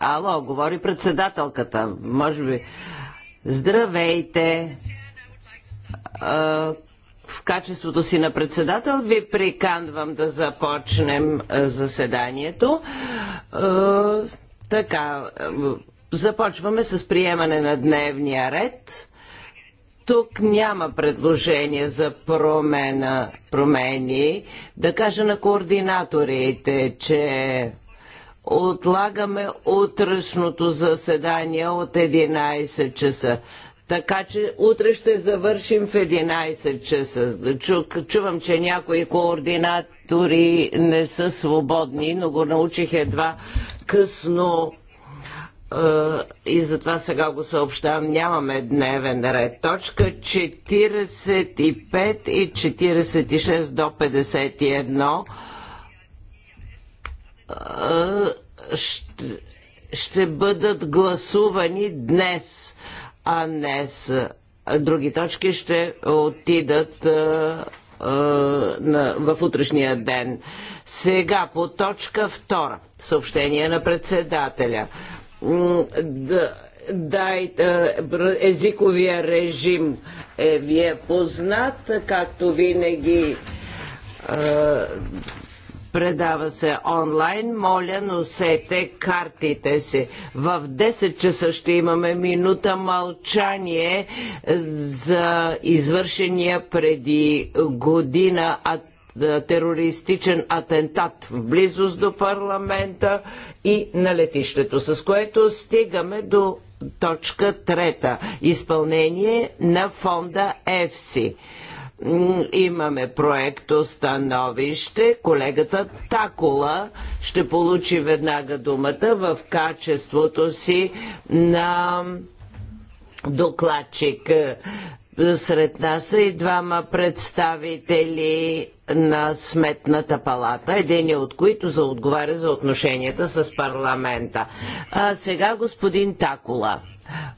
Ало, говори председателката. Може би. Здравейте! В качеството си на председател ви приканвам да започнем заседанието. Така, започваме с приемане на дневния ред. Тук няма предложение за промена, промени. Да кажа на координаторите, че отлагаме утрешното заседание от 11 часа. Така че утре ще завършим в 11 часа. Чу, чувам, че някои координатори не са свободни, но го научих едва късно е, и затова сега го съобщавам, нямаме дневен ред. Точка 45 и 46 до 51 е, ще, ще бъдат гласувани днес, а не с е, други точки ще отидат в утрешния ден. Сега по точка 2. Съобщение на председателя да, дайте езиковия режим е, ви е познат, както винаги е, предава се онлайн. Моля, носете картите си. В 10 часа ще имаме минута мълчание за извършения преди година атентат е, терористичен атентат в близост до парламента и на летището, с което стигаме до точка трета – изпълнение на фонда ЕФСИ имаме проекто становище. Колегата Такола ще получи веднага думата в качеството си на докладчик. Сред нас са е и двама представители на Сметната палата, един е от които за отговаря за отношенията с парламента. А сега господин Такола.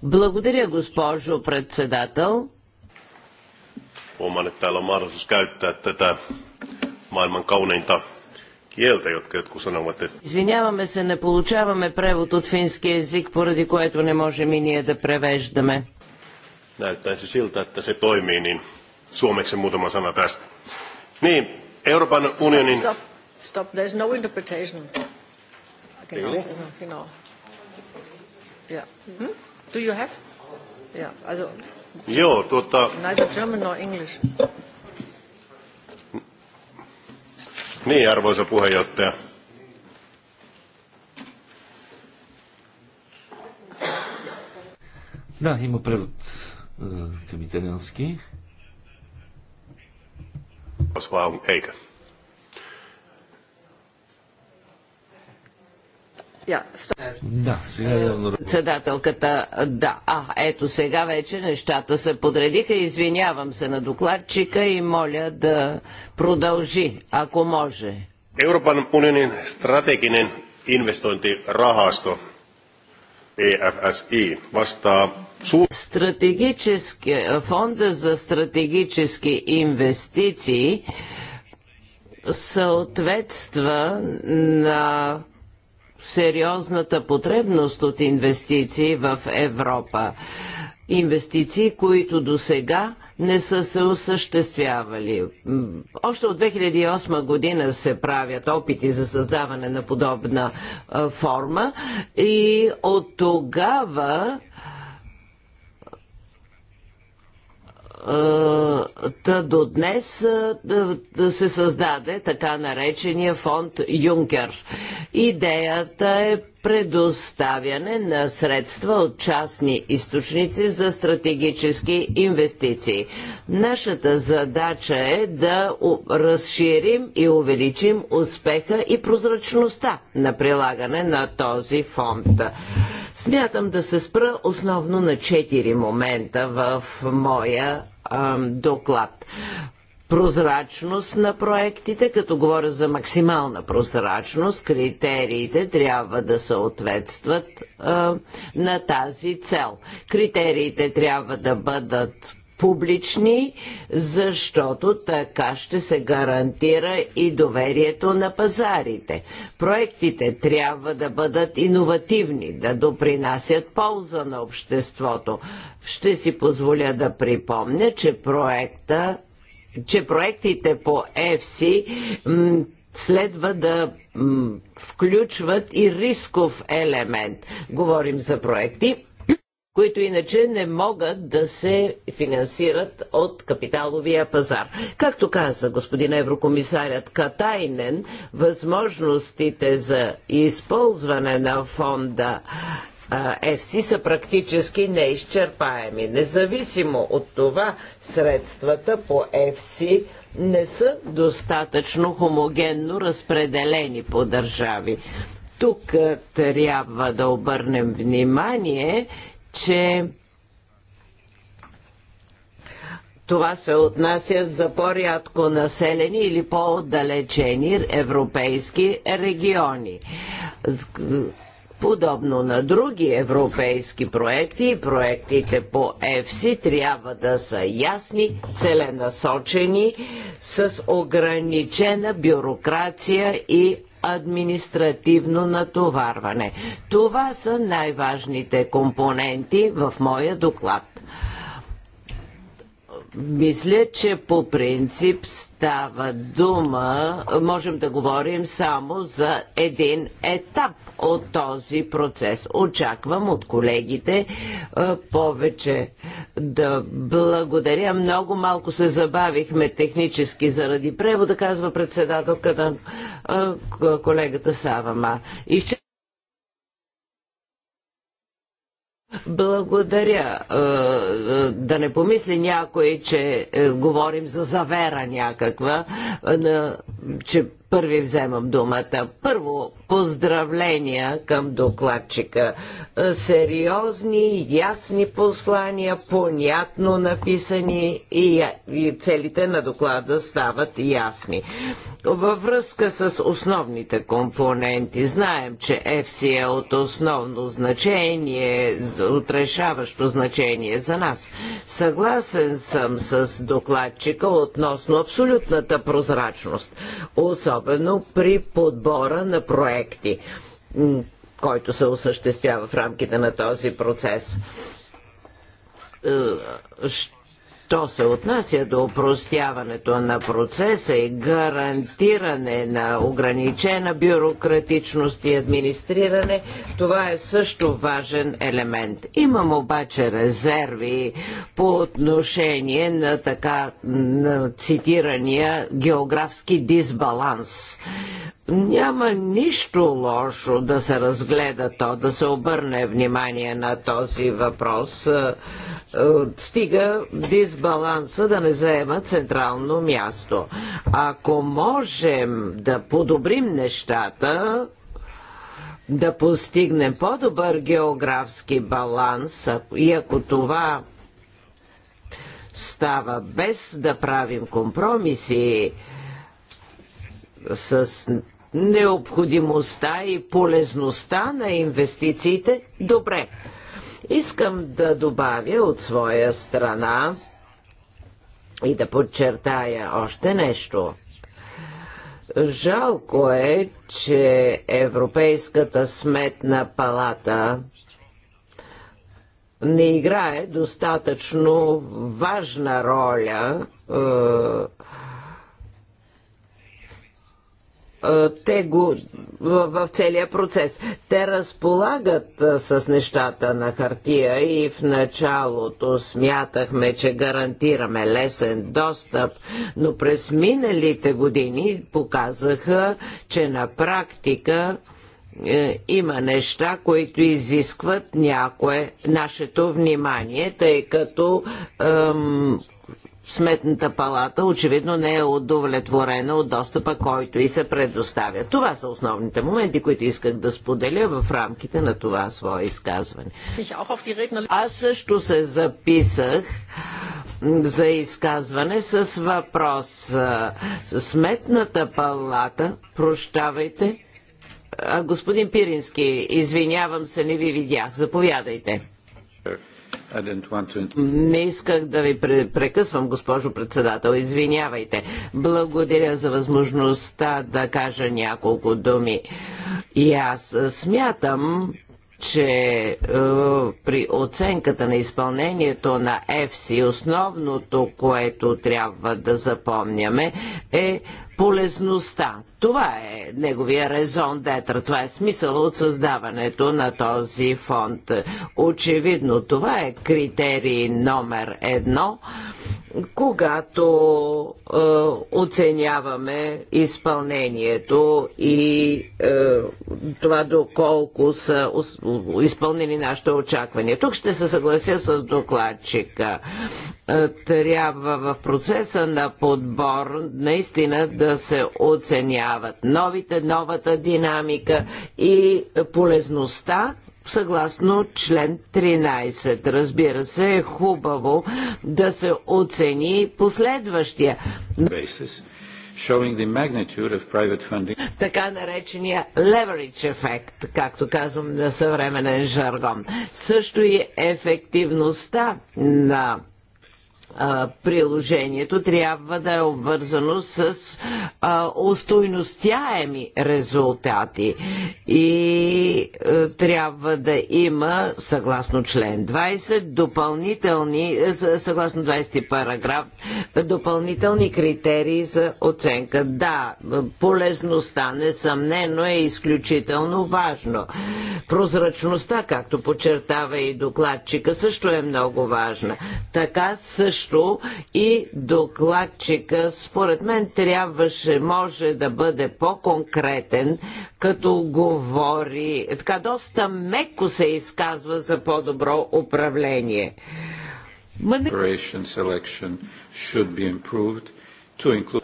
Благодаря, госпожо председател. Huomaan, että täällä on mahdollisuus käyttää tätä maailman kauneinta jotka jotkut sanovat, että... Извиняваме се, не получаваме превод от фински език, поради което не можем и ние да превеждаме näyttäisi siltä, että se toimii, niin suomeksi muutama sana tästä. Niin, Euroopan unionin... Stop, stop, there's no interpretation. Really? You know. Yeah. Hmm? Do you have? Yeah, also... Joo, tuota... Neither German nor English. Niin, arvoisa puheenjohtaja. Да, има превод е, към италиански. Oswald Eger. Да, сега е, Председателката, да. А, ето сега вече нещата се подредиха. Извинявам се на докладчика и моля да продължи, ако може. Euroopan unionin strateginen investointirahasto EFSI vastaa Стратегически, фонда за стратегически инвестиции съответства на сериозната потребност от инвестиции в Европа. Инвестиции, които до сега не са се осъществявали. Още от 2008 година се правят опити за създаване на подобна форма и от тогава Та до днес се създаде така наречения фонд Юнкер. Идеята е предоставяне на средства от частни източници за стратегически инвестиции. Нашата задача е да разширим и увеличим успеха и прозрачността на прилагане на този фонд. Смятам да се спра основно на четири момента в моя доклад прозрачност на проектите, като говоря за максимална прозрачност, критериите трябва да съответстват а, на тази цел. Критериите трябва да бъдат публични, защото така ще се гарантира и доверието на пазарите. Проектите трябва да бъдат иновативни, да допринасят полза на обществото. Ще си позволя да припомня, че проекта че проектите по EFSI следва да включват и рисков елемент. Говорим за проекти, които иначе не могат да се финансират от капиталовия пазар. Както каза господин еврокомисарят Катайнен, възможностите за използване на фонда ЕФСИ са практически неизчерпаеми. Независимо от това, средствата по ЕФСИ не са достатъчно хомогенно разпределени по държави. Тук трябва да обърнем внимание, че това се отнася за по-рядко населени или по-отдалечени европейски региони. Подобно на други европейски проекти и проектите по ЕФСИ трябва да са ясни, целенасочени, с ограничена бюрокрация и административно натоварване. Това са най-важните компоненти в моя доклад. Мисля, че по принцип става дума, можем да говорим само за един етап от този процес. Очаквам от колегите е, повече да благодаря. Много малко се забавихме технически заради превода, казва председателката е, колегата Савама. Благодаря. Е, е, да не помисли някой, че е, говорим за завера някаква, че първи вземам думата. Първо, поздравления към докладчика. Е, сериозни, ясни послания, понятно написани и, целите на доклада стават ясни. Във връзка с основните компоненти, знаем, че FC е от основно значение, от решаващо значение за нас. Съгласен съм с докладчика относно абсолютната прозрачност. Особено особено при подбора на проекти, който се осъществява в рамките на този процес. Е, Що се отнася до упростяването на процеса и гарантиране на ограничена бюрократичност и администриране, това е също важен елемент. Имам обаче резерви по отношение на така на цитирания географски дисбаланс. Няма нищо лошо да се разгледа то, да се обърне внимание на този въпрос стига дисбаланса да не заема централно място. Ако можем да подобрим нещата, да постигнем по-добър географски баланс и ако това става без да правим компромиси с необходимостта и полезността на инвестициите, добре. Искам да добавя от своя страна и да подчертая още нещо. Жалко е, че Европейската сметна палата не играе достатъчно важна роля е, е, те го в, в целия процес. Те разполагат е, с нещата на хартия и в началото смятахме, че гарантираме лесен достъп, но през миналите години показаха, че на практика е, има неща, които изискват някое нашето внимание, тъй като Сметната палата очевидно не е удовлетворена от достъпа, който и се предоставя. Това са основните моменти, които исках да споделя в рамките на това свое изказване. Аз също се записах за изказване с въпрос. Сметната палата, прощавайте, господин Пирински, извинявам се, не ви видях. Заповядайте. Не исках да ви прекъсвам, госпожо председател. Извинявайте. Благодаря за възможността да кажа няколко думи. И аз смятам, че е, при оценката на изпълнението на ЕФСИ основното, което трябва да запомняме е полезността. Това е неговия резон детра, това е смисъл от създаването на този фонд. Очевидно, това е критерий номер едно, когато е, оценяваме изпълнението и е, това доколко са изпълнени нашите очаквания. Тук ще се съглася с докладчика. Е, трябва в процеса на подбор наистина да се оценява подчертават новите, новата динамика и полезността съгласно член 13. Разбира се, е хубаво да се оцени последващия. Така наречения leverage ефект, както казвам на съвременен жаргон. Също и ефективността на а, приложението трябва да е обвързано с а, устойностяеми резултати и а, е, трябва да има, съгласно член 20, допълнителни, съгласно 20 параграф, допълнителни критерии за оценка. Да, полезността несъмнено е изключително важно. Прозрачността, както подчертава и докладчика, също е много важна. Така също също и докладчика, според мен, трябваше, може да бъде по-конкретен, като говори, така доста меко се изказва за по-добро управление. Ма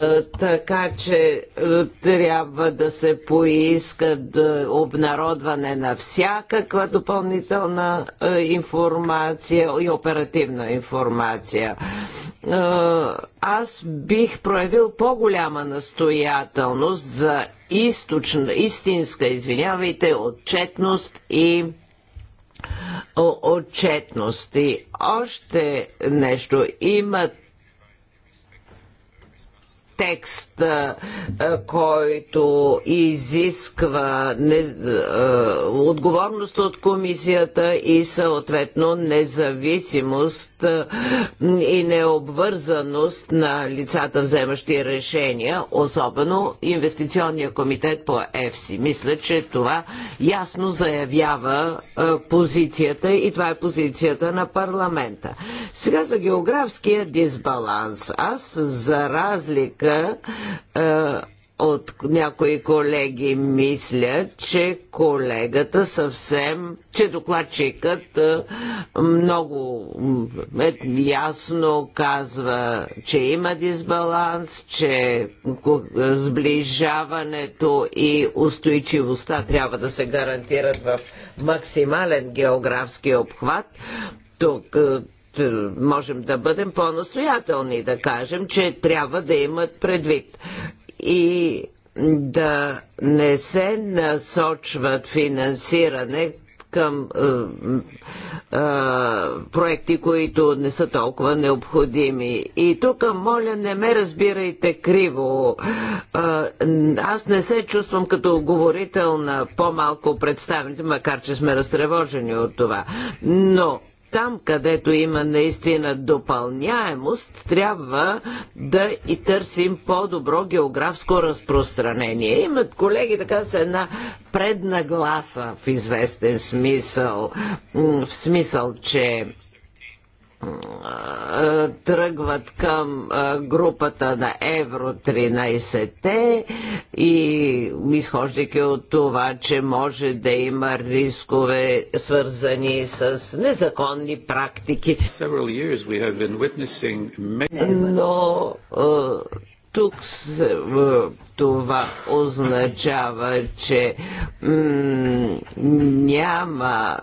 е, така че е, трябва да се поиска да обнародване на всякаква допълнителна е, информация и оперативна информация. Аз бих проявил по-голяма настоятелност за източна, истинска, извинявайте, отчетност и отчетност. И още нещо. Имат текст, който изисква не, отговорност от комисията и съответно независимост и необвързаност на лицата вземащи решения, особено инвестиционния комитет по ЕФСИ. Мисля, че това ясно заявява позицията и това е позицията на парламента. Сега за географския дисбаланс. Аз за разлика момента е, от някои колеги мисля, че колегата съвсем, че докладчикът е, много е, ясно казва, че има дисбаланс, че сближаването и устойчивостта трябва да се гарантират в максимален географски обхват. Тук е, можем да бъдем по-настоятелни, да кажем, че трябва да имат предвид. И да не се насочват финансиране към е, е, проекти, които не са толкова необходими. И тук, моля, не ме разбирайте криво. Е, аз не се чувствам като говорител на по-малко представените, макар че сме разтревожени от това. Но там, където има наистина допълняемост, трябва да и търсим по-добро географско разпространение. Имат колеги така с една преднагласа в известен смисъл, в смисъл, че тръгват към групата на Евро 13-те и изхождайки от това, че може да има рискове свързани с незаконни практики. Но тук е, това означава, че няма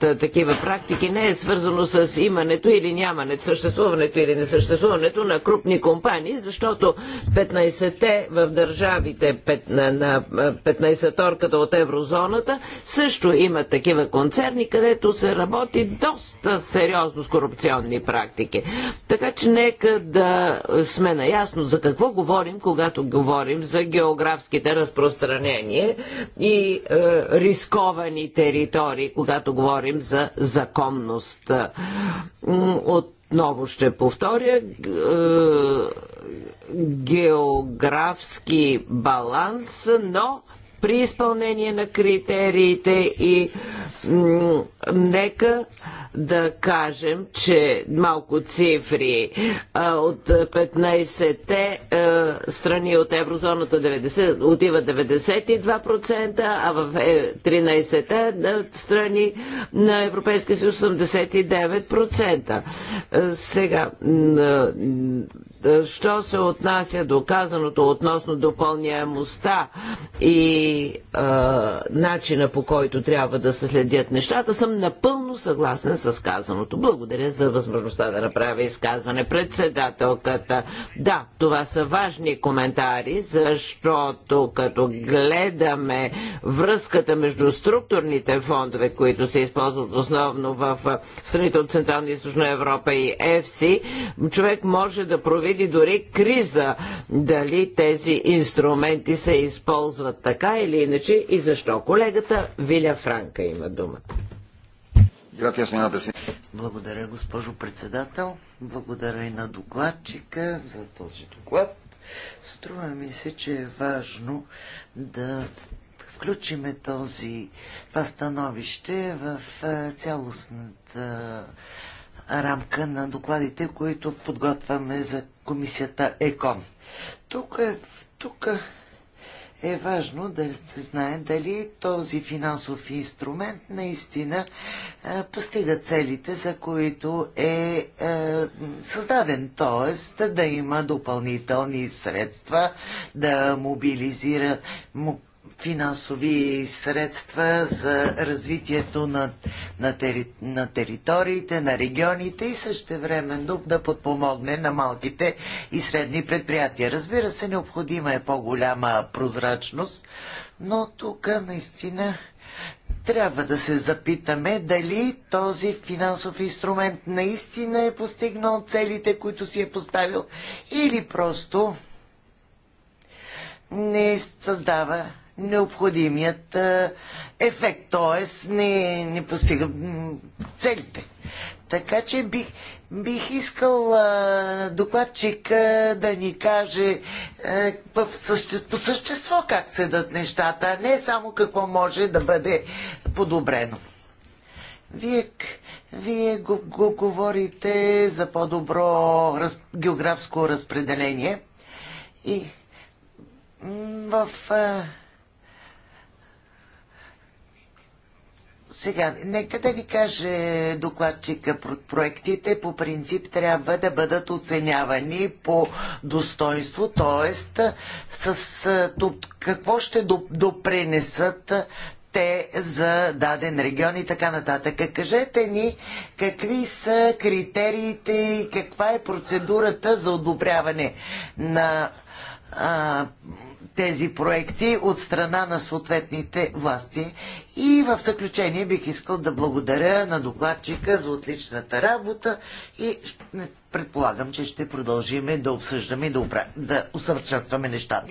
е, такива практики не е свързано с имането или нямането, съществуването или несъществуването на крупни компании, защото 15-те в държавите на, на 15-торката е, от еврозоната също имат такива концерни, където се работи доста сериозно с корупционни практики. Така че нека да сме наясно ясно за какво говорим, когато говорим за географските разпространения и е, рисковани територии, когато говорим за законност. отново ще повторя, е, географски баланс, но при изпълнение на критериите и нека да кажем, че малко цифри от 15-те страни от еврозоната 90, отива 92%, а в 13-те е, страни на Европейския съюз 89%. Сега, що се отнася до казаното относно допълняемостта и начина по който трябва да се следят нещата, съм напълно съгласен с казаното. Благодаря за възможността да направя изказване. Председателката, да, това са важни коментари, защото като гледаме връзката между структурните фондове, които се използват основно в страните от Централна и Източна Европа и ЕФСИ, човек може да провиди дори криза дали тези инструменти се използват така или иначе и защо. Колегата Виля Франка има думата. Благодаря, госпожо председател. Благодаря и на докладчика за този доклад. Струва ми се, че е важно да включиме този, това становище в цялостната рамка на докладите, които подготвяме за комисията ЕКОН. Тук, е, тук е важно да се знае дали този финансов инструмент наистина постига целите, за които е създаден, т.е. да има допълнителни средства, да мобилизира финансови средства за развитието на, на, тери, на териториите, на регионите и същевременно да подпомогне на малките и средни предприятия. Разбира се, необходима е по-голяма прозрачност, но тук наистина трябва да се запитаме дали този финансов инструмент наистина е постигнал целите, които си е поставил, или просто не създава необходимият ефект, т.е. Не, не постига целите. Така че бих, бих искал а, докладчика да ни каже а, по, съще, по същество как се дадат нещата, а не само какво може да бъде подобрено. Вие, вие го, го говорите за по-добро раз, географско разпределение и в. А, Сега, нека да ви каже докладчика, проектите по принцип трябва да бъдат оценявани по достоинство, т.е. с какво ще допренесат те за даден регион и така нататък. Кажете ни какви са критериите и каква е процедурата за одобряване на а, тези проекти от страна на съответните власти. И в заключение бих искал да благодаря на докладчика за отличната работа и предполагам, че ще продължиме да обсъждаме и да, упра... да усъвършенстваме нещата.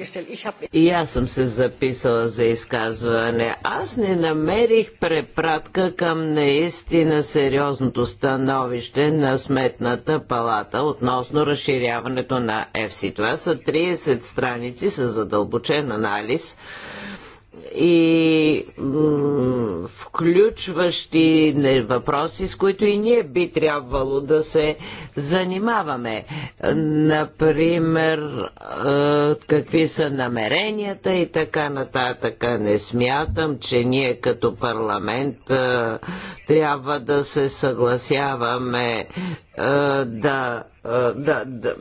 И аз съм се записала за изказване. Аз не намерих препратка към наистина сериозното становище на Сметната палата относно разширяването на ЕФСИ. Това са 30 страници с задълбочен анализ и включващи въпроси, с които и ние би трябвало да се занимаваме. Например, какви са намеренията и така нататък. Не смятам, че ние като парламент трябва да се съгласяваме да да, да,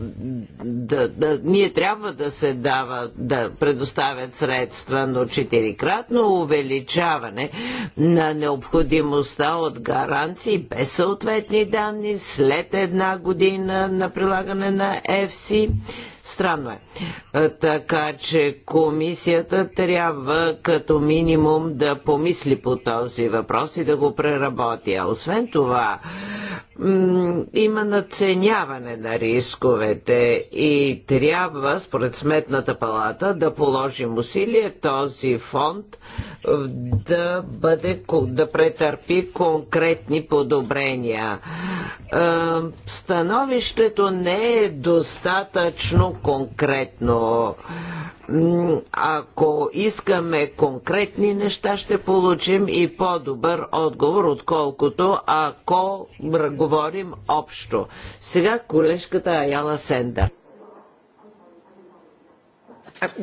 да, да, ние трябва да се дава, да предоставят средства, но четирикратно увеличаване на необходимостта от гаранции без съответни данни след една година на прилагане на ЕФСИ Странно е. Така че комисията трябва като минимум да помисли по този въпрос и да го преработи. А освен това, има наценяване на рисковете и трябва, според Сметната палата, да положим усилие този фонд да, бъде, да претърпи конкретни подобрения. Становището не е достатъчно конкретно. Ако искаме конкретни неща, ще получим и по-добър отговор, отколкото ако говорим общо. Сега колежката Аяла Сенда.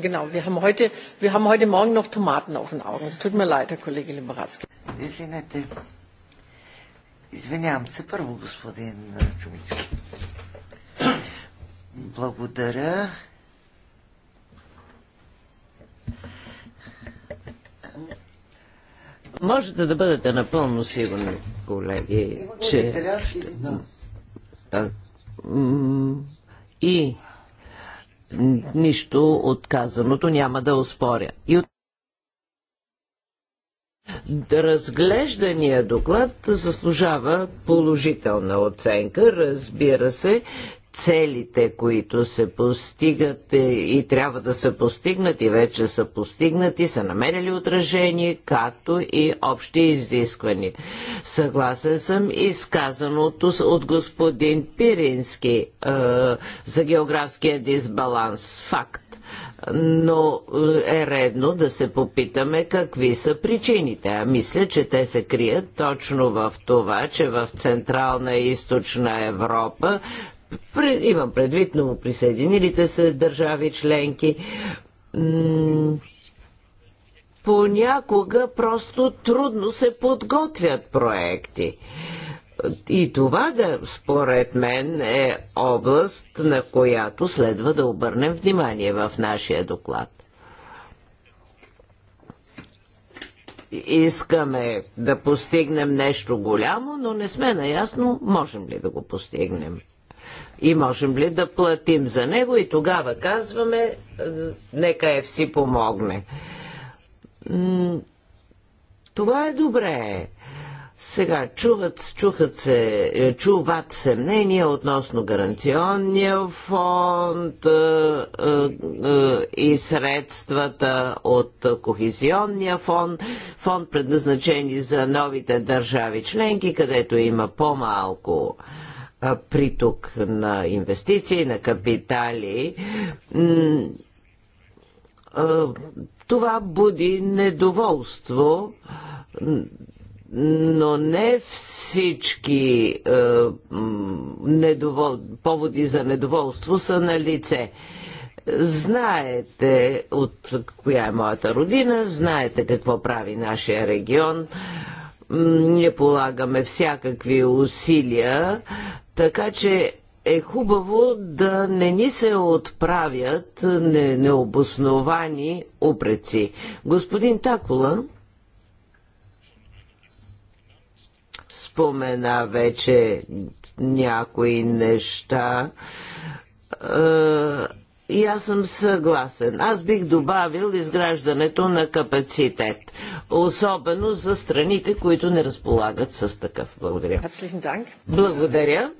Genau, wir haben, heute, wir haben heute Morgen noch Tomaten auf den Augen. Es tut mir leid, Herr Kollege Извинете. Извинявам се първо, господин Чумицки. Благодаря. Можете да бъдете напълно сигурни, колеги, че... И нищо отказаното няма да успоря. И от... Разглеждания доклад заслужава положителна оценка. Разбира се, целите, които се постигат е, и трябва да се постигнат и вече са постигнати, са намерили отражение, както и общи изисквания. Съгласен съм и сказаното от господин Пирински е, за географския дисбаланс. Факт но е, е редно да се попитаме какви са причините. А мисля, че те се крият точно в това, че в Централна и Източна Европа Имам предвид присъединилите се държави членки понякога просто трудно се подготвят проекти. И това, да, според мен, е област, на която следва да обърнем внимание в нашия доклад. Искаме да постигнем нещо голямо, но не сме наясно, можем ли да го постигнем и можем ли да платим за него и тогава казваме, е, нека FC помогне. Това е добре. Сега чуват, чухат се, е, чуват се мнения относно гаранционния фонд е, е, е, и средствата от кохезионния фонд, фонд предназначени за новите държави членки, където има по-малко е, приток на инвестиции, на капитали. Това буди недоволство, но не всички недовол... поводи за недоволство са на лице. Знаете от коя е моята родина, знаете какво прави нашия регион ние полагаме всякакви усилия така че е хубаво да не ни се отправят не, необосновани упреци. Господин Такола спомена вече някои неща. Е, и аз съм съгласен. Аз бих добавил изграждането на капацитет, особено за страните, които не разполагат с такъв. Благодаря. Благодаря.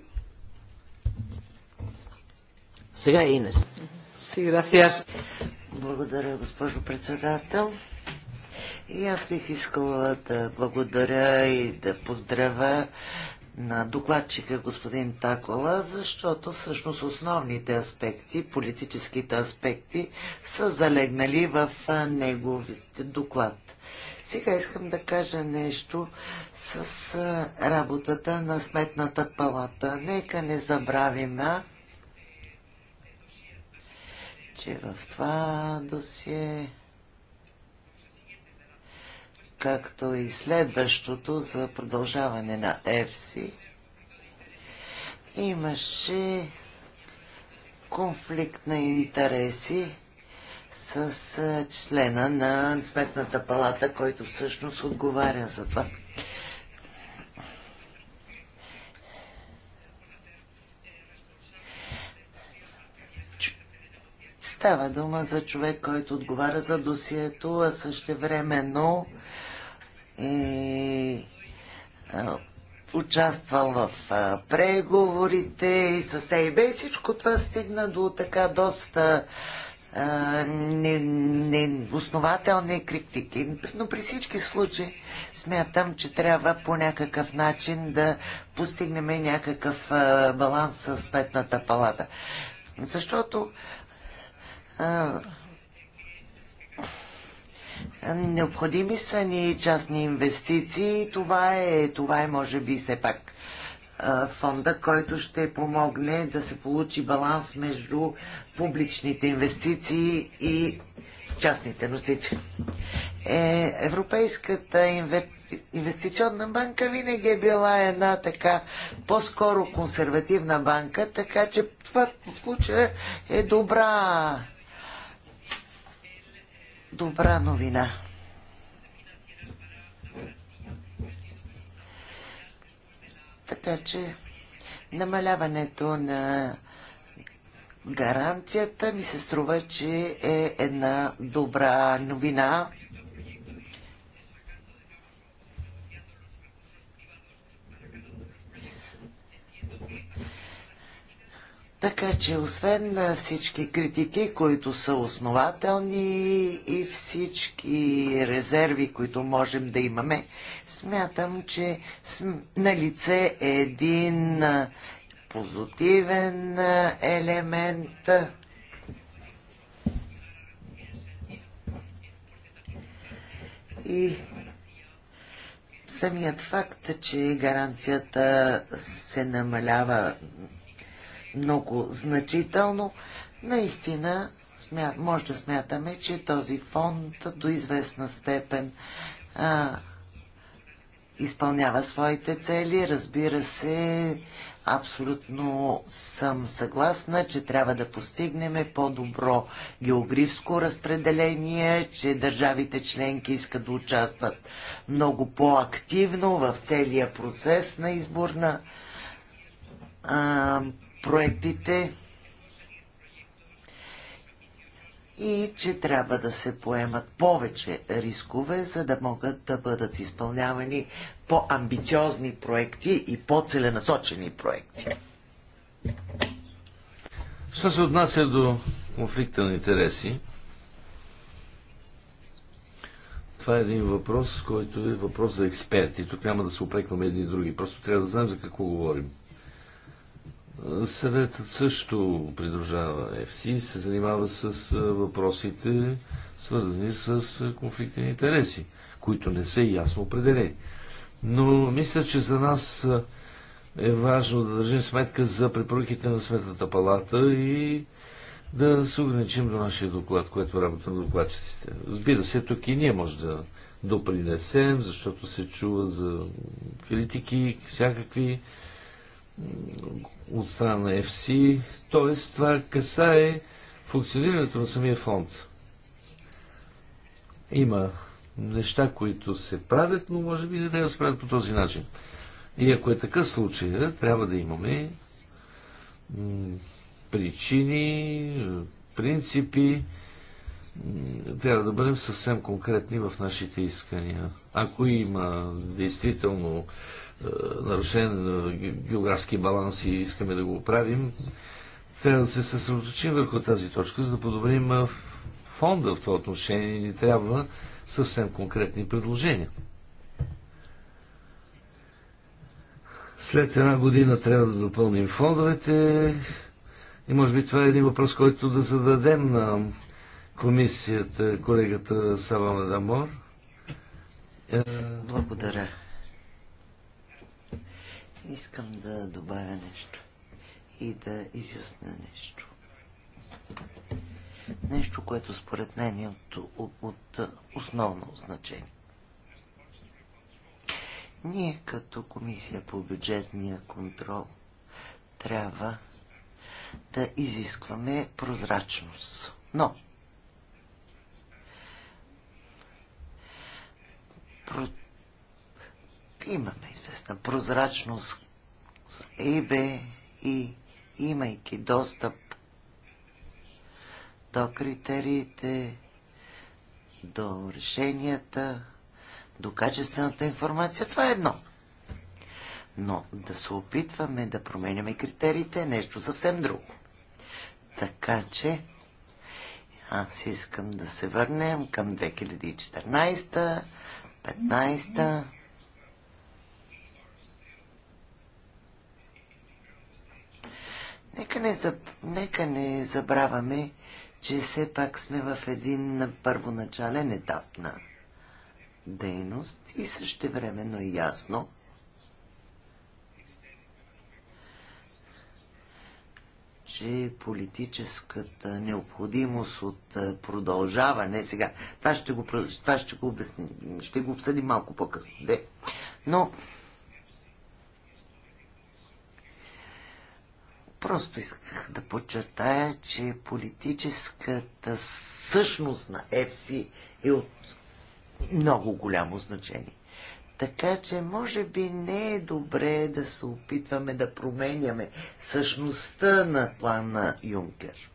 Сега е Инес. Благодаря, госпожо председател. И аз бих искала да благодаря и да поздравя на докладчика господин Такола, защото всъщност основните аспекти, политическите аспекти са залегнали в неговите доклад. Сега искам да кажа нещо с работата на Сметната палата. Нека не забравим, че в това досие, както и следващото за продължаване на ЕФСИ, имаше конфликт на интереси с члена на Сметната палата, който всъщност отговаря за това. Става дума за човек, който отговаря за досието, а също времено е участвал в преговорите и с себе. Всичко това стигна до така доста неоснователни не, критики. Но при всички случаи смятам, че трябва по някакъв начин да постигнем някакъв баланс с Светната палата. Защото Необходими са ни частни инвестиции. Това е, това е може би, все пак фонда, който ще помогне да се получи баланс между публичните инвестиции и частните инвестиции. Е, Европейската инвестиционна банка винаги е била една така по-скоро консервативна банка, така че това в случая е добра добра новина. Така че намаляването на гаранцията ми се струва, че е една добра новина Така че, освен на всички критики, които са основателни и всички резерви, които можем да имаме, смятам, че на лице е един позитивен елемент. И самият факт, че гаранцията се намалява много значително. Наистина може да смятаме, че този фонд до известна степен а, изпълнява своите цели. Разбира се, абсолютно съм съгласна, че трябва да постигнем по-добро географско разпределение, че държавите членки искат да участват много по-активно в целия процес на избор на проектите и че трябва да се поемат повече рискове, за да могат да бъдат изпълнявани по-амбициозни проекти и по-целенасочени проекти. Що се отнася до конфликта на интереси, това е един въпрос, който е въпрос за експерти. Тук няма да се опрекваме едни и други. Просто трябва да знаем за какво говорим. Съветът също придружава ЕФСИ и се занимава с въпросите, свързани с конфликти на интереси, които не са ясно определени. Но мисля, че за нас е важно да държим сметка за препоръките на Светата палата и да се ограничим до нашия доклад, което работа на докладчиците. Разбира се, тук и ние може да допринесем, защото се чува за критики всякакви от страна на FC, т.е. това касае функционирането на самия фонд. Има неща, които се правят, но може би не да се правят по този начин. И ако е такъв случай, трябва да имаме причини, принципи, трябва да бъдем съвсем конкретни в нашите искания. Ако има действително е, нарушен е, географски баланс и искаме да го оправим, трябва да се съсредоточим върху тази точка, за да подобрим е, фонда в това отношение и ни трябва съвсем конкретни предложения. След една година трябва да допълним фондовете и може би това е един въпрос, който да зададем на комисията, колегата Сава Мадамор. Благодаря. Искам да добавя нещо и да изясня нещо. Нещо, което според мен е от, от, от основно значение. Ние като комисия по бюджетния контрол трябва да изискваме прозрачност. Но имаме известна прозрачност ЕБ и имайки достъп до критериите, до решенията, до качествената информация. Това е едно. Но да се опитваме да променяме критериите е нещо съвсем друго. Така че аз искам да се върнем към 2014, та 15, Нека не, заб... Нека не забравяме, че все пак сме в един първоначален етап на дейност и също времено е ясно, че политическата необходимост от продължаване сега, това ще го, това ще го обясни, ще го обсъдим малко по-късно, но Просто исках да подчертая, че политическата същност на ЕФСИ е от много голямо значение. Така че, може би не е добре да се опитваме да променяме същността на плана Юнкер.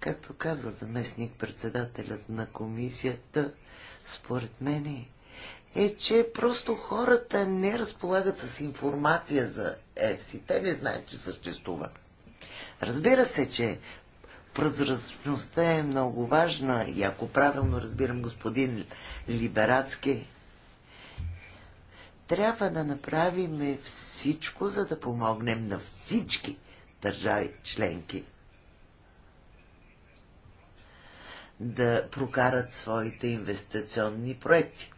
Както казва заместник председателят на комисията, според мен е, че просто хората не разполагат с информация за ЕФСИ. Те не знаят, че съществува. Разбира се, че прозрачността е много важна и ако правилно разбирам господин Либерацки, трябва да направим всичко, за да помогнем на всички държави членки да прокарат своите инвестиционни проекти.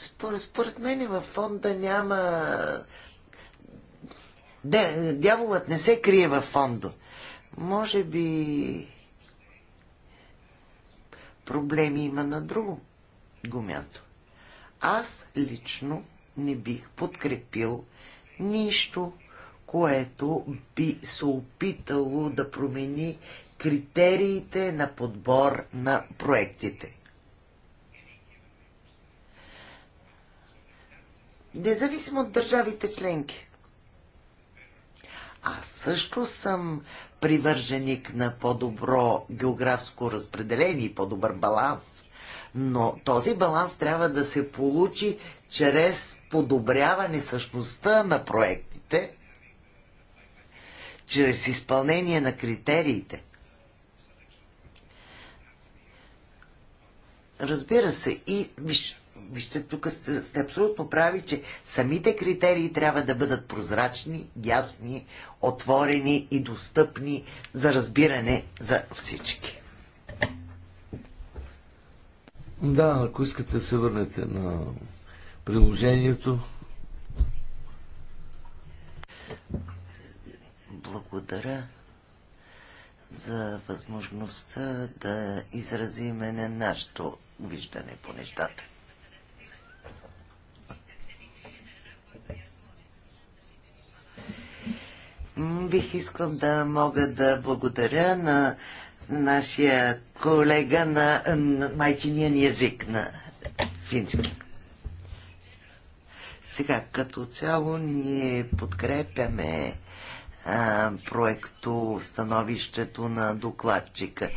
Според, според мен е във фонда няма... Де, дяволът не се крие във фонда. Може би проблеми има на друго го място. Аз лично не бих подкрепил нищо, което би се опитало да промени критериите на подбор на проектите. независимо от държавите членки. Аз също съм привърженик на по-добро географско разпределение и по-добър баланс. Но този баланс трябва да се получи чрез подобряване същността на проектите, чрез изпълнение на критериите. Разбира се, и виж, вижте, тук сте, сте абсолютно прави, че самите критерии трябва да бъдат прозрачни, ясни, отворени и достъпни за разбиране за всички. Да, ако искате да се върнете на приложението. Благодаря за възможността да изразиме на нашето виждане по нещата. Бих искал да мога да благодаря на нашия колега на, на майчиния ни език на фински. Сега, като цяло ние подкрепяме проекто становището на докладчика.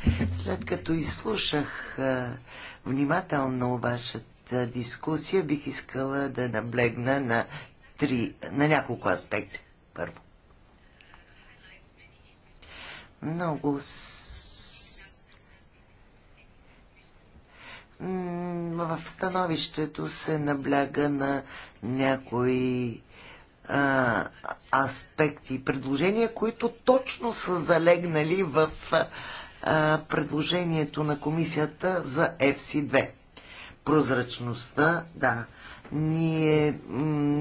След като изслушах а, внимателно вашата дискусия, бих искала да наблегна на, три, на няколко аспекта. Първо много в становището се набляга на някои а, аспекти и предложения, които точно са залегнали в а, предложението на комисията за FC2. Прозрачността, да, ние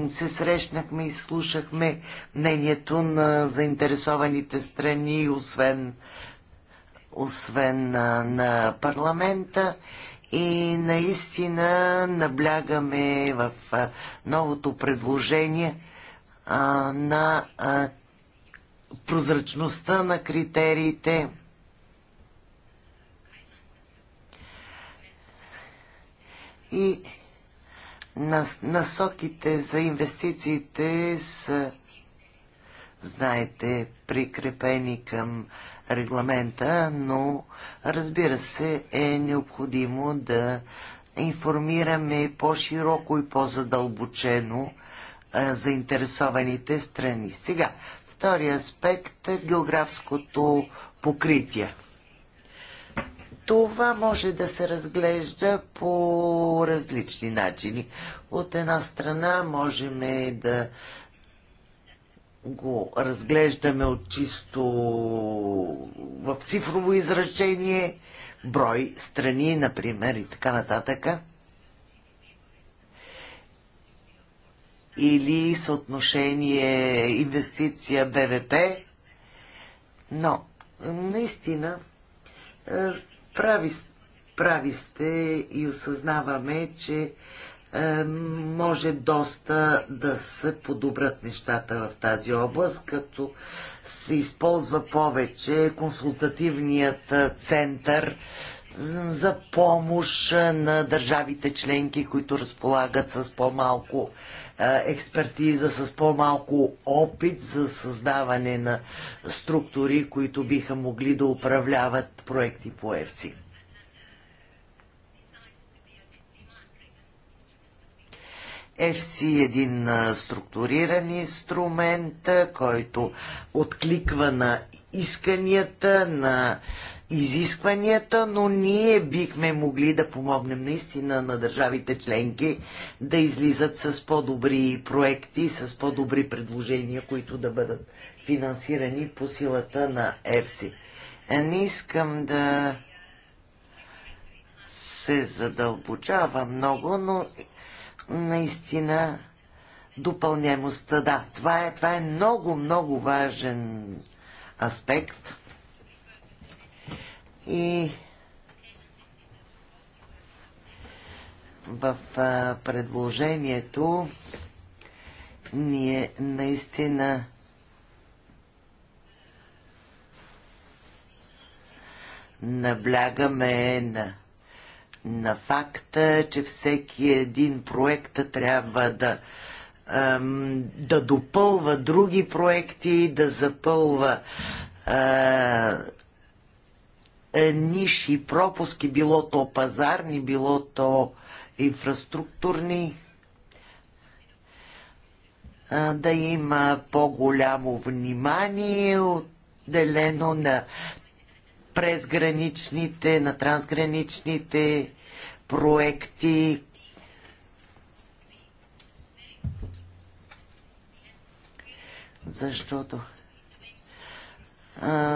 се срещнахме и слушахме мнението на заинтересованите страни, освен, освен на, на парламента. И наистина наблягаме в новото предложение а, на а, прозрачността на критериите. И насоките за инвестициите са, знаете, прикрепени към регламента, но разбира се е необходимо да информираме по-широко и по-задълбочено заинтересованите страни. Сега, втори аспект е географското покритие това може да се разглежда по различни начини. От една страна можем да го разглеждаме от чисто в цифрово изражение, брой страни, например, и така нататък. Или съотношение инвестиция БВП. Но, наистина, прави, прави сте и осъзнаваме, че е, може доста да се подобрат нещата в тази област, като се използва повече консултативният е, център за помощ е, на държавите членки, които разполагат с по-малко експертиза, с по-малко опит за създаване на структури, които биха могли да управляват проекти по ЕФСИ. FC е един структуриран инструмент, който откликва на исканията на изискванията, но ние бихме могли да помогнем наистина на държавите членки да излизат с по-добри проекти, с по-добри предложения, които да бъдат финансирани по силата на ЕФСИ. Не искам да се задълбочава много, но наистина допълнемостта, да, това е, това е много, много важен аспект и в предложението ние наистина наблягаме на, на факта, че всеки един проект трябва да, да допълва други проекти, да запълва е, ниши, пропуски, било то пазарни, било то инфраструктурни, да има по-голямо внимание отделено на презграничните, на трансграничните проекти. Защото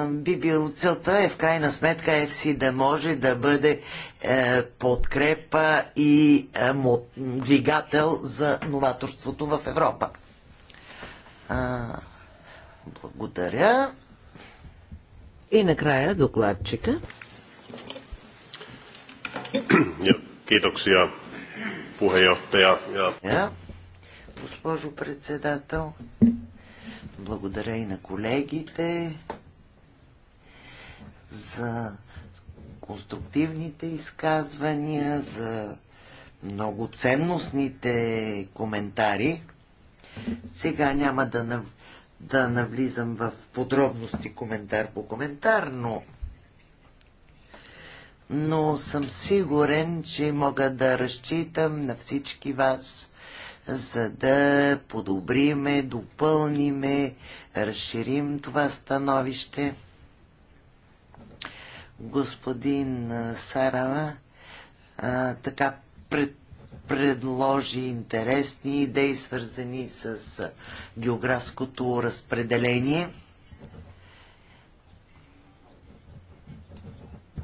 би бил целта е в крайна сметка ЕФСИ да може да бъде е, подкрепа и е, двигател за новаторството в Европа. А, благодаря. И накрая докладчика. Kiitoksia puheenjohtaja. Ja... Госпожо председател, благодаря и на колегите, за конструктивните изказвания, за много ценностните коментари. Сега няма да, нав... да навлизам в подробности коментар по коментар, но... но съм сигурен, че мога да разчитам на всички вас, за да подобриме, допълниме, разширим това становище господин Сарава а, така пред, предложи интересни идеи, свързани с географското разпределение.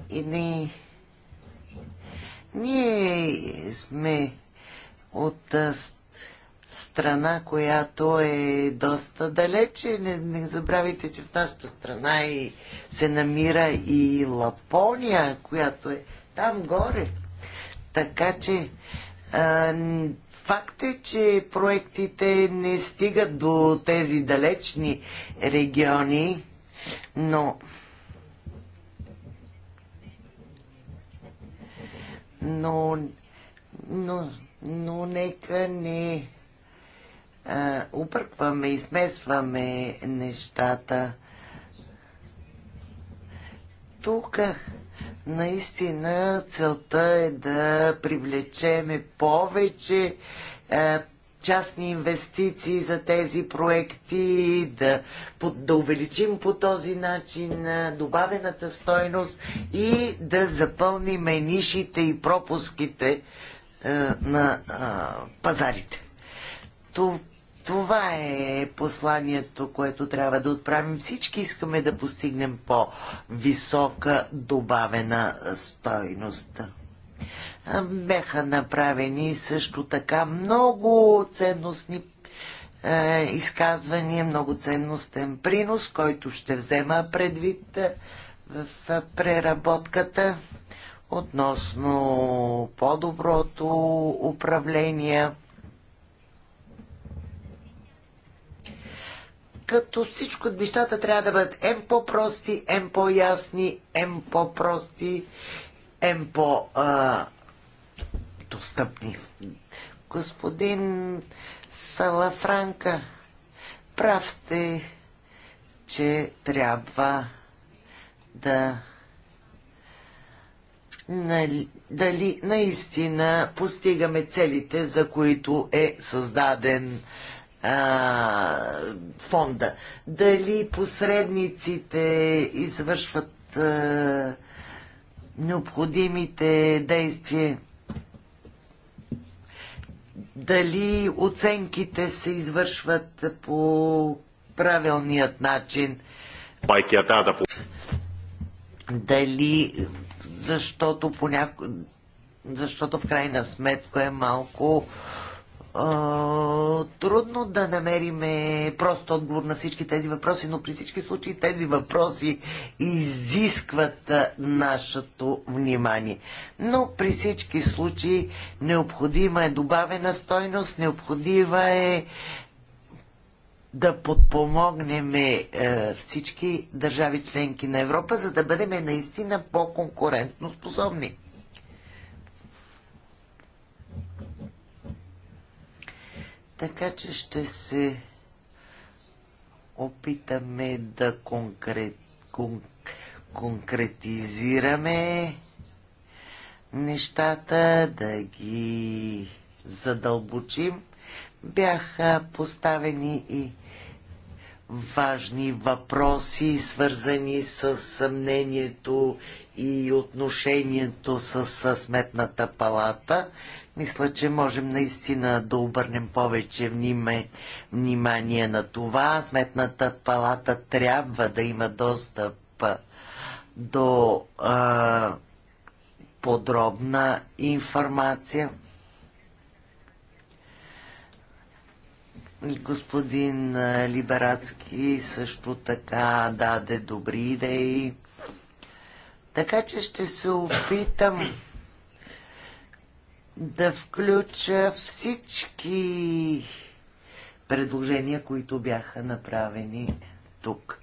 И не, ние сме от страна, която е доста далече. Не, не забравяйте, че в нашата страна и се намира и Лапония, която е там горе. Така че а, факт е, че проектите не стигат до тези далечни региони, но но но, но нека не объркваме и смесваме нещата. Тук наистина целта е да привлечеме повече частни инвестиции за тези проекти, да, под, да увеличим по този начин добавената стойност и да запълним нишите и пропуските на е, пазарите. Това е посланието, което трябва да отправим. Всички искаме да постигнем по-висока добавена стойност. Беха направени също така много ценностни е, изказвания, много ценностен принос, който ще взема предвид е, в преработката относно по-доброто управление като всичко, нещата трябва да бъдат ем по-прости, ем по-ясни, ем по-прости, ем по-достъпни. Господин Салафранка, прав сте, че трябва да нали, дали наистина постигаме целите, за които е създаден а, фонда. Дали посредниците извършват а, необходимите действия. Дали оценките се извършват по правилният начин. Пайкия да по... Дали, защото, поняко... защото в крайна сметка е малко трудно да намериме прост отговор на всички тези въпроси, но при всички случаи тези въпроси изискват нашето внимание. Но при всички случаи необходима е добавена стойност, необходима е да подпомогнем е, всички държави членки на Европа, за да бъдем наистина по-конкурентно способни. Така че ще се опитаме да конкрет, кон, конкретизираме нещата, да ги задълбочим. Бяха поставени и важни въпроси, свързани с съмнението и отношението с, с Сметната палата. Мисля, че можем наистина да обърнем повече вниме, внимание на това. Сметната палата трябва да има достъп до а, подробна информация. Господин Либерацки също така даде добри идеи. Така че ще се опитам да включа всички предложения, които бяха направени тук.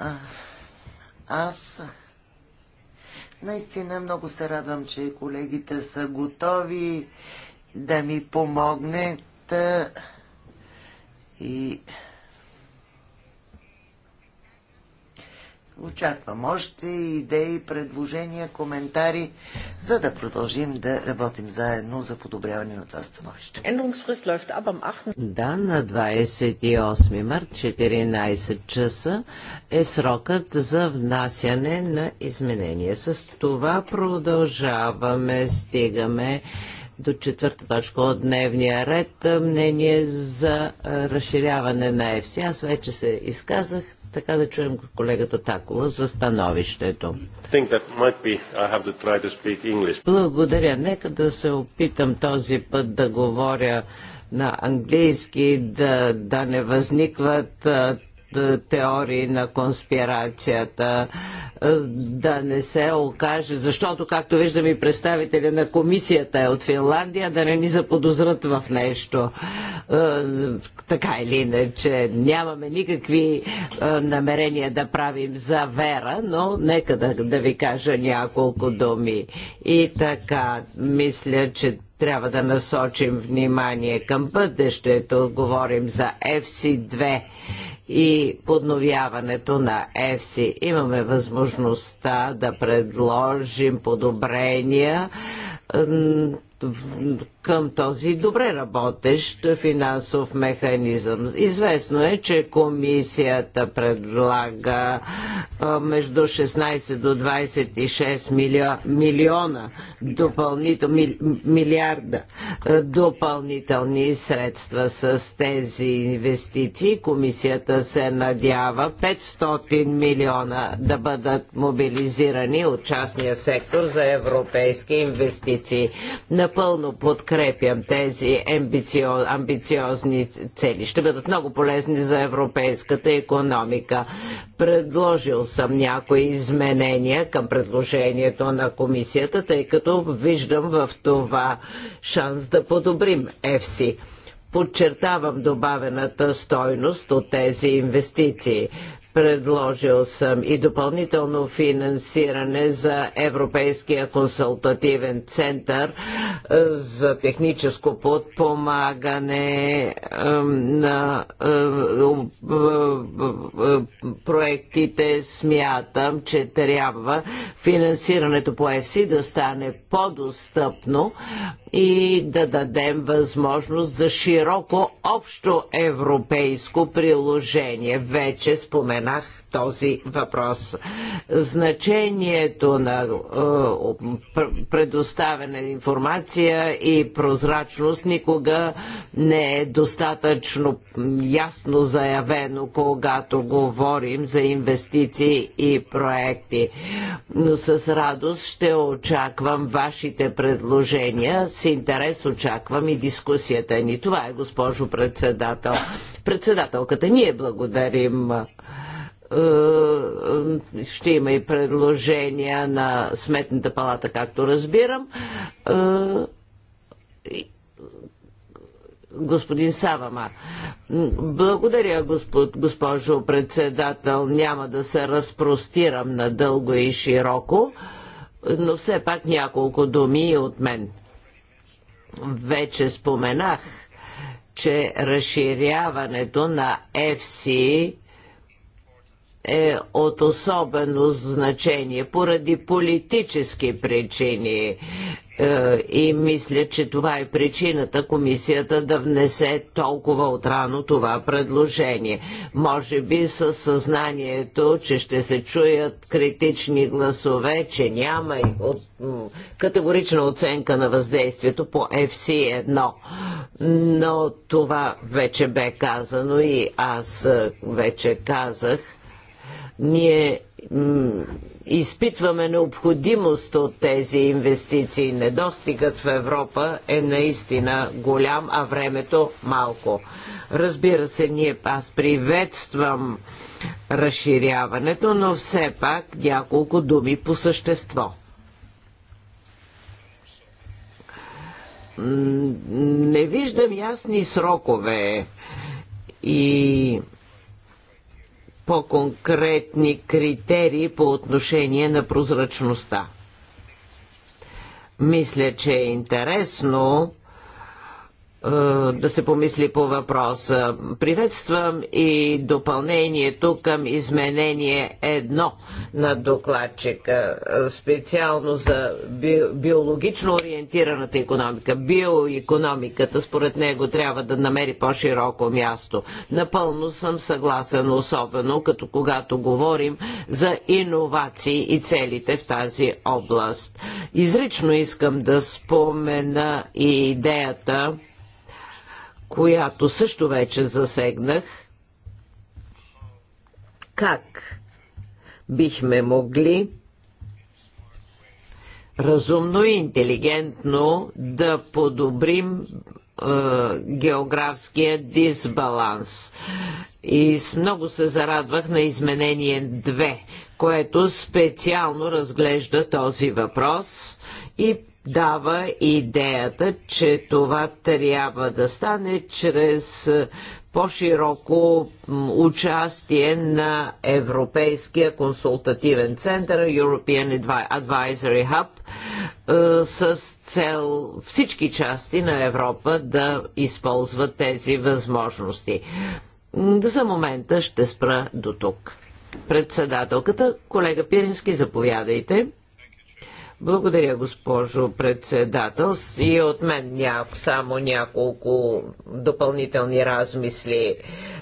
А, аз наистина много се радвам, че колегите са готови да ми помогне да и Очаквам още идеи, предложения, коментари, за да продължим да работим заедно за подобряване на това становище. Да, на 28 март 14 часа е срокът за внасяне на изменения. С това продължаваме, стигаме до четвърта точка от дневния ред мнение за разширяване на ЕФСИ. Аз вече се изказах, така да чуем колегата Такова за становището. Благодаря. Нека да се опитам този път да говоря на английски, да, да не възникват теории на конспирацията, да не се окаже, защото, както виждам и представителя на комисията е от Финландия, да не ни заподозрат в нещо. Така или иначе, нямаме никакви намерения да правим за вера, но нека да, да ви кажа няколко думи. И така, мисля, че трябва да насочим внимание към бъдещето. Говорим за FC2 и подновяването на FC. Имаме възможността да предложим подобрения към този добре работещ финансов механизъм. Известно е, че комисията предлага между 16 до 26 милио, милиона допълнител, мили, милиарда допълнителни средства с тези инвестиции. Комисията се надява 500 милиона да бъдат мобилизирани от частния сектор за европейски инвестиции. Напълно подкрепя подкрепям тези амбициоз, амбициозни цели. Ще бъдат много полезни за европейската економика. Предложил съм някои изменения към предложението на комисията, тъй като виждам в това шанс да подобрим ЕФСИ. Подчертавам добавената стойност от тези инвестиции. Предложил съм и допълнително финансиране за Европейския консултативен център е, за техническо подпомагане на е, е, проектите. Смятам, че трябва финансирането по ЕФСИ да стане по-достъпно и да дадем възможност за широко общо европейско приложение. Вече спомена споменах този въпрос. Значението на е, предоставяне на информация и прозрачност никога не е достатъчно ясно заявено, когато говорим за инвестиции и проекти. Но с радост ще очаквам вашите предложения. С интерес очаквам и дискусията ни. Това е, госпожо председател. Председателката, ние благодарим. Е, е, ще има и предложения на Сметната палата, както разбирам. Е, господин Савама, благодаря, господ, госпожо председател. Няма да се разпростирам надълго и широко, но все пак няколко думи от мен. Вече споменах, че разширяването на ЕФСИ е от особено значение поради политически причини. Е, и мисля, че това е причината комисията да внесе толкова отрано това предложение. Може би със съзнанието, че ще се чуят критични гласове, че няма и от, категорична оценка на въздействието по FC1. Но това вече бе казано и аз е, вече казах ние изпитваме необходимост от тези инвестиции. Недостигът в Европа е наистина голям, а времето малко. Разбира се, ние, аз приветствам разширяването, но все пак няколко думи по същество. Не виждам ясни срокове и по-конкретни критерии по отношение на прозрачността. Мисля, че е интересно е, да се помисли по въпроса. Приветствам и допълнението към изменение едно на докладчика, е, специално за би, биологично ориентираната економика. Биоекономиката, според него, трябва да намери по-широко място. Напълно съм съгласен, особено като когато говорим за иновации и целите в тази област. Изрично искам да спомена и идеята, която също вече засегнах, как бихме могли разумно и интелигентно да подобрим географския дисбаланс. И много се зарадвах на изменение 2, което специално разглежда този въпрос и дава идеята, че това трябва да стане чрез е, по-широко участие на Европейския консултативен център, European Advisory Hub, е, с цел всички части на Европа да използват тези възможности. За момента ще спра до тук. Председателката, колега Пирински, заповядайте. Благодаря, госпожо председател. И от мен ня... само няколко допълнителни размисли.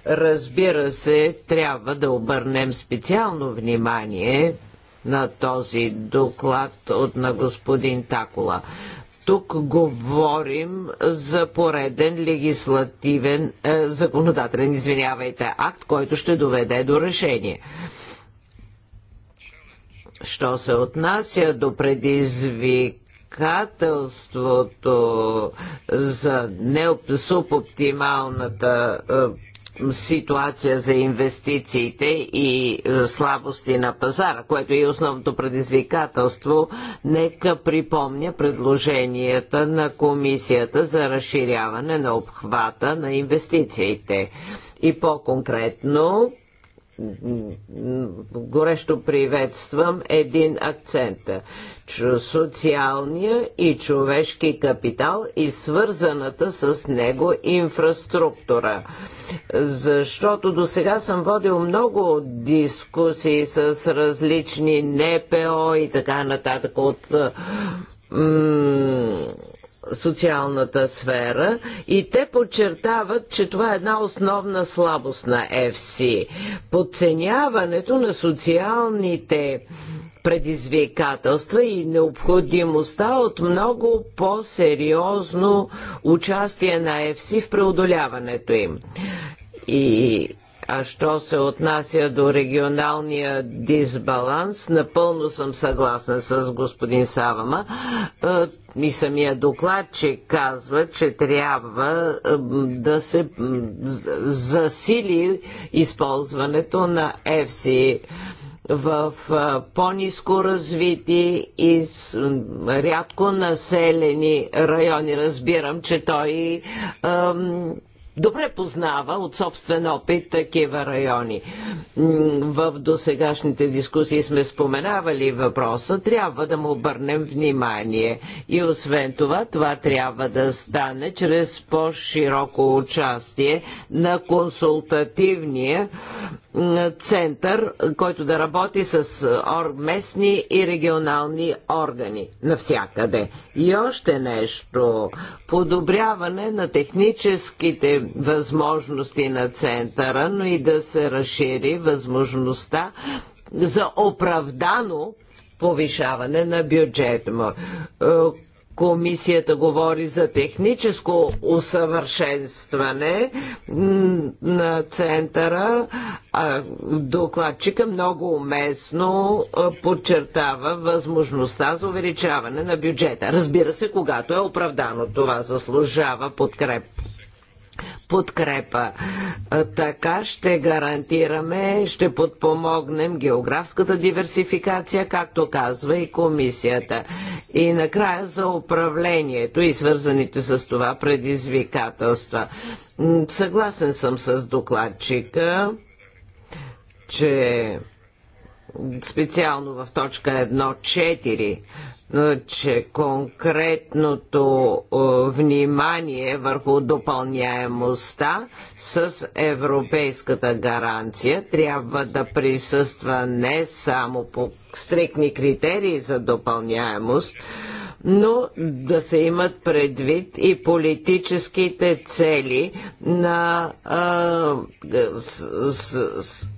Разбира се, трябва да обърнем специално внимание на този доклад от на господин Такола. Тук говорим за пореден легислативен, е, законодателен, извинявайте, акт, който ще доведе до решение. Що се отнася до предизвикателството за субоптималната е, ситуация за инвестициите и е, слабости на пазара, което е основното предизвикателство, нека припомня предложенията на Комисията за разширяване на обхвата на инвестициите. И по-конкретно горещо приветствам един акцент. Социалния и човешки капитал и свързаната с него инфраструктура. Защото до сега съм водил много дискусии с различни НПО и така нататък от социалната сфера и те подчертават, че това е една основна слабост на ЕФСИ. Подценяването на социалните предизвикателства и необходимостта от много по-сериозно участие на ЕФСИ в преодоляването им. И а що се отнася до регионалния дисбаланс, напълно съм съгласна с господин Савама е, и самия доклад, че казва, че трябва е, да се засили използването на ЕФСИ в е, по-низко развити и рядко населени райони. Разбирам, че той добре познава от собствен опит такива райони. В досегашните дискусии сме споменавали въпроса, трябва да му обърнем внимание. И освен това, това трябва да стане чрез по-широко участие на консултативния център, който да работи с е, местни и регионални органи навсякъде. И още нещо. Подобряване на техническите възможности на центъра, но и да се разшири възможността за оправдано повишаване на бюджет му. Е, Комисията говори за техническо усъвършенстване на центъра. Докладчика много уместно подчертава възможността за увеличаване на бюджета. Разбира се, когато е оправдано, това заслужава подкреп подкрепа. Така ще гарантираме, ще подпомогнем географската диверсификация, както казва и комисията. И накрая за управлението и свързаните с това предизвикателства. Съгласен съм с докладчика, че специално в точка 1.4 че конкретното внимание върху допълняемостта с европейската гаранция трябва да присъства не само по стрикни критерии за допълняемост, но да се имат предвид и политическите цели на а, с, с, с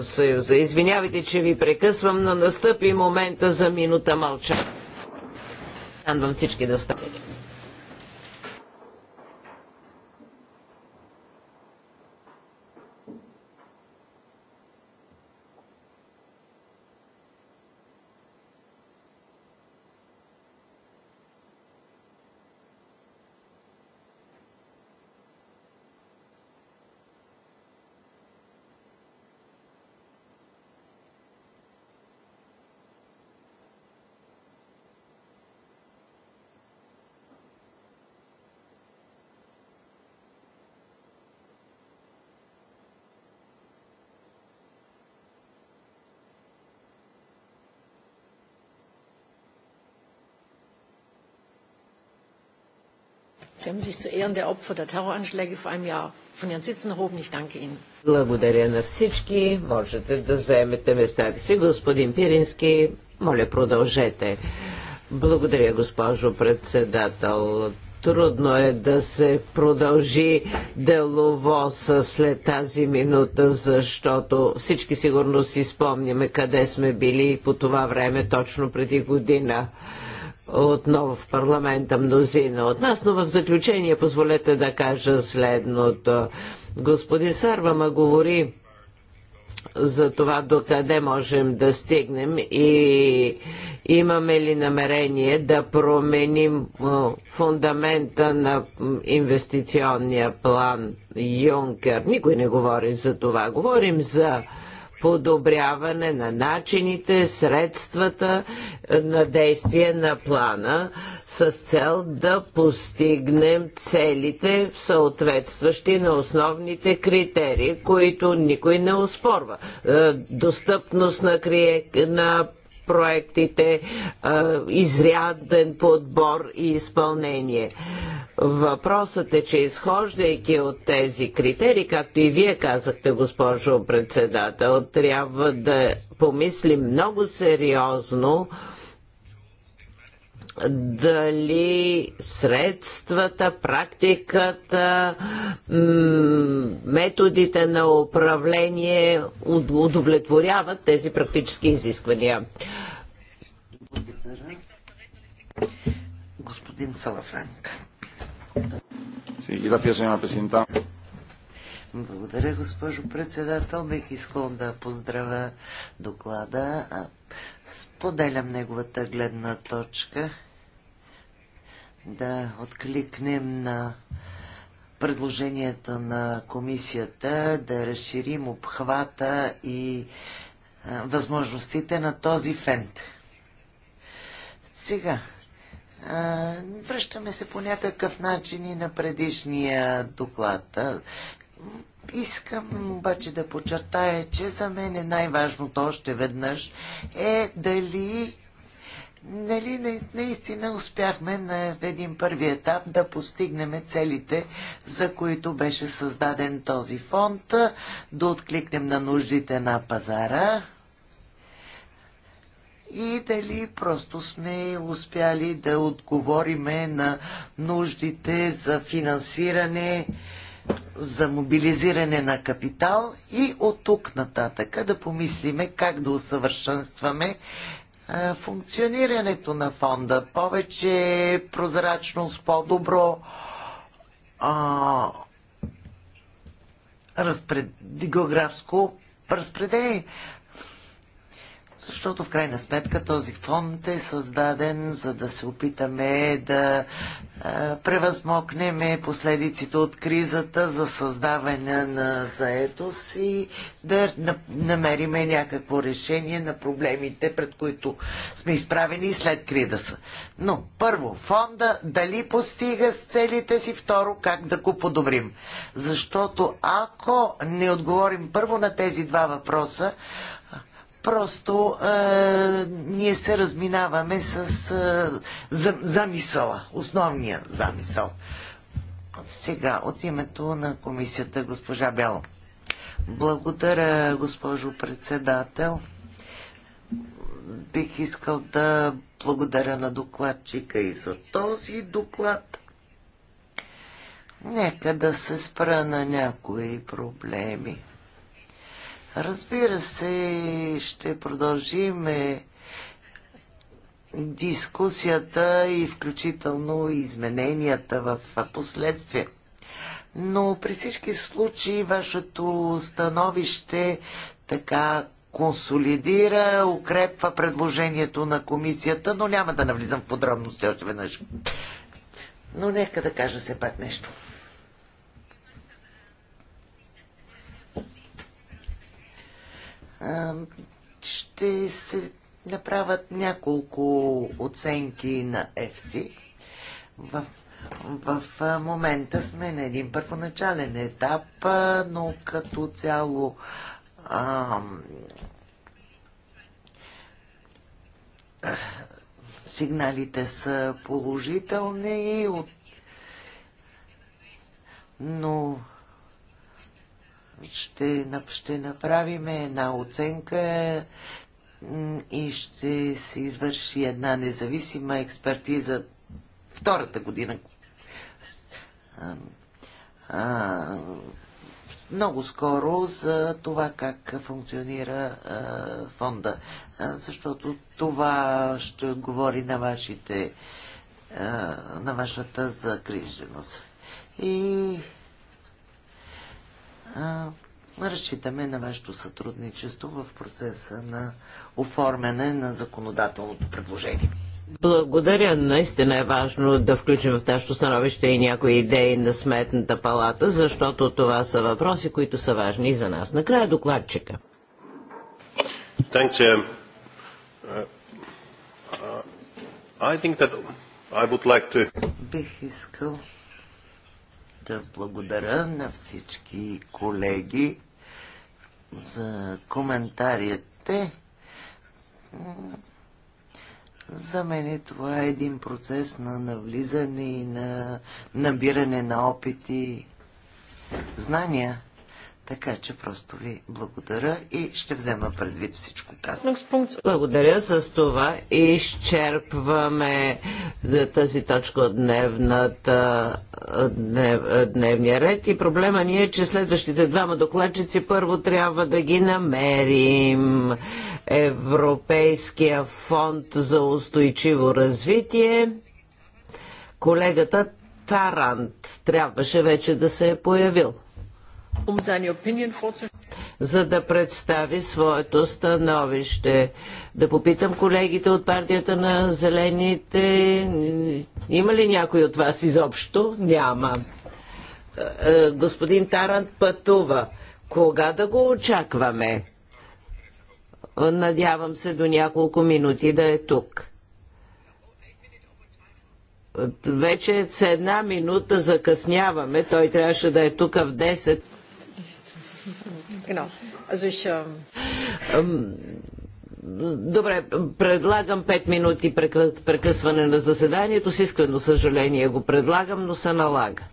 Съюза. Извинявайте, че ви прекъсвам, но настъпи момента за минута мълча. Канвам всички да станете. haben sich zu Ehren der Opfer der Terroranschläge vor einem Jahr von Ihren Sitzen erhoben. Ich danke Ihnen. Благодаря на всички. Можете да заемете местата си. Господин Пирински, моля продължете. Благодаря, госпожо председател. Трудно е да се продължи деловоса след тази минута, защото всички сигурно си спомняме къде сме били по това време точно преди година отново в парламента мнозина от нас, но в заключение позволете да кажа следното. Господин Сарвама говори за това до къде можем да стигнем и имаме ли намерение да променим фундамента на инвестиционния план Юнкер. Никой не говори за това. Говорим за подобряване на начините, средствата е, на действие на плана с цел да постигнем целите в съответстващи на основните критерии, които никой не успорва. Е, достъпност на, крие, на проектите, изряден подбор и изпълнение. Въпросът е, че изхождайки от тези критерии, както и вие казахте, госпожо председател, трябва да помислим много сериозно дали средствата, практиката, методите на управление удовлетворяват тези практически изисквания. Благодаря. Господин Салафранк. Благодаря, госпожо председател. Бих искал да поздравя доклада. Споделям неговата гледна точка да откликнем на предложенията на комисията, да разширим обхвата и а, възможностите на този фенд. Сега, а, връщаме се по някакъв начин и на предишния доклад. Искам обаче да подчертая, че за мен е най-важното още веднъж е дали Нали, наистина успяхме на един първи етап да постигнем целите, за които беше създаден този фонд, да откликнем на нуждите на пазара и дали просто сме успяли да отговориме на нуждите за финансиране, за мобилизиране на капитал и от тук нататък да помислиме как да усъвършенстваме функционирането на фонда, повече прозрачност, по-добро разпред, географско разпределение. Защото в крайна сметка този фонд е създаден за да се опитаме да превъзмокнем последиците от кризата за създаване на заетост и да намериме някакво решение на проблемите, пред които сме изправени след кризата. Но първо, фонда дали постига с целите си, второ, как да го подобрим. Защото ако не отговорим първо на тези два въпроса, Просто е, ние се разминаваме с е, за, замисъла, основния замисъл. Сега от името на комисията госпожа Бяло. Благодаря, госпожо председател. Бих искал да благодаря на докладчика и за този доклад. Нека да се спра на някои проблеми. Разбира се, ще продължим е, дискусията и включително измененията в последствие. Но при всички случаи вашето становище така консолидира, укрепва предложението на комисията, но няма да навлизам в подробности още веднъж. Но нека да кажа все пак нещо. ще се направят няколко оценки на ЕФСИ. В, в момента сме на един първоначален етап, но като цяло ам, сигналите са положителни, но ще, ще направим една оценка и ще се извърши една независима експертиза втората година. А, много скоро за това как функционира а, фонда, а, защото това ще говори на, вашите, а, на вашата загриженост. И разчитаме на вашето сътрудничество в процеса на оформяне на законодателното предложение. Благодаря. Наистина е важно да включим в нашето становище и някои идеи на Сметната палата, защото това са въпроси, които са важни и за нас. Накрая докладчика. Uh, uh, like to... Бих искал да благодаря на всички колеги за коментарите. За мен е това е един процес на навлизане и на набиране на опити, знания. Така че просто ви благодаря и ще взема предвид всичко тази. Благодаря с това. Изчерпваме е, тази точка от дневната, е, днев, е, дневния ред и проблема ни е, че следващите двама докладчици първо трябва да ги намерим. Европейския фонд за устойчиво развитие. Колегата Тарант трябваше вече да се е появил. Um за да представи своето становище. Да попитам колегите от партията на зелените, има ли някой от вас изобщо? Няма. Е, е, господин Тарант пътува. Кога да го очакваме? Надявам се до няколко минути да е тук. Вече с една минута закъсняваме. Той трябваше да е тук в 10. Genau. Also ich, ähm... Добре, предлагам 5 минути прекъсване на заседанието. С искрено съжаление го предлагам, но се налага.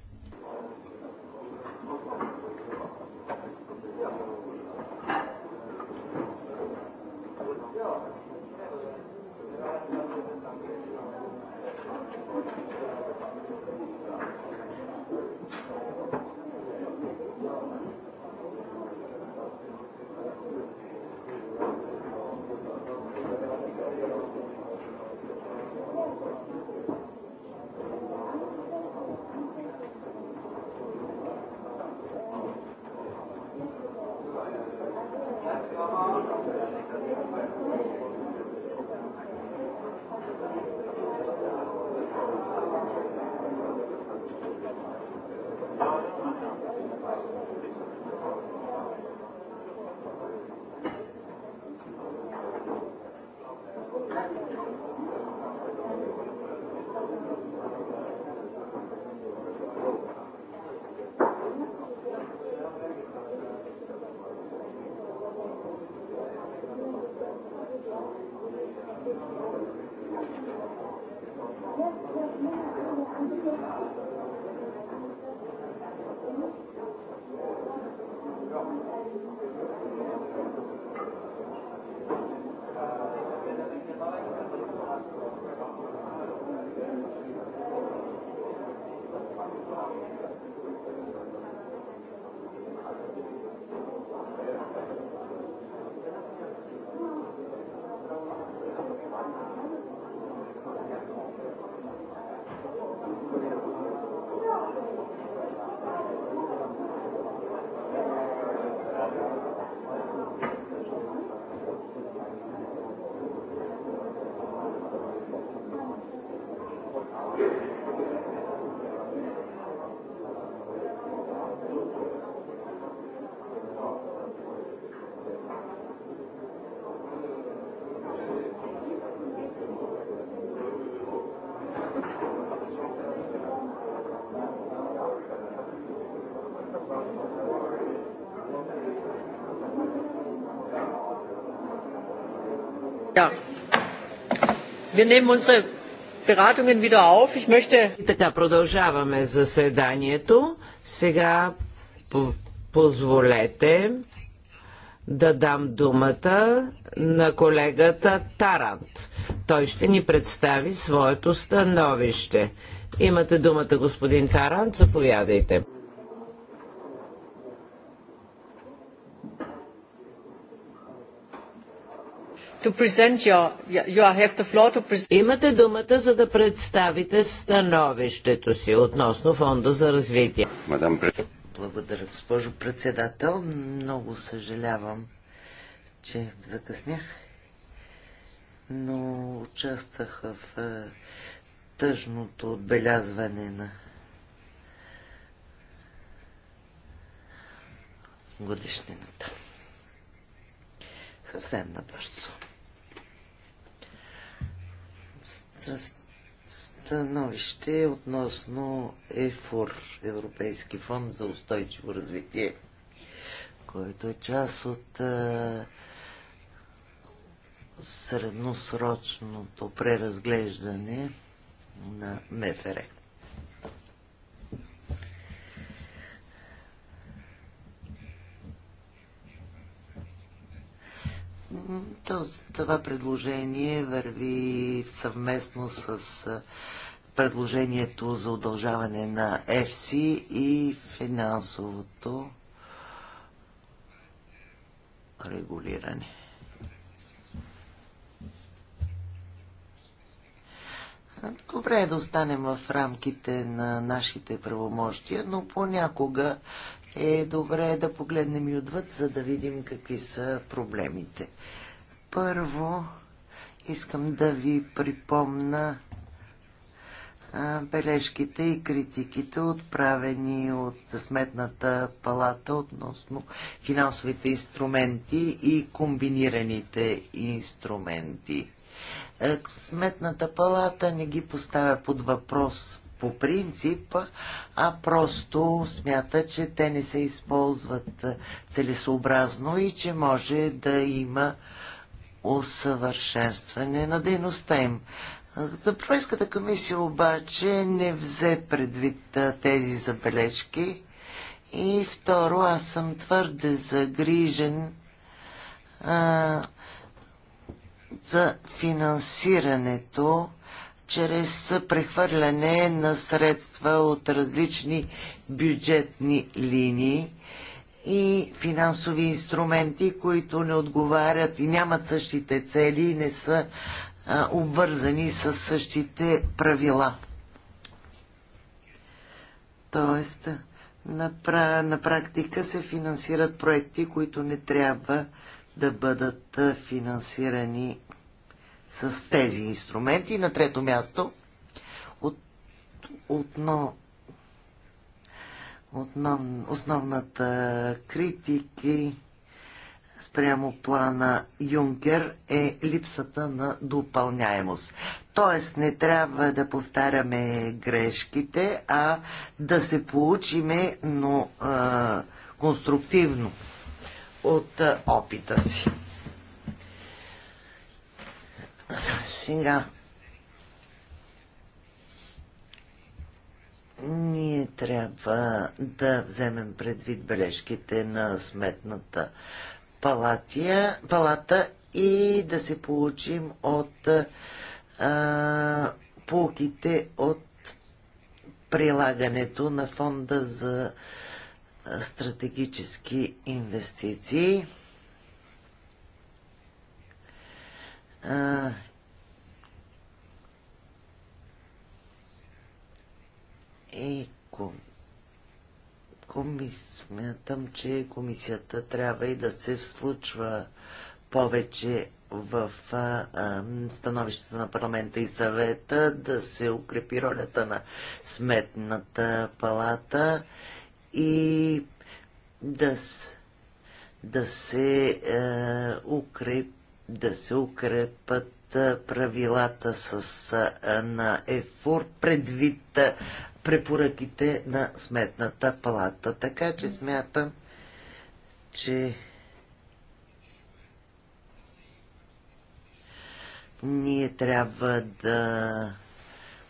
И така, продължаваме заседанието. Сега позволете да дам думата на колегата Тарант. Той ще ни представи своето становище. Имате думата, господин Тарант, заповядайте. Your, present... Имате думата, за да представите становището си относно Фонда за развитие. Мадам... Благодаря, госпожо председател. Много съжалявам, че закъснях, но участвах в е, тъжното отбелязване на годишнината. Съвсем набързо. становище относно ЕФОР, Европейски фонд за устойчиво развитие, който е част от а, средносрочното преразглеждане на МФР. това предложение върви съвместно с предложението за удължаване на ЕФСИ и финансовото регулиране. Добре е да останем в рамките на нашите правомощия, но понякога е добре да погледнем и отвъд, за да видим какви са проблемите. Първо, искам да ви припомна бележките и критиките, отправени от Сметната палата относно финансовите инструменти и комбинираните инструменти. Е, Сметната палата не ги поставя под въпрос по принцип, а просто смята, че те не се използват целесообразно и че може да има усъвършенстване на дейността им. Европейската комисия обаче не взе предвид тези забележки и второ, аз съм твърде загрижен а, за финансирането чрез прехвърляне на средства от различни бюджетни линии и финансови инструменти, които не отговарят и нямат същите цели и не са а, обвързани с същите правила. Тоест, на, на практика се финансират проекти, които не трябва да бъдат финансирани с тези инструменти. На трето място, от, отно, отнов, основната критика спрямо плана Юнкер е липсата на допълняемост. Тоест не трябва да повтаряме грешките, а да се получиме, но а, конструктивно от а, опита си. Сега. Ние трябва да вземем предвид бележките на сметната палатия, палата и да се получим от а, полките от прилагането на фонда за стратегически инвестиции. Еко, е комис, че комисията трябва и да се вслучва повече в а, а, становищата на парламента и съвета, да се укрепи ролята на сметната палата и да, да се а, е, укрепи да се укрепат правилата с, на ЕФУР предвид препоръките на Сметната палата. Така че смятам, че ние трябва да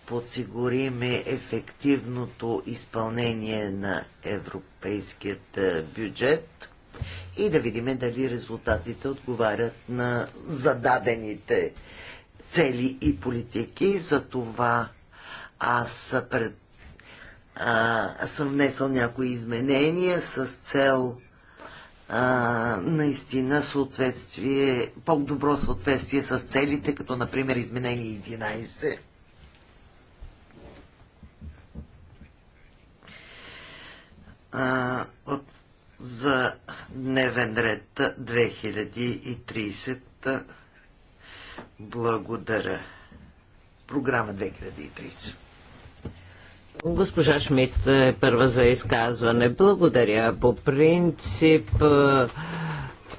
подсигуриме ефективното изпълнение на европейският бюджет и да видим дали резултатите отговарят на зададените цели и политики. За това аз пред а, съм внесъл някои изменения с цел а, наистина съответствие, по-добро съответствие с целите, като например изменение 11. А, от за дневен ред 2030. Благодаря. Програма 2030. Госпожа Шмидт е първа за изказване. Благодаря. По принцип е,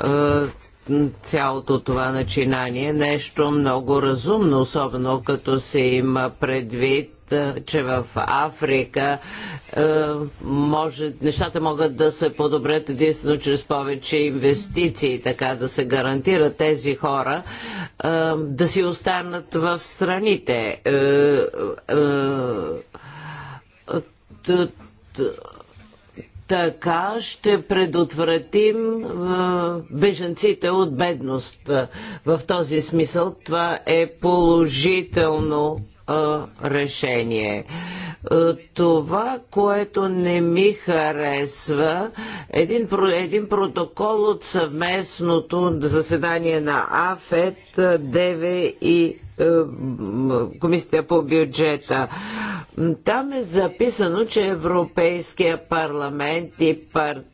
е, цялото това начинание е нещо много разумно, особено като се има предвид е, че в Африка е, може, нещата могат да се подобрят единствено чрез повече инвестиции, така да се гарантира тези хора е, да си останат в страните. Е, е така ще предотвратим е, беженците от бедност. В този смисъл това е положително решение. Това, което не ми харесва, един, един протокол от съвместното заседание на АФЕТ, ДЕВЕ и Комисията по бюджета. Там е записано, че Европейския парламент и партия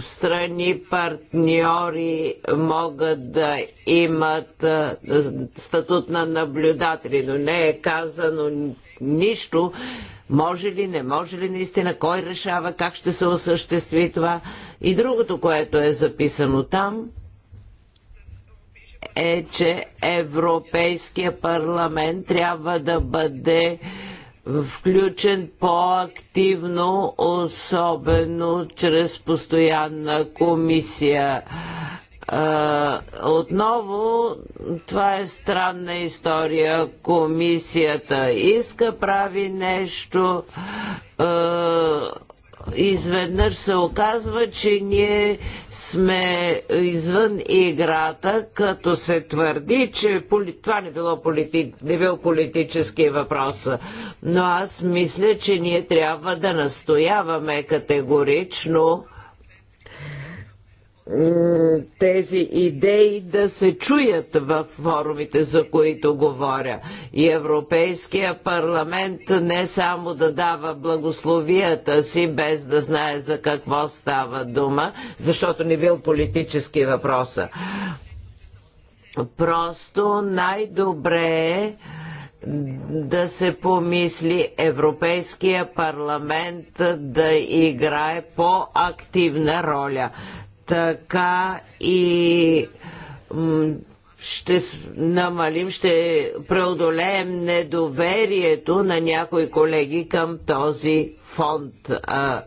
страни партньори могат да имат статут на наблюдатели, но не е казано нищо. Може ли, не може ли наистина, кой решава как ще се осъществи това? И другото, което е записано там, е, че Европейския парламент трябва да бъде включен по-активно, особено чрез постоянна комисия. Отново, това е странна история. Комисията иска, прави нещо, изведнъж се оказва, че ние сме извън играта, като се твърди, че поли... това не, било полити... не бил политически въпрос. Но аз мисля, че ние трябва да настояваме категорично тези идеи да се чуят в форумите, за които говоря. И Европейския парламент не само да дава благословията си, без да знае за какво става дума, защото не бил политически въпроса. Просто най-добре е да се помисли Европейския парламент да играе по-активна роля така и ще намалим, ще преодолеем недоверието на някои колеги към този фонд. А,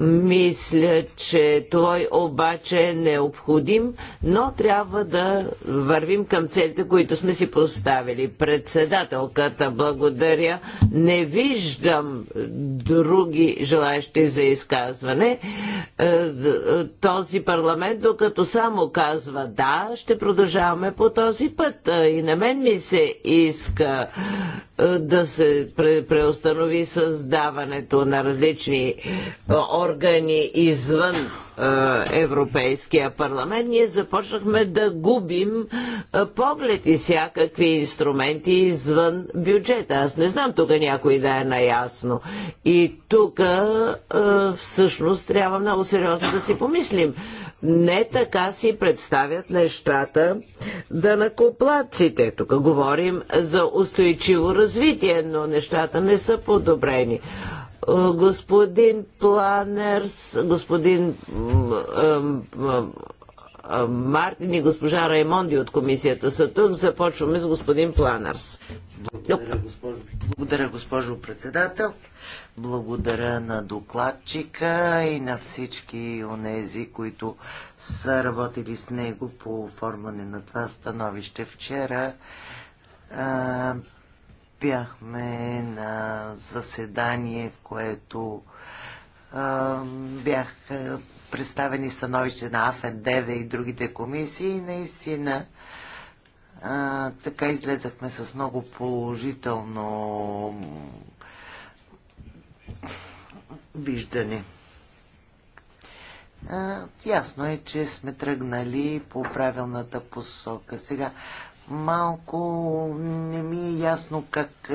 мисля, че той обаче е необходим, но трябва да вървим към целите, които сме си поставили. Председателката, благодаря. Не виждам други желаящи за изказване. Е, е, този парламент, докато само казва да, ще продължаваме по този път. Е, и на мен ми се иска да се преустанови създаването на различни органи органи извън Европейския парламент, ние започнахме да губим поглед и всякакви инструменти извън бюджета. Аз не знам тук някой да е наясно. И тук всъщност трябва много сериозно да си помислим. Не така си представят нещата да накоплаците. Тук говорим за устойчиво развитие, но нещата не са подобрени господин Планерс, господин Мартин и госпожа Раймонди от комисията са тук. Започваме с господин Планерс. Благодаря госпожо, Благодаря, госпожо председател. Благодаря на докладчика и на всички онези, които са работили с него по оформане на това становище. Вчера бяхме на заседание, в което а, бяха представени становище на АФНДВ и другите комисии. Наистина а, така излезахме с много положително виждане. А, ясно е, че сме тръгнали по правилната посока. Сега малко не ми е ясно как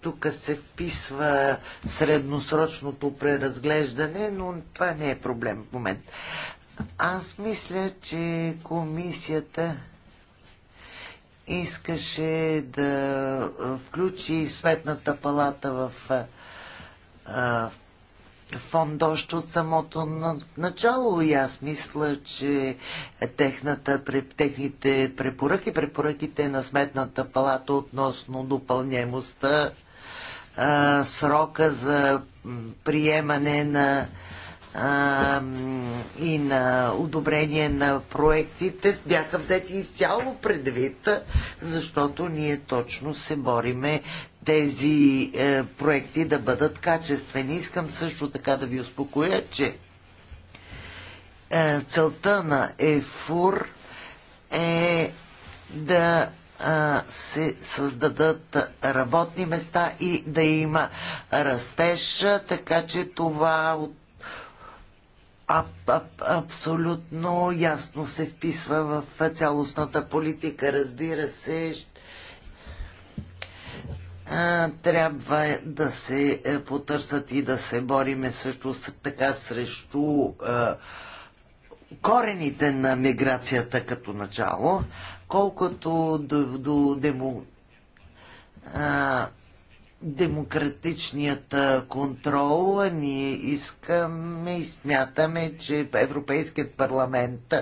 тук се вписва средносрочното преразглеждане, но това не е проблем в момент. Аз мисля, че комисията искаше да включи Светната палата в, в фонд още от самото начало и аз мисля, че техната, техните препоръки, препоръките на Сметната палата относно допълнемостта, срока за приемане на и на одобрение на проектите бяха взети изцяло предвид, защото ние точно се бориме тези е, проекти да бъдат качествени. Искам също така да ви успокоя, че е, целта на ЕФУР е да е, се създадат работни места и да има растеж, така че това от Аб, аб, абсолютно ясно се вписва в цялостната политика. Разбира се, трябва да се е, потърсят и да се бориме също така срещу е, корените на миграцията като начало, колкото до, до демо, а, демократичният контрол, ние искаме и смятаме, че Европейският парламент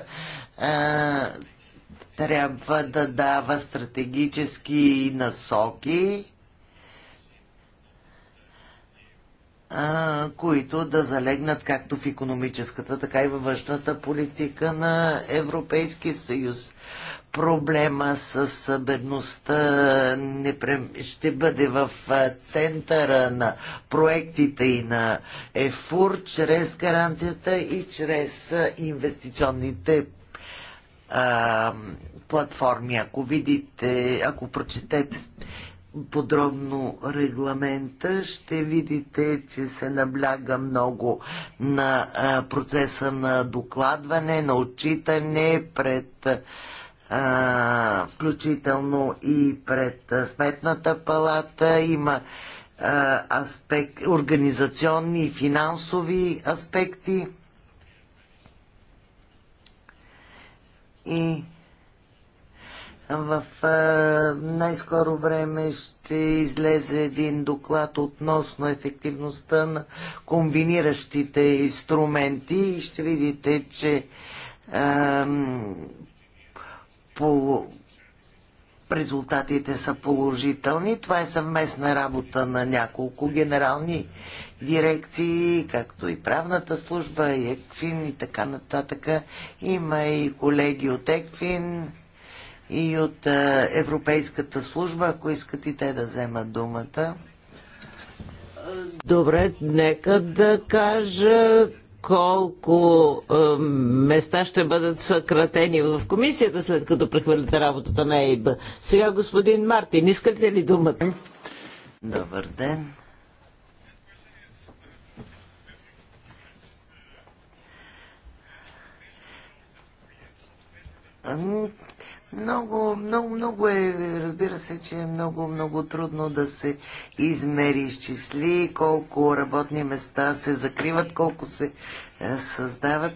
а, трябва да дава стратегически насоки които да залегнат както в економическата, така и във външната политика на Европейския съюз. Проблема с бедността ще бъде в центъра на проектите и на ЕФУР, чрез гаранцията и чрез инвестиционните а, платформи. Ако видите, ако прочетете подробно регламента, ще видите, че се набляга много на процеса на докладване, на отчитане пред включително и пред Сметната палата. Има аспект, организационни и финансови аспекти. И в най-скоро време ще излезе един доклад относно ефективността на комбиниращите инструменти и ще видите, че а, по резултатите са положителни. Това е съвместна работа на няколко генерални дирекции, както и правната служба, и ЕКФИН и така нататък. Има и колеги от ЕКФИН и от е, Европейската служба, ако искат и те да вземат думата. Добре, нека да кажа колко е, места ще бъдат съкратени в комисията, след като прехвърлите работата на ЕИБ. Сега господин Мартин, искате ли думата? Добър ден. Много, много, много е, разбира се, че е много, много трудно да се измери, изчисли колко работни места се закриват, колко се е, създават.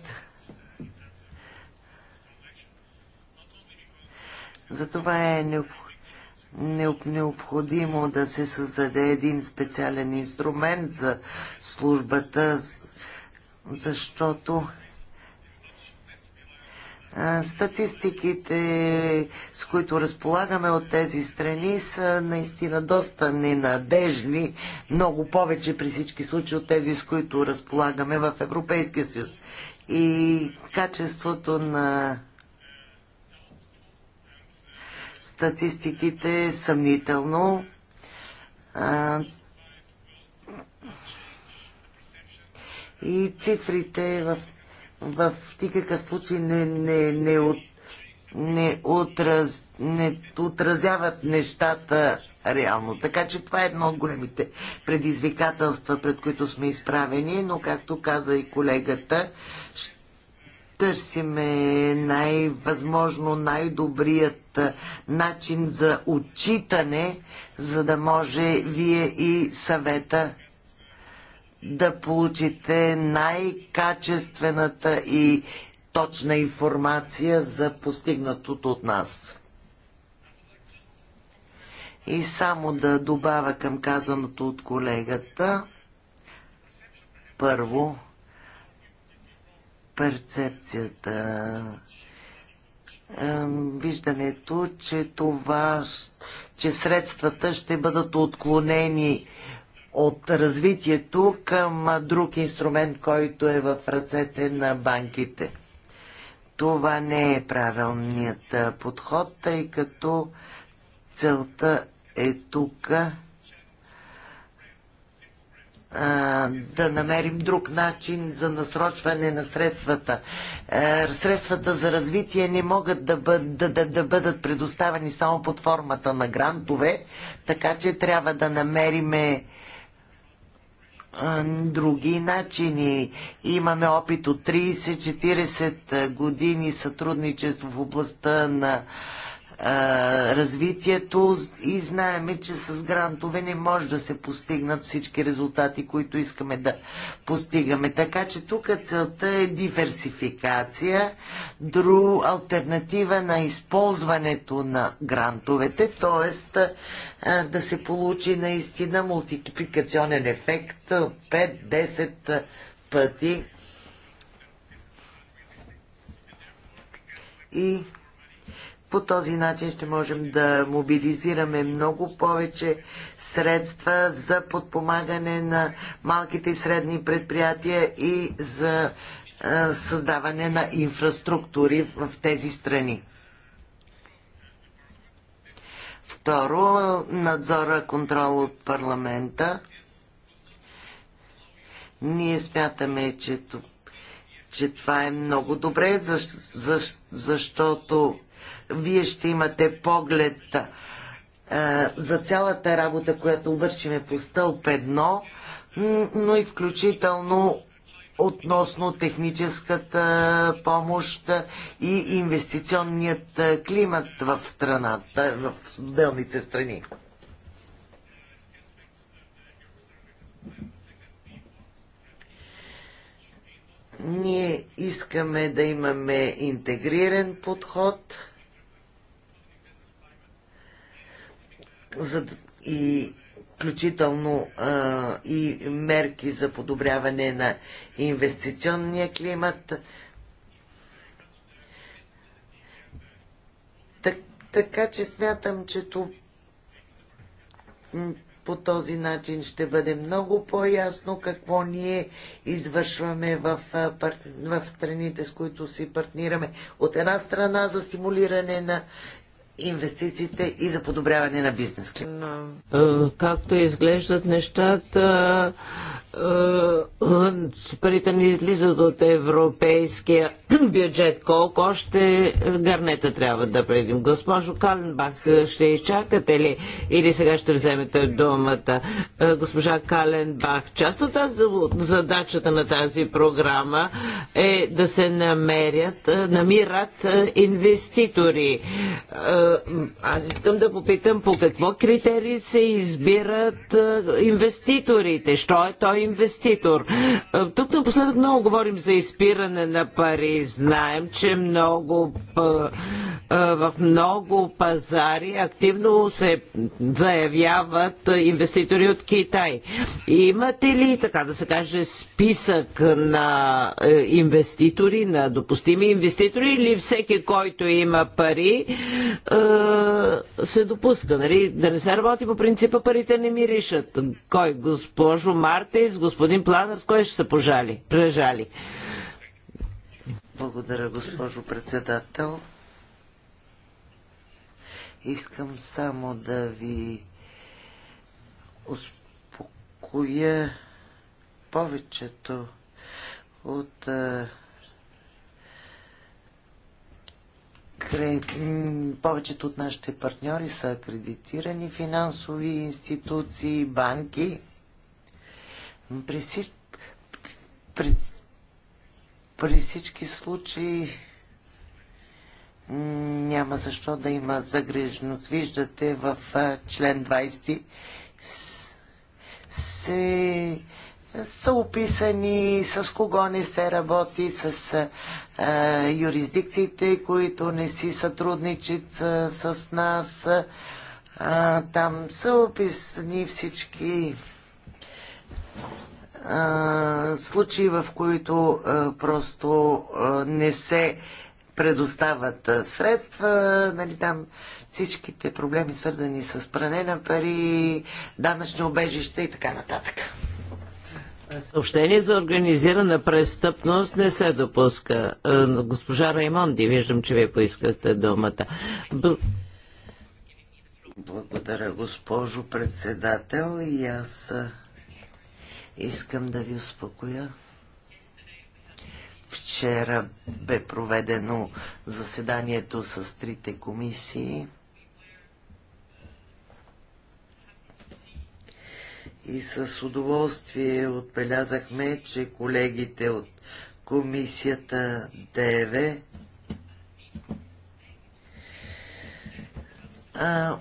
Затова е необходимо да се създаде един специален инструмент за службата, защото Статистиките, с които разполагаме от тези страни, са наистина доста ненадежни, много повече при всички случаи от тези, с които разполагаме в Европейския съюз. И качеството на статистиките е съмнително. И цифрите в в никакъв случай не, не, не, от, не, отраз, не отразяват нещата реално. Така че това е едно от големите предизвикателства, пред които сме изправени, но както каза и колегата, търсиме най-възможно най-добрият начин за отчитане, за да може вие и съвета да получите най-качествената и точна информация за постигнатото от нас. И само да добавя към казаното от колегата. Първо, перцепцията, виждането, че това, че средствата ще бъдат отклонени от развитието към друг инструмент, който е в ръцете на банките. Това не е правилният подход, тъй като целта е тук да намерим друг начин за насрочване на средствата. Е, средствата за развитие не могат да, бъд, да, да, да бъдат предоставени само под формата на грантове, така че трябва да намериме други начини. Имаме опит от 30-40 години сътрудничество в областта на развитието и знаеме, че с грантове не може да се постигнат всички резултати, които искаме да постигаме. Така че тук целта е диверсификация, друг альтернатива на използването на грантовете, т.е. да се получи наистина мултипликационен ефект 5-10 пъти. И по този начин ще можем да мобилизираме много повече средства за подпомагане на малките и средни предприятия и за създаване на инфраструктури в тези страни. Второ, надзора, контрол от парламента. Ние смятаме, че, че това е много добре, защ, защ, защото вие ще имате поглед за цялата работа, която вършиме по стълб едно, но и включително относно техническата помощ и инвестиционният климат в страната, в отделните страни. Ние искаме да имаме интегриран подход – за, и включително а, и мерки за подобряване на инвестиционния климат. Так, така че смятам, че то, по този начин ще бъде много по-ясно какво ние извършваме в, в страните, с които си партнираме. От една страна за стимулиране на инвестициите и за подобряване на бизнес климата? Е, както изглеждат нещата, е, е, парите не излизат от европейския бюджет. Колко още гарнета трябва да предим? Госпожо Каленбах, ще изчакате ли? Или сега ще вземете думата? Госпожа Каленбах, част от тази задачата на тази програма е да се намерят, намират инвеститори аз искам да попитам по какво критерии се избират инвеститорите. Що е той инвеститор? Тук напоследък много говорим за изпиране на пари. Знаем, че много в много пазари активно се заявяват инвеститори от Китай. Имате ли, така да се каже, списък на е, инвеститори, на допустими инвеститори или всеки, който има пари, е, се допуска. Нали? Да не се работи по принципа парите не миришат. Кой? Госпожо Мартис, господин Планер, с кой ще се пожали, прежали? Благодаря, госпожо председател. Искам само да ви успокоя повечето от е, повечето от нашите партньори са акредитирани финансови институции, банки. При, при... при всички случаи няма защо да има загрежност. Виждате в член 20 се са описани с кого не се работи, с а, е, юрисдикциите, които не си сътрудничат а, е, с нас. А, е, там са описани всички случаи, в които просто не се предоставят средства, нали, там всичките проблеми свързани с пране на пари, данъчни обежища и така нататък. Съобщение за организирана престъпност не се допуска. Е, госпожа Раймонди, виждам, че вие поискахте думата. Благодаря, госпожо председател. И аз е, искам да ви успокоя. Вчера бе проведено заседанието с трите комисии и с удоволствие отбелязахме, че колегите от комисията ДВ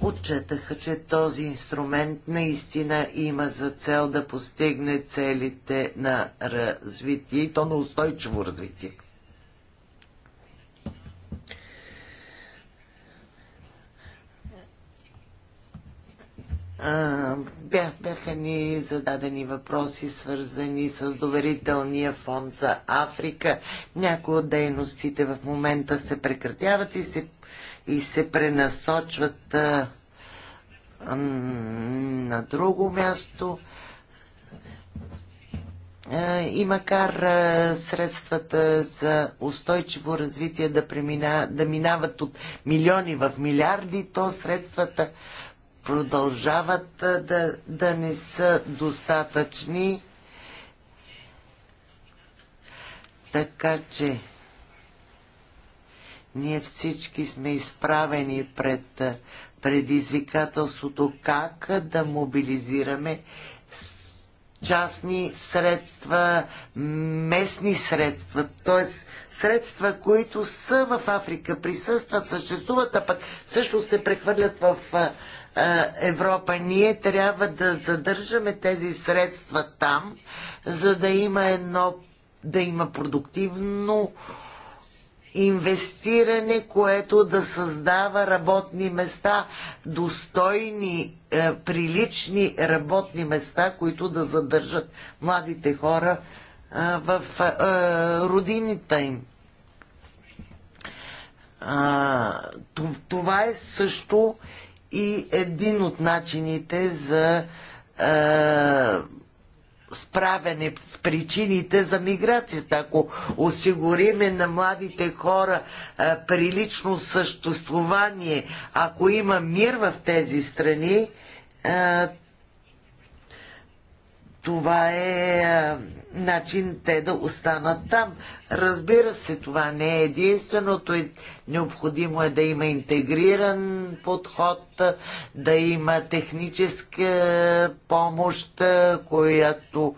отчетаха, че този инструмент наистина има за цел да постигне целите на развитие и то на устойчиво развитие. бях, бяха ни зададени въпроси, свързани с доверителния фонд за Африка. Някои от дейностите в момента се прекратяват и се, и се пренасочват а, а, на друго място. А, и макар а, средствата за устойчиво развитие да, премина, да минават от милиони в милиарди, то средствата продължават да, да не са достатъчни. Така че ние всички сме изправени пред предизвикателството как да мобилизираме частни средства, местни средства, т.е. средства, които са в Африка, присъстват, съществуват, а пък също се прехвърлят в е, Европа. Ние трябва да задържаме тези средства там, за да има едно да има продуктивно инвестиране, което да създава работни места, достойни, е, прилични работни места, които да задържат младите хора е, в родините им. А, това е също и един от начините за е, справяне с причините за миграцията. Ако осигуриме на младите хора а, е, прилично съществуване, ако има мир в тези страни, а, е, това е, е начин те да останат там. Разбира се, това не е единственото. Е, необходимо е да има интегриран подход, да има техническа помощ, е, която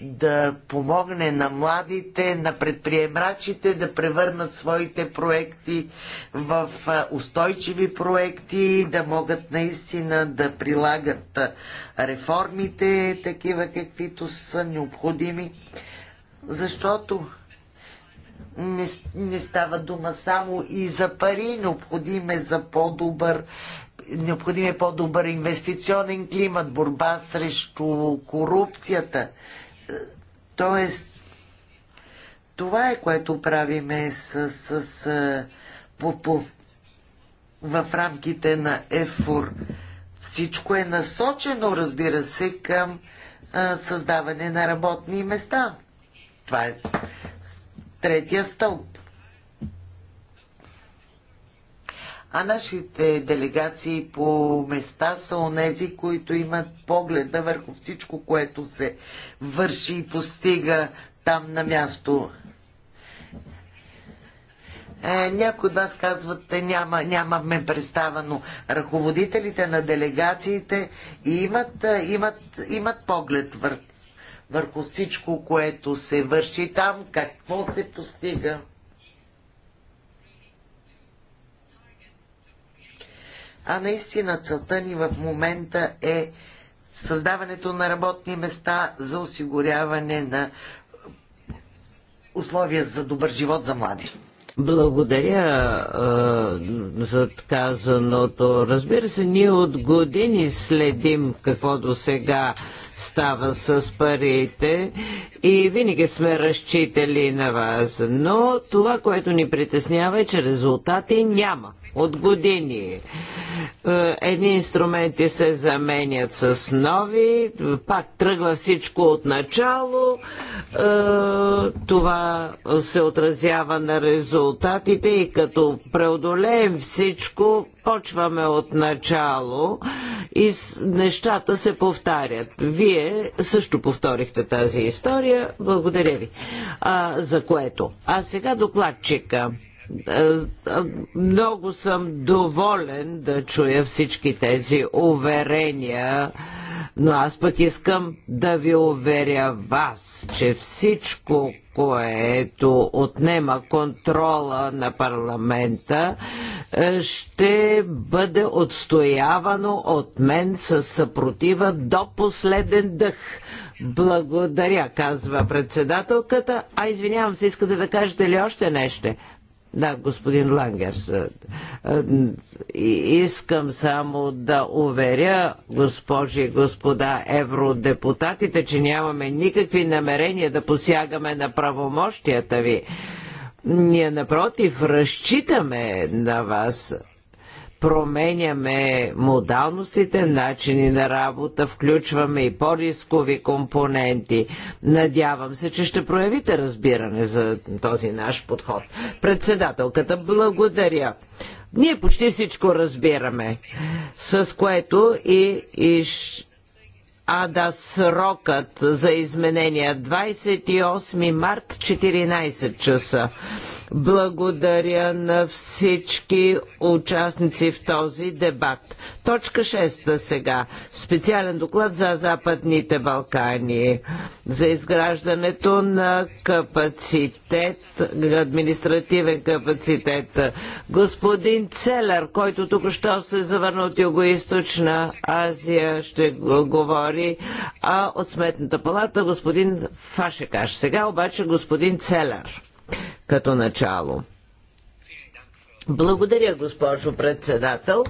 да помогне на младите, на предприемачите да превърнат своите проекти в устойчиви проекти, да могат наистина да прилагат реформите, такива каквито са необходими, защото не, не става дума само и за пари, необходим е за по-добър необходим е по-добър инвестиционен климат, борба срещу корупцията Тоест, това е което правиме с, с, с по, по, в рамките на ЕФУР. Всичко е насочено, разбира се, към а, създаване на работни места. Това е третия стълб. а нашите делегации по места са онези, които имат погледа върху всичко, което се върши и постига там на място. Е, някои от вас казват, е, няма, нямаме представа, но ръководителите на делегациите имат, е, имат, имат поглед върху, върху всичко, което се върши там, какво се постига. а наистина целта ни в момента е създаването на работни места за осигуряване на условия за добър живот за млади. Благодаря е, за казаното. Разбира се, ние от години следим какво до сега става с парите и винаги сме разчитали на вас. Но това, което ни притеснява е, че резултати няма от години. Е, едни инструменти се заменят с нови, пак тръгва всичко от начало. Е, това се отразява на резултатите и като преодолеем всичко, почваме от начало и нещата се повтарят. Вие вие също повторихте тази история. Благодаря ви а, за което. А сега докладчика. Е, е, много съм доволен да чуя всички тези уверения, но аз пък искам да ви уверя вас, че всичко, което отнема контрола на парламента, е, ще бъде отстоявано от мен със съпротива до последен дъх. Благодаря, казва председателката. А извинявам се, искате да кажете ли още нещо? Да, господин Лангерс. Искам само да уверя, госпожи и господа евродепутатите, че нямаме никакви намерения да посягаме на правомощията ви. Ние напротив разчитаме на вас променяме модалностите, начини на работа, включваме и по-рискови компоненти. Надявам се, че ще проявите разбиране за този наш подход. Председателката, благодаря. Ние почти всичко разбираме, с което и, и а да, срокът за изменения 28 март 14 часа. Благодаря на всички участници в този дебат. Точка 6 сега. Специален доклад за Западните Балкани. За изграждането на капацитет, административен капацитет. Господин Целер, който тук що се завърна от Юго-Источна Азия, ще говори, а от Сметната палата господин Фашекаш. Сега обаче господин Целер като начало. Благодаря, госпожо председател.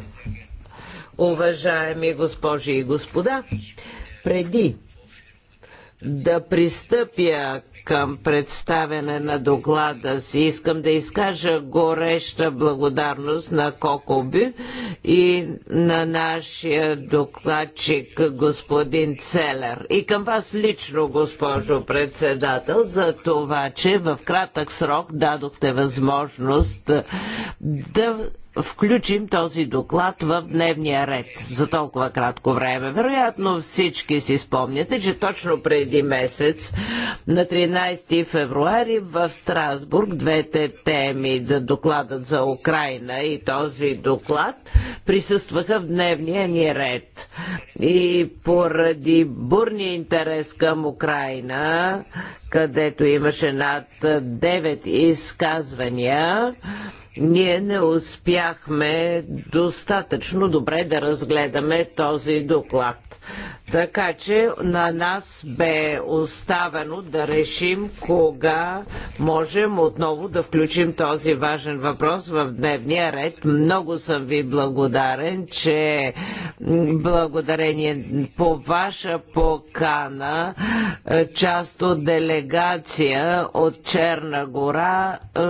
Уважаеми госпожи и господа, преди да пристъпя към представяне на доклада си, искам да изкажа гореща благодарност на Кокоби и на нашия докладчик господин Целер. И към вас лично, госпожо председател, за това, че в кратък срок дадохте възможност да включим този доклад в дневния ред за толкова кратко време. Вероятно всички си спомняте, че точно преди месец, на 13 февруари в Страсбург, двете теми за докладът за Украина и този доклад присъстваха в дневния ни ред. И поради бурния интерес към Украина, където имаше над 9 изказвания, ние не успяхме достатъчно добре да разгледаме този доклад. Така че на нас бе оставено да решим кога можем отново да включим този важен въпрос в дневния ред. Много съм ви благодарен, че благодарение по ваша покана е, част от делегация от Черна гора е,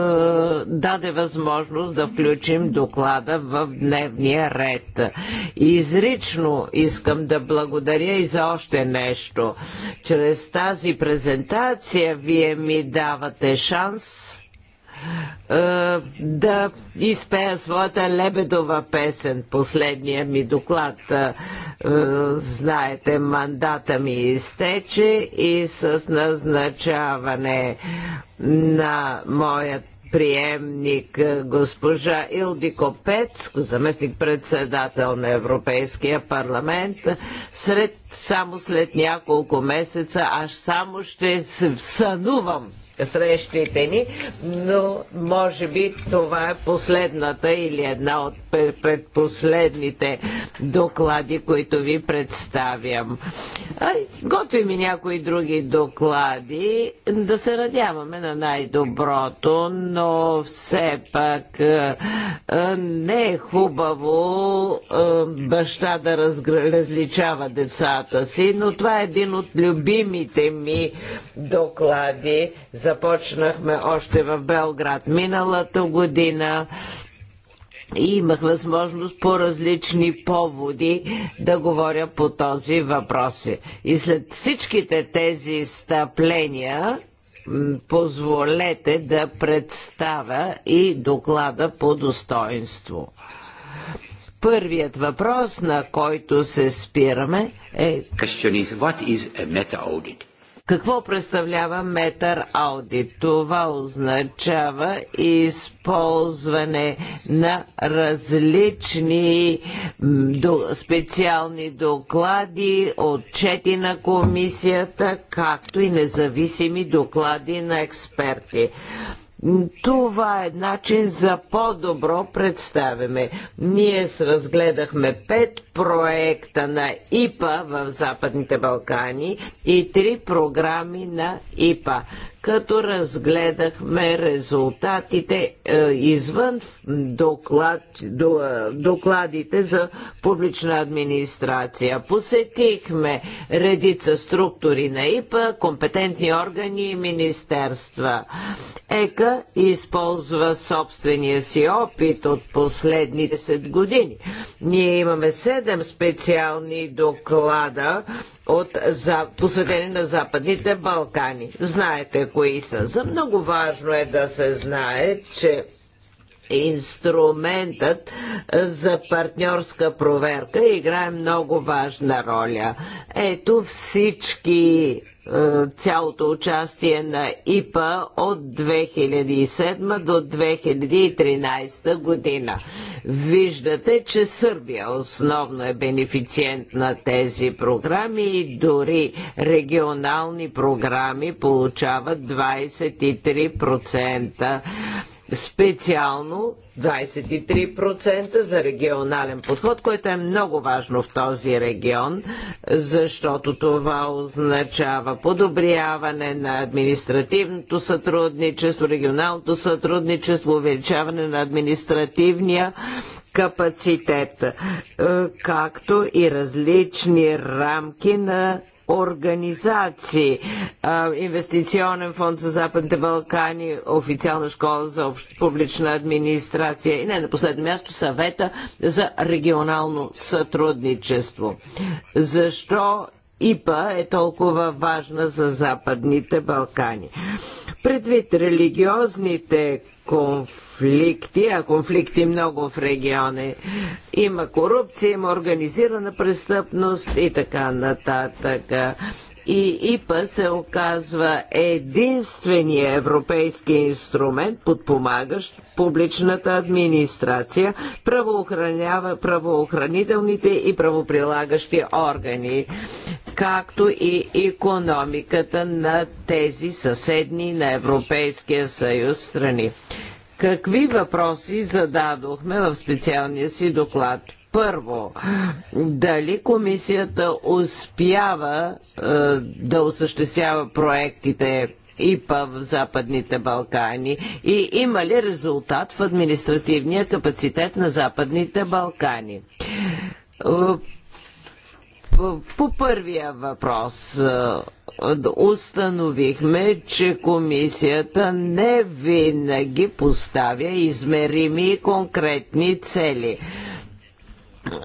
даде възможност да включим доклада в дневния ред. Изрично искам да благодаря благодаря и за още нещо. Чрез тази презентация вие ми давате шанс е, да изпея своята лебедова песен, последния ми доклад. Е, знаете, мандата ми изтече и с назначаване на моят приемник госпожа Илдико Пецко, заместник председател на Европейския парламент, сред, само след няколко месеца аз само ще се сънувам срещите ни, но може би това е последната или една от предпоследните доклади, които ви представям. Ай, готвим и някои други доклади, да се надяваме на най-доброто, но все пак е, е, не е хубаво е, баща да различава децата си, но това е един от любимите ми доклади за започнахме още в Белград миналата година и имах възможност по различни поводи да говоря по този въпрос. И след всичките тези стъпления позволете да представя и доклада по достоинство. Първият въпрос, на който се спираме е... What is a meta audit? Какво представлява метър ауди? Това означава използване на различни специални доклади, отчети на комисията, както и независими доклади на експерти. Това е начин за по-добро представяме. Ние разгледахме пет проекта на ИПА в Западните Балкани и три програми на ИПА като разгледахме резултатите е, извън доклад, до, е, докладите за публична администрация. Посетихме редица структури на ИПА, компетентни органи и министерства. ЕКА използва собствения си опит от последните 10 години. Ние имаме 7 специални доклада от, за, посветени на Западните Балкани. Знаете кои са. За много важно е да се знае, че инструментът е, за партньорска проверка играе много важна роля. Ето всички цялото участие на ИПА от 2007 до 2013 година. Виждате, че Сърбия основно е бенефициент на тези програми и дори регионални програми получават 23% Специално 23% за регионален подход, който е много важно в този регион, защото това означава подобряване на административното сътрудничество, регионалното сътрудничество, увеличаване на административния капацитет, е, както и различни рамки на организации. Инвестиционен фонд за Западните Балкани, официална школа за общ, публична администрация и не на последно място съвета за регионално сътрудничество. Защо ИПА е толкова важна за Западните Балкани? Предвид религиозните конфликти, а конфликти много в региони. Има корупция, има организирана престъпност и така нататък и ИПА се оказва единствения европейски инструмент, подпомагащ публичната администрация, правоохранява правоохранителните и правоприлагащи органи както и економиката на тези съседни на Европейския съюз страни. Какви въпроси зададохме в специалния си доклад? Първо, дали комисията успява е, да осъществява проектите ИПА в Западните Балкани и има ли резултат в административния капацитет на Западните Балкани? Е, по първия въпрос е, установихме, че комисията не винаги поставя измерими и конкретни цели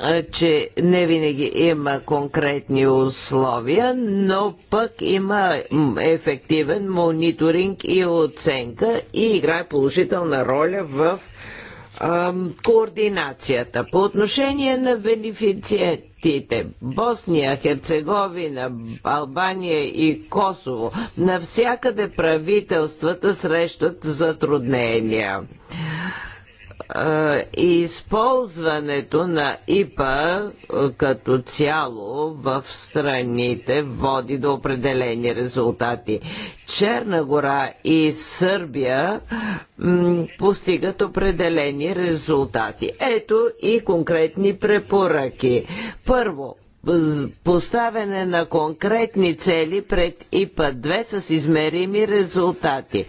е, че не винаги има конкретни условия, но пък има ефективен мониторинг и оценка и играе положителна роля в координацията. По отношение на бенефициентите, Босния, Херцеговина, Албания и Косово, навсякъде правителствата срещат затруднения използването на ИПА като цяло в страните води до определени резултати. Черна гора и Сърбия постигат определени резултати. Ето и конкретни препоръки. Първо, поставяне на конкретни цели пред ИПА-2 с измерими резултати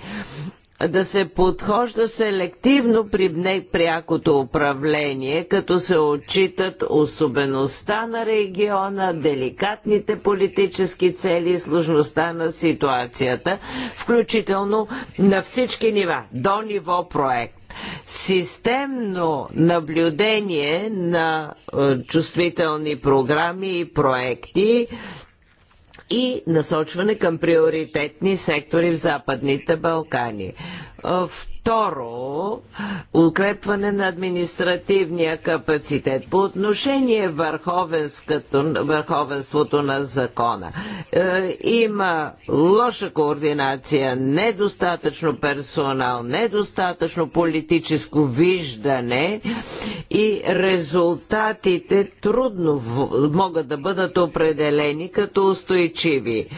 да се подхожда селективно при непрякото управление, като се отчитат особеността на региона, деликатните политически цели и сложността на ситуацията, включително на всички нива, до ниво проект системно наблюдение на е, чувствителни програми и проекти и насочване към приоритетни сектори в Западните Балкани. В Второ, укрепване на административния капацитет по отношение върховенството на закона. Е, има лоша координация, недостатъчно персонал, недостатъчно политическо виждане и резултатите трудно могат да бъдат определени като устойчиви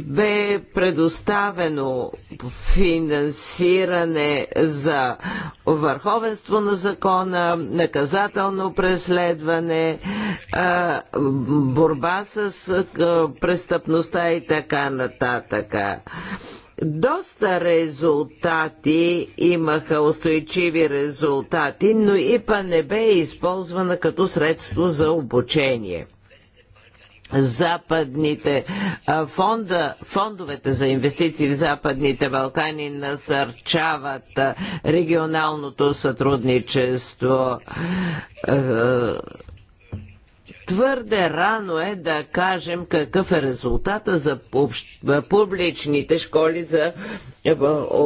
бе предоставено финансиране за върховенство на закона, наказателно преследване, борба с престъпността и така нататък. Доста резултати имаха устойчиви резултати, но ИПА не бе използвана като средство за обучение западните фонда, фондовете за инвестиции в Западните Балкани насърчават регионалното сътрудничество. Твърде рано е да кажем какъв е резултата за публичните школи за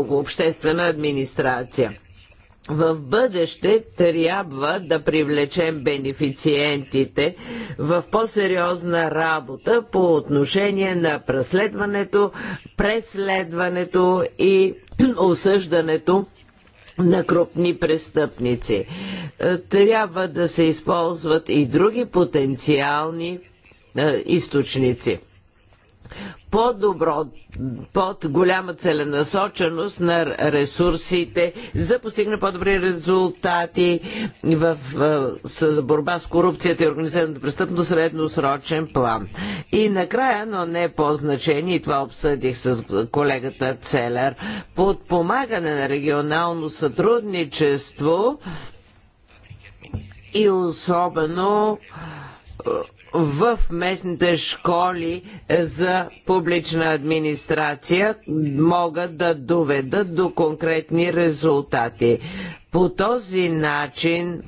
обществена администрация в бъдеще трябва да привлечем бенефициентите в по-сериозна работа по отношение на преследването, преследването и осъждането на крупни престъпници. Е, трябва да се използват и други потенциални е, източници по-добро, под голяма целенасоченост на ресурсите, за постигне по-добри резултати в, в, с борба с корупцията и организираната престъпност средносрочен план. И накрая, но не по-значение, и това обсъдих с колегата Целер, подпомагане на регионално сътрудничество и особено в местните школи е, за публична администрация могат да доведат до конкретни резултати. По този начин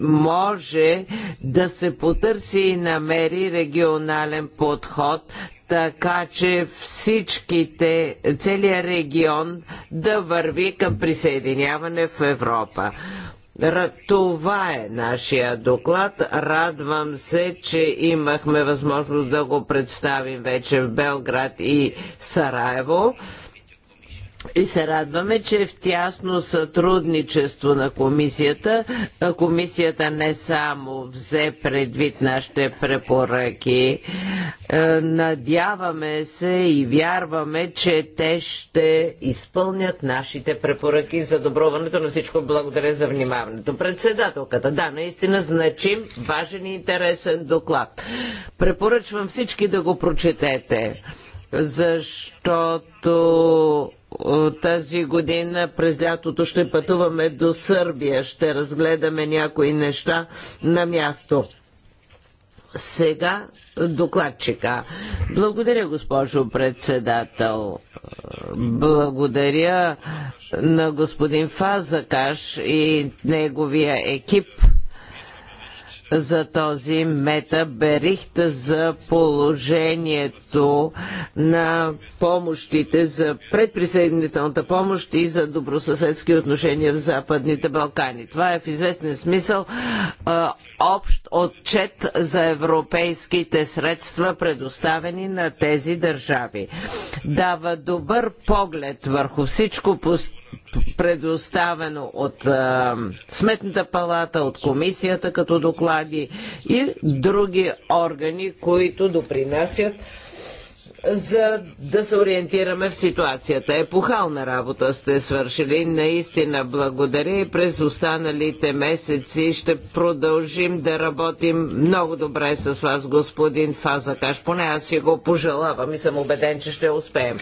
може да се потърси и намери регионален подход, така че всичките, целият регион да върви към присъединяване в Европа. Това е нашия доклад. Радвам се, че имахме възможност да го представим вече в Белград и Сараево и се радваме, че в тясно сътрудничество на комисията, комисията не само взе предвид нашите препоръки, е, надяваме се и вярваме, че те ще изпълнят нашите препоръки за доброването на всичко. Благодаря за вниманието. Председателката, да, наистина значим, важен и интересен доклад. Препоръчвам всички да го прочетете защото е, тази година през лятото ще пътуваме до Сърбия, ще разгледаме някои неща на място. Сега докладчика. Благодаря, госпожо председател. Благодаря на господин Фазакаш и неговия екип за този мета берихта за положението на помощите за предприсъединителната помощ и за добросъседски отношения в Западните Балкани. Това е в известен смисъл а, общ отчет за европейските средства, предоставени на тези държави. Дава добър поглед върху всичко предоставено от а, Сметната палата, от комисията като доклади и други органи, които допринасят за да се ориентираме в ситуацията. Епохална работа сте свършили. Наистина благодаря и през останалите месеци ще продължим да работим много добре с вас, господин Фазакаш. Поне аз си го пожелавам и съм убеден, че ще успеем.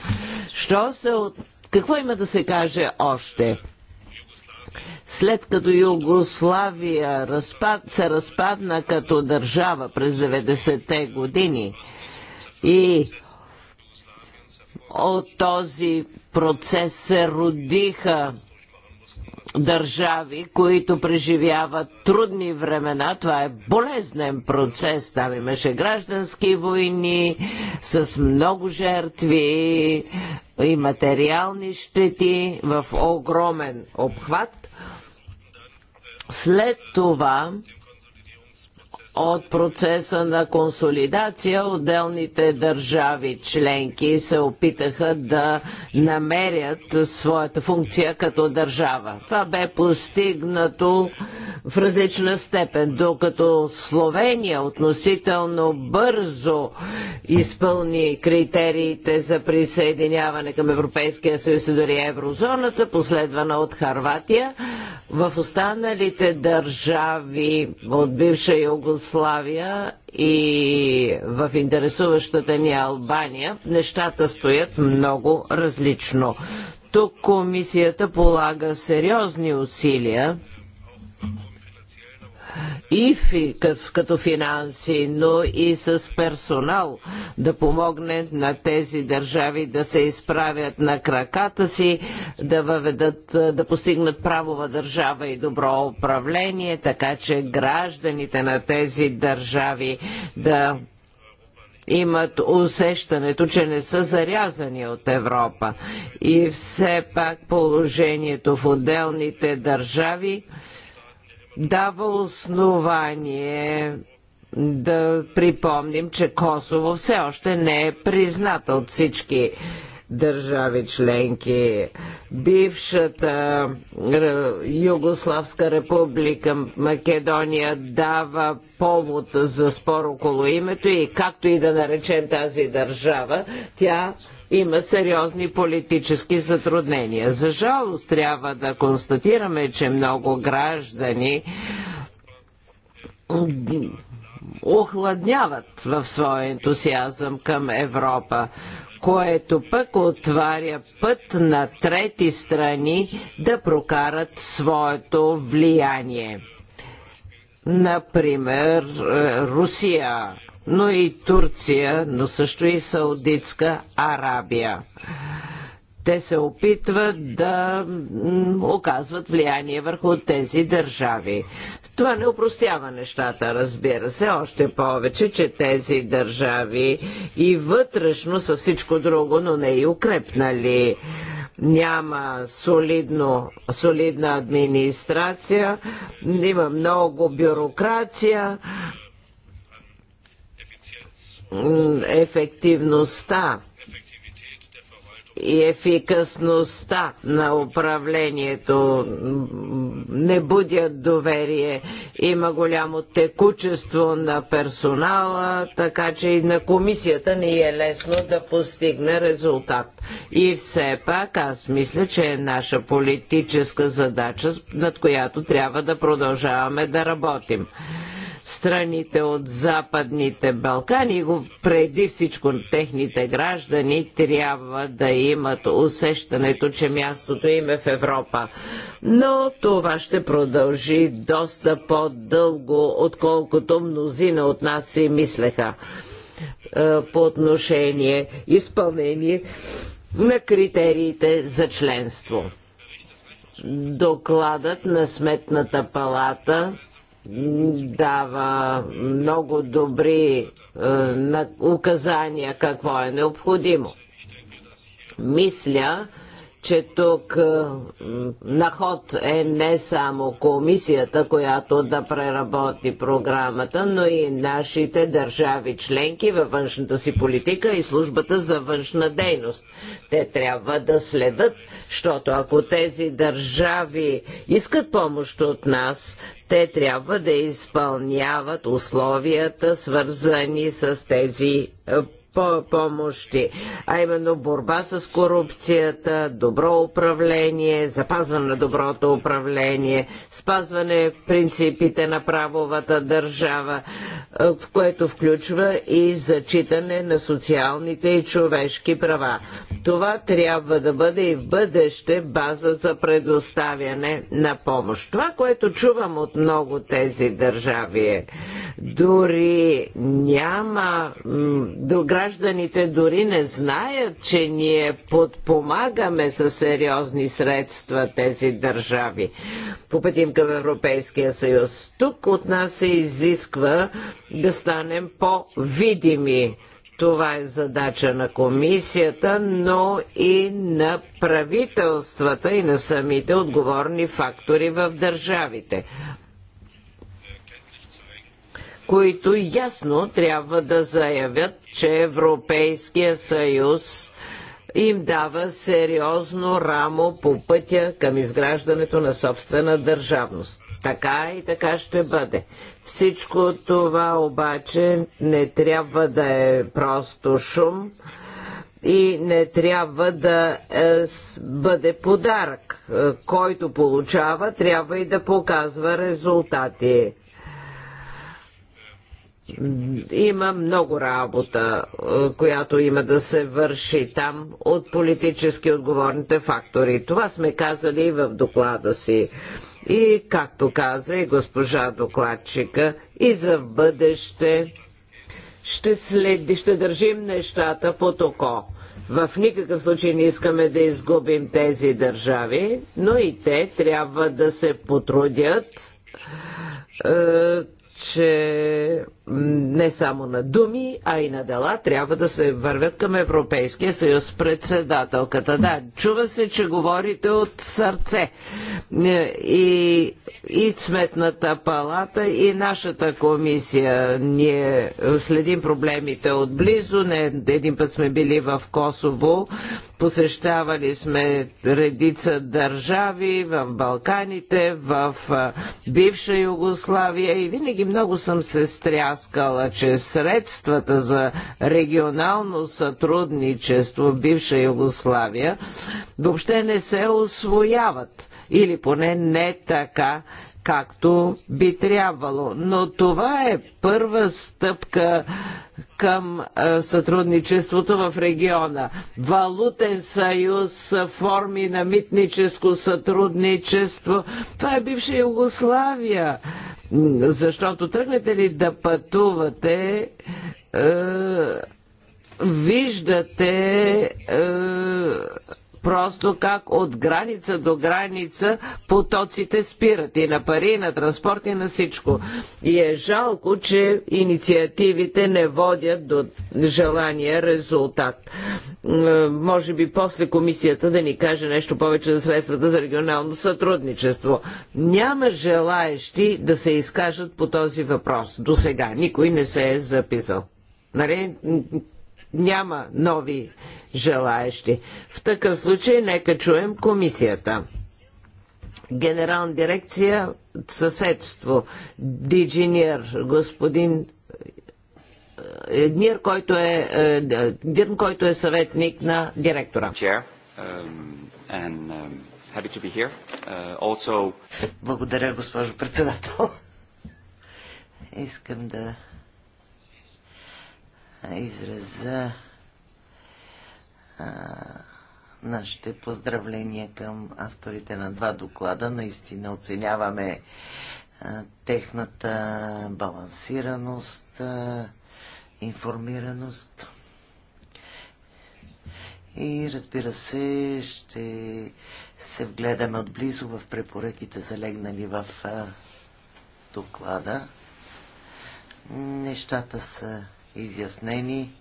Що се от какво има да се каже още? след като Югославия разпад, се разпадна като държава през 90-те години и от този процес се родиха държави, които преживяват трудни времена. Това е болезнен процес. Там имаше граждански войни с много жертви, и материални щети в огромен обхват. След това от процеса на консолидация отделните държави членки се опитаха да намерят своята функция като държава. Това бе постигнато в различна степен, докато Словения относително бързо изпълни критериите за присъединяване към Европейския съюз и дори еврозоната, последвана от Харватия. В останалите държави от бивша Югославия Югославия и в интересуващата ни Албания, нещата стоят много различно. Тук комисията полага сериозни усилия и като финанси, но и с персонал да помогне на тези държави да се изправят на краката си, да въведат, да постигнат правова държава и добро управление, така че гражданите на тези държави да имат усещането, че не са зарязани от Европа. И все пак положението в отделните държави дава основание да припомним, че Косово все още не е призната от всички държави членки. Бившата е, Югославска република Македония дава повод за спор около името и както и да наречем тази държава, тя има сериозни политически затруднения. За жалост трябва да констатираме, че много граждани охладняват в своя ентусиазъм към Европа, което пък отваря път на трети страни да прокарат своето влияние. Например, е, Русия, но и Турция, но също и Саудитска Арабия. Те се опитват да оказват влияние върху тези държави. Това не упростява нещата, разбира се, още повече, че тези държави и вътрешно са всичко друго, но не и укрепнали няма солидно, солидна администрация, има много бюрокрация, ефективността и ефикасността на управлението не будят доверие. Има голямо текучество на персонала, така че и на комисията не е лесно да постигне резултат. И все пак аз мисля, че е наша политическа задача, над която трябва да продължаваме да работим страните от Западните Балкани, преди всичко техните граждани трябва да имат усещането, че мястото им е в Европа. Но това ще продължи доста по-дълго, отколкото мнозина от нас си мислеха е, по отношение изпълнение на критериите за членство. Докладът на Сметната палата дава много добри е, указания какво е необходимо. Мисля, че тук е, на ход е не само комисията, която да преработи програмата, но и нашите държави членки във външната си политика и службата за външна дейност. Те трябва да следят, защото ако тези държави искат помощ от нас, те трябва да изпълняват условията, свързани с тези е, помощи, а именно борба с корупцията, добро управление, запазване на доброто управление, спазване принципите на правовата държава, е, в което включва и зачитане на социалните и човешки права. Това трябва да бъде и в бъдеще база за предоставяне на помощ. Това, което чувам от много тези държави е, дори няма, до гражданите дори не знаят, че ние подпомагаме със сериозни средства тези държави. По пътим към Европейския съюз. Тук от нас се изисква да станем по-видими. Това е задача на комисията, но и на правителствата и на самите отговорни фактори в държавите които ясно трябва да заявят, че Европейския съюз им дава сериозно рамо по пътя към изграждането на собствена държавност. Така и така ще бъде. Всичко това обаче не трябва да е просто шум и не трябва да е, бъде подарък. Е, който получава, трябва и да показва резултати. Има много работа, е, която има да се върши там от политически отговорните фактори. Това сме казали и в доклада си. И както каза и госпожа докладчика, и за в бъдеще ще, след, ще държим нещата в око. В никакъв случай не искаме да изгубим тези държави, но и те трябва да се потрудят е, че не само на думи, а и на дела трябва да се вървят към Европейския съюз председателката. Да, чува се, че говорите от сърце. И, и Сметната палата, и нашата комисия. Ние следим проблемите отблизо. Не, един път сме били в Косово, посещавали сме редица държави в Балканите, в бивша Югославия и винаги много съм се стряскала, че средствата за регионално сътрудничество в бивша Югославия въобще не се освояват или поне не така, както би трябвало. Но това е първа стъпка към е, сътрудничеството в региона. Валутен съюз, форми на митническо сътрудничество. Това е бивша Югославия. Защото тръгнете ли да пътувате, е, виждате е, просто как от граница до граница потоците спират и на пари, и на транспорт, и на всичко. И е жалко, че инициативите не водят до желания резултат. Може би после комисията да ни каже нещо повече за средствата за регионално сътрудничество. Няма желаещи да се изкажат по този въпрос. До сега никой не се е записал. Нали? Няма нови желаещи. В такъв случай нека чуем комисията. Генерална дирекция съседство, Диджинир, господин Дир, е, който е, е Дирн, който е съветник на директора. Um, um, uh, Благодаря, госпожо председател. Искам да израза а, нашите поздравления към авторите на два доклада. Наистина оценяваме а, техната балансираност, а, информираност. И разбира се, ще се вгледаме отблизо в препоръките, залегнали в а, доклада. Нещата са изяснени,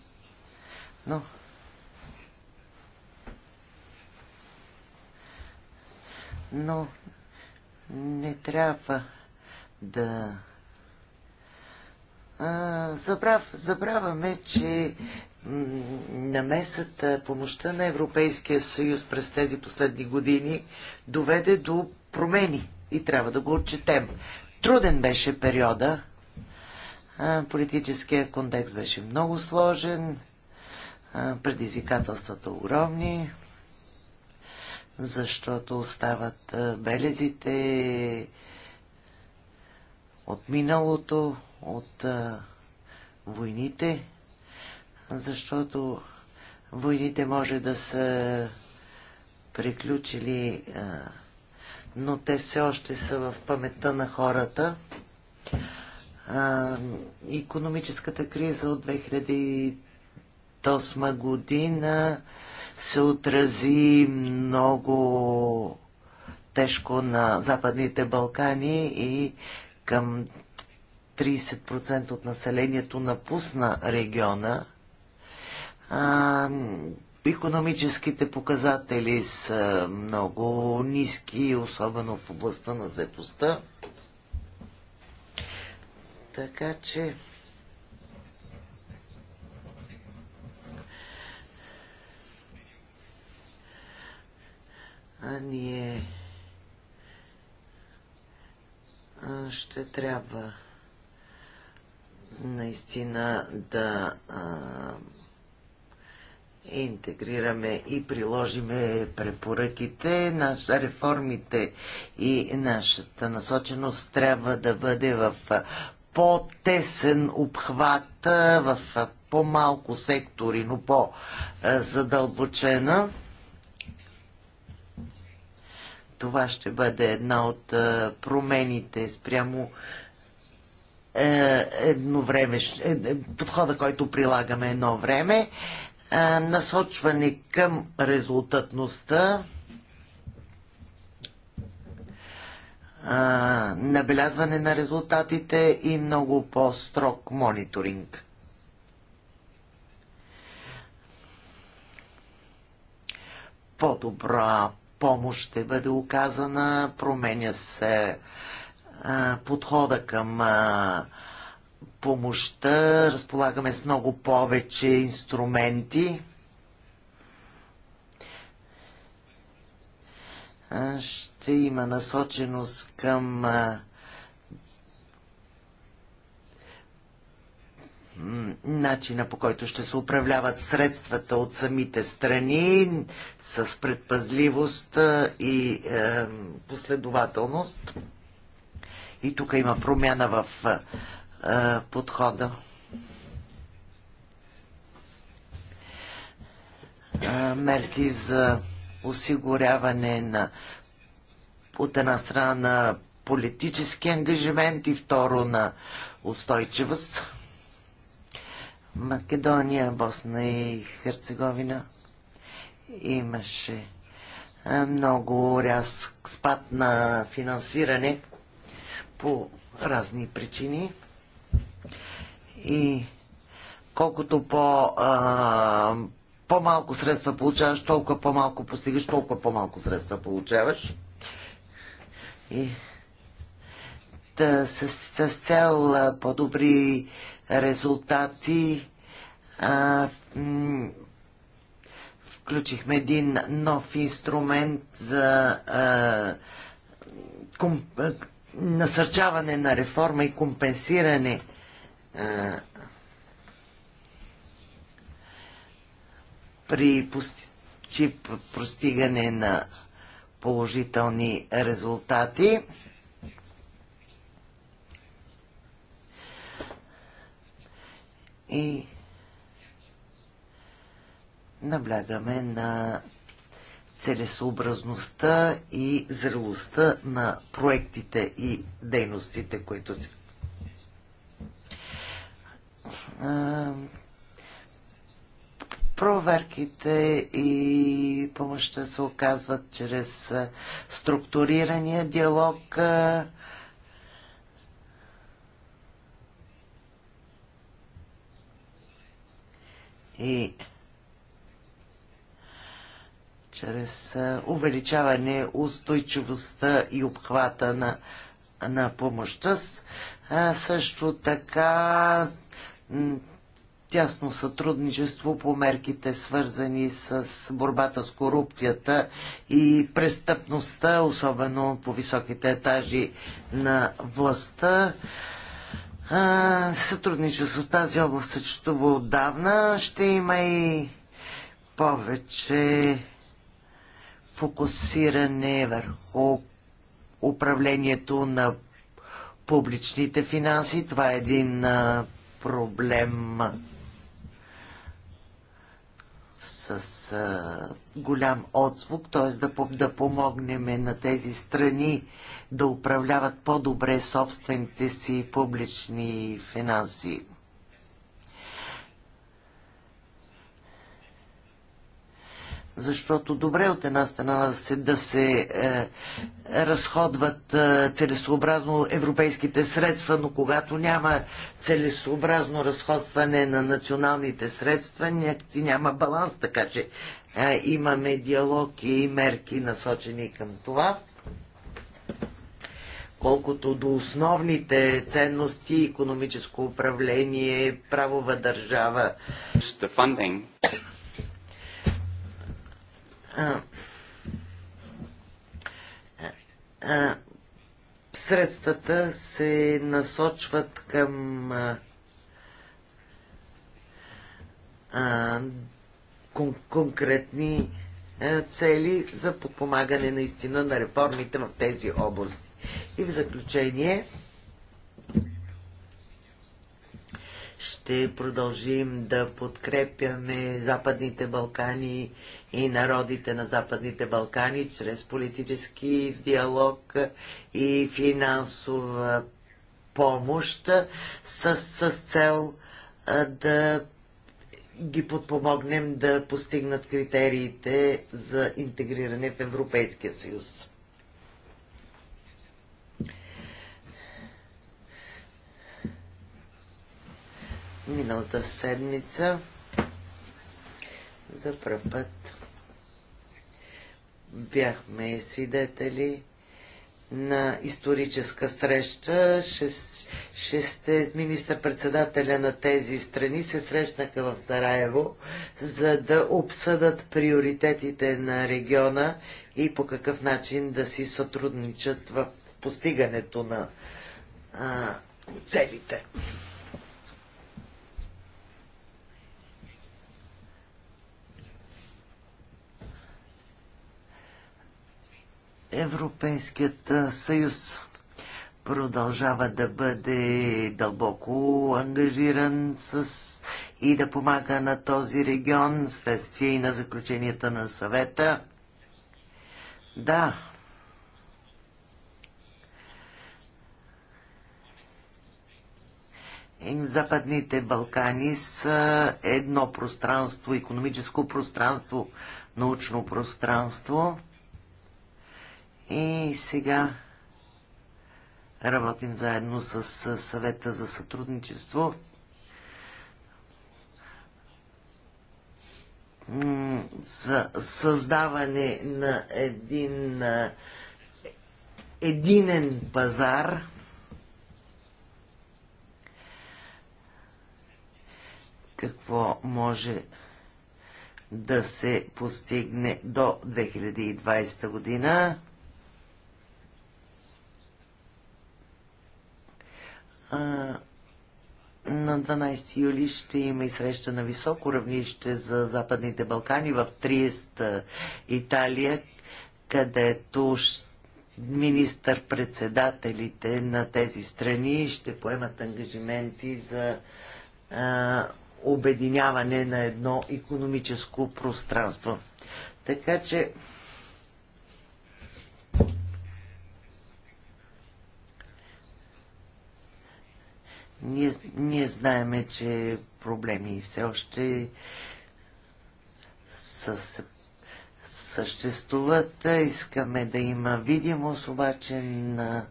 но но не трябва да а, забрав, забравяме, че намесата, помощта на Европейския съюз през тези последни години доведе до промени и трябва да го отчетем. Труден беше периода, Политическия контекст беше много сложен, предизвикателствата огромни, защото остават белезите от миналото, от войните, защото войните може да са приключили, но те все още са в паметта на хората економическата криза от 2008 година се отрази много тежко на Западните Балкани и към 30% от населението напусна региона. А, економическите показатели са много ниски, особено в областта на заетостта. Така че а ние ще трябва наистина да а, интегрираме и приложиме препоръките. наша реформите и нашата насоченост трябва да бъде в по-тесен обхват в по-малко сектори, но по-задълбочена. Това ще бъде една от промените спрямо е, едно време, е, е, подхода, който прилагаме едно време, насочване към резултатността, набелязване на резултатите и много по-строг мониторинг. По-добра помощ ще бъде оказана, променя се а, подхода към а, помощта, разполагаме с много повече инструменти. ще има насоченост към начина по който ще се управляват средствата от самите страни с предпазливост и е, последователност. И тук има промяна в е, е подхода. Е, мерки за осигуряване на от една страна на политически ангажимент и второ на устойчивост. Македония, Босна и Херцеговина имаше много рязък спад на финансиране по разни причини. И колкото по, а, по-малко средства получаваш, толкова по-малко постигаш, толкова по-малко средства получаваш. И да, с, с, с цел по-добри резултати а, включихме един нов инструмент за а, насърчаване на реформа и компенсиране а, при постигане на положителни резултати. И наблягаме на целесообразността и зрелостта на проектите и дейностите, които се Проверките и помощта се оказват чрез структурирания диалог. И чрез увеличаване устойчивостта и обхвата на, на помощта. Също така тясно сътрудничество по мерките, свързани с борбата с корупцията и престъпността, особено по високите етажи на властта. Сътрудничество в тази област съществува отдавна. Ще има и повече фокусиране върху управлението на публичните финанси. Това е един проблем голям отзвук, т.е. Да, да помогнем на тези страни да управляват по-добре собствените си публични финанси. Защото добре от една страна да се, да се е, разходват е, целесообразно европейските средства, но когато няма целесообразно разходстване на националните средства, някакси няма баланс, така че е, имаме диалог и мерки насочени към това колкото до основните ценности, економическо управление, правова държава средствата се насочват към а, кон- конкретни цели за подпомагане наистина на реформите в тези области. И в заключение ще продължим да подкрепяме Западните Балкани и народите на Западните Балкани чрез политически диалог и финансова помощ с, с цел да ги подпомогнем да постигнат критериите за интегриране в Европейския съюз. Миналата седмица за първ път бяхме свидетели на историческа среща. шесте министър-председателя на тези страни се срещнаха в Сараево, за да обсъдат приоритетите на региона и по какъв начин да си сътрудничат в постигането на а, целите. Европейският съюз продължава да бъде дълбоко ангажиран с и да помага на този регион вследствие и на заключенията на съвета. Да. Западните Балкани са едно пространство, економическо пространство, научно пространство и сега работим заедно с съвета за сътрудничество. За създаване на един единен пазар. Какво може да се постигне до 2020 година? на 12 юли ще има и среща на високо равнище за Западните Балкани в Триест, Италия, където министър-председателите на тези страни ще поемат ангажименти за а, обединяване на едно економическо пространство. Така че Ние, ние знаеме, че проблеми все още със, съществуват. Искаме да има видимост обаче на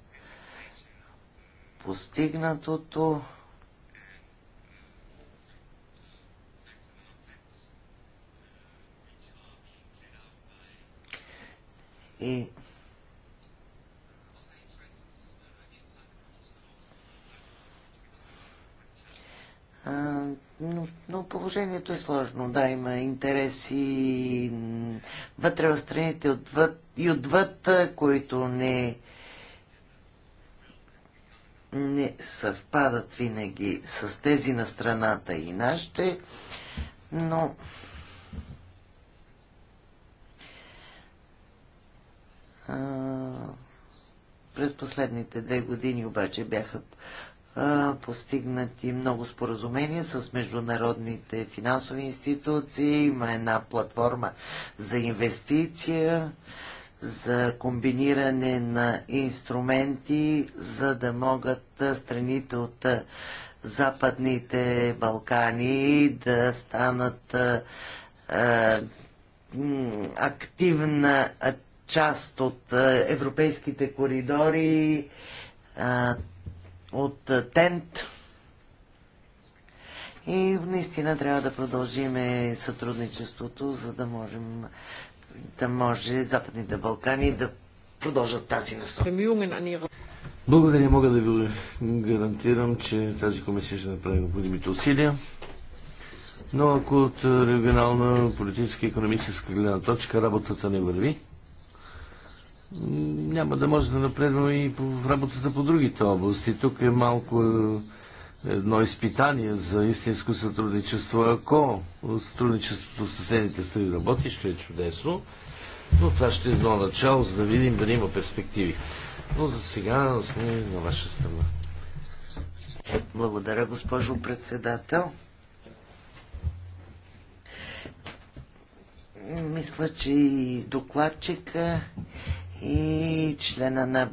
постигнатото. И но, но положението е сложно. Да, има интереси вътре в страните отвъд, и отвъд, които не, не съвпадат винаги с тези на страната и нашите, но а, през последните две години обаче бяха постигнати много споразумения с международните финансови институции. Има една платформа за инвестиция, за комбиниране на инструменти, за да могат страните от Западните Балкани да станат активна част от европейските коридори, от Тент. И наистина трябва да продължим сътрудничеството, за да можем да може Западните Балкани да продължат тази насока. Благодаря, мога да ви гарантирам, че тази комисия ще направи необходимите усилия. Но ако от регионална политическа и економическа гледна точка работата не върви, няма да може да напредваме и в работата по другите области. Тук е малко е, едно изпитание за истинско сътрудничество. Ако сътрудничеството с съседните страни работи, ще е чудесно, но това ще е едно начало, за да видим дали има перспективи. Но за сега сме на ваша страна. Благодаря, госпожо председател. Мисля, че и докладчика и члена на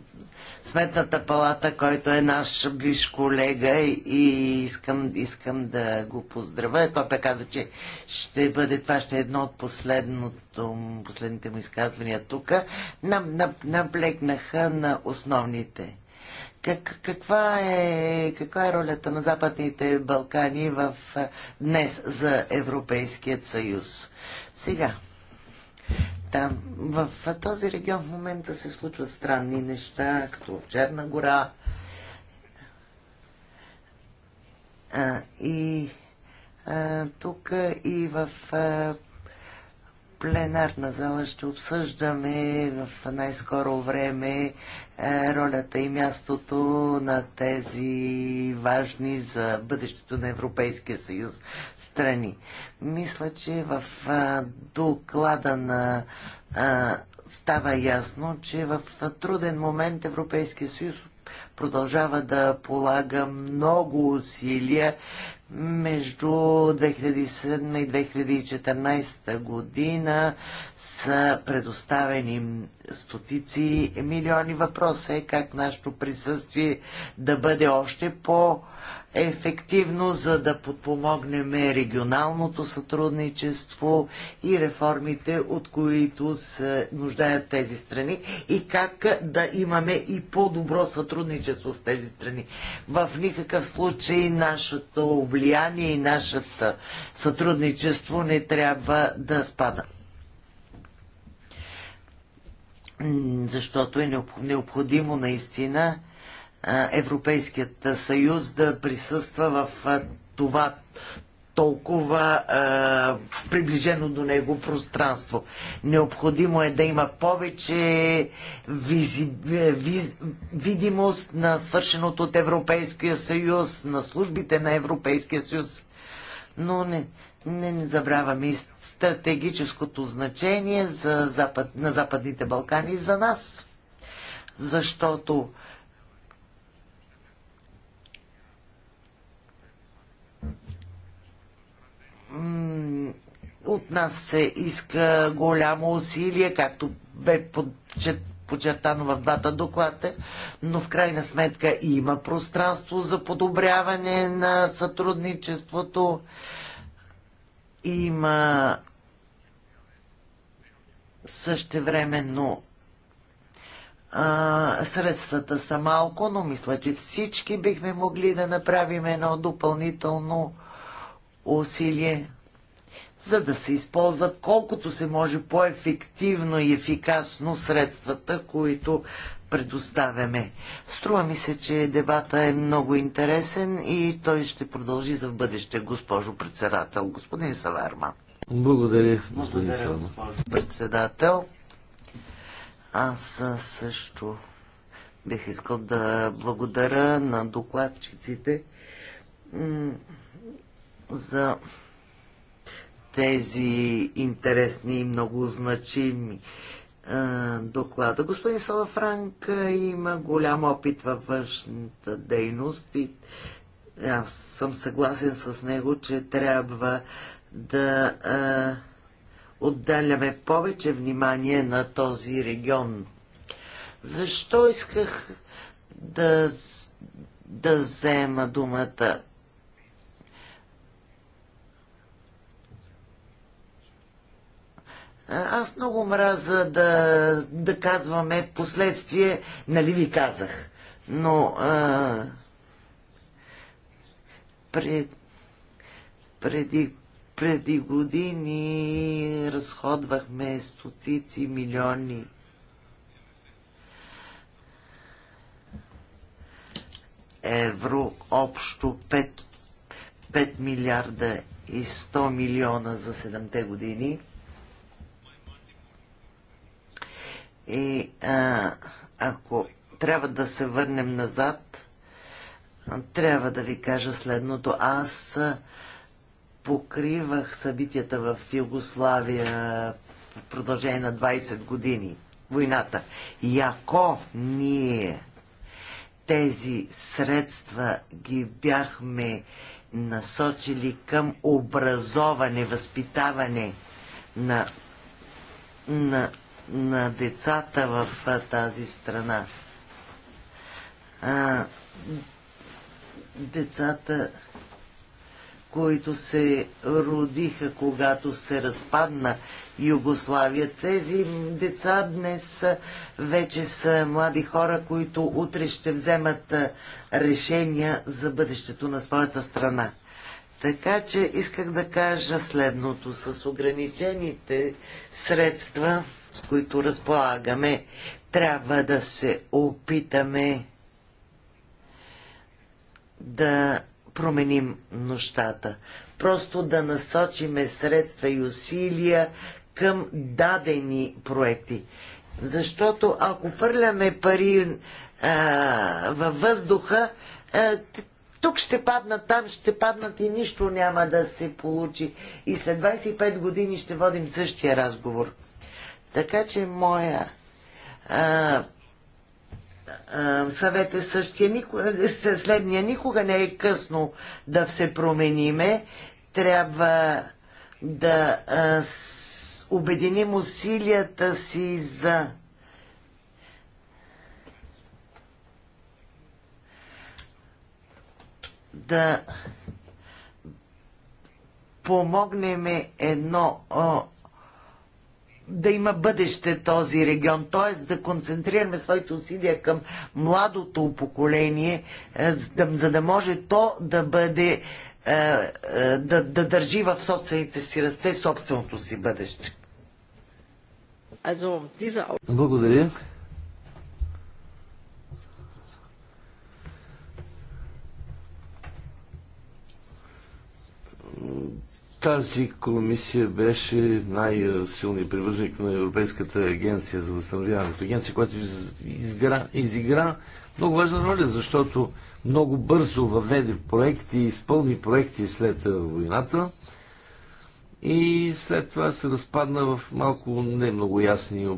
Сметната палата, който е наш биш колега и искам, искам да го поздравя. Той пе каза, че ще бъде, това ще е едно от последното, последните му изказвания тук. Наблегнаха на основните как, каква, е, каква е ролята на Западните Балкани в, днес за Европейският съюз? Сега, да, В този регион в момента се случват странни неща, като в Черна гора. А, и а, тук и в а, пленарна зала ще обсъждаме в най-скоро време е, ролята и мястото на тези важни за бъдещето на Европейския съюз страни. Мисля, че в е, доклада на е, става ясно, че в труден момент Европейския съюз продължава да полага много усилия между 2007 и 2014 година са предоставени стотици милиони. Въпросът е как нашето присъствие да бъде още по- ефективно, за да подпомогнем регионалното сътрудничество и реформите, от които се нуждаят тези страни и как да имаме и по-добро сътрудничество с тези страни. В никакъв случай нашето обличие влияние и нашето сътрудничество не трябва да спада. Защото е необходимо наистина Европейският съюз да присъства в това толкова а, приближено до него пространство. Необходимо е да има повече визи, е, виз, видимост на свършеното от Европейския съюз, на службите на Европейския съюз. Но не, не, не забравяме и стратегическото значение за запад, на Западните Балкани и за нас. Защото от нас се иска голямо усилие, както бе подчертано в двата доклада, но в крайна сметка има пространство за подобряване на сътрудничеството. Има същевременно а, средствата са малко, но мисля, че всички бихме могли да направим едно допълнително усилие, за да се използват колкото се може по-ефективно и ефикасно средствата, които предоставяме. Струва ми се, че дебата е много интересен и той ще продължи за в бъдеще, госпожо председател, господин Саверма. Благодаря, господин Благодаря, госпожо председател. Аз също бих искал да благодаря на докладчиците за тези интересни и много значими е, доклада. Господин Салафранк има голям опит във външната дейност и аз съм съгласен с него, че трябва да а, е, отдаляме повече внимание на този регион. Защо исках да, да взема думата? Аз много мраза да, да казваме в последствие, нали ви казах. Но а, пред, преди, преди години разходвахме стотици милиони. Евро, общо 5, 5 милиарда и 100 милиона за 7 години. И а, ако трябва да се върнем назад, трябва да ви кажа следното. Аз покривах събитията в Югославия в продължение на 20 години. Войната. И ако ние тези средства ги бяхме насочили към образоване, възпитаване на, на на децата в тази страна. А, децата, които се родиха, когато се разпадна Югославия. Тези деца днес вече са млади хора, които утре ще вземат решения за бъдещето на своята страна. Така че исках да кажа следното. С ограничените средства с които разполагаме, трябва да се опитаме да променим нощата. Просто да насочиме средства и усилия към дадени проекти. Защото ако хвърляме пари а, във въздуха, а, тук ще паднат, там ще паднат и нищо няма да се получи. И след 25 години ще водим същия разговор. Така че моя а, а, съвет е същия, никога, следния. Никога не е късно да се промениме. Трябва да а, с, обединим усилията си за да помогнем едно да има бъдеще този регион, т.е. да концентрираме своите усилия към младото поколение, е, за да може то да бъде е, е, да, да държи в собствените си расте собственото си бъдеще. Благодаря. Тази комисия беше най-силният привърженик на Европейската агенция за възстановяването. Агенция, която изгра, изигра много важна роля, защото много бързо въведе проекти, изпълни проекти след войната и след това се разпадна в малко не много ясни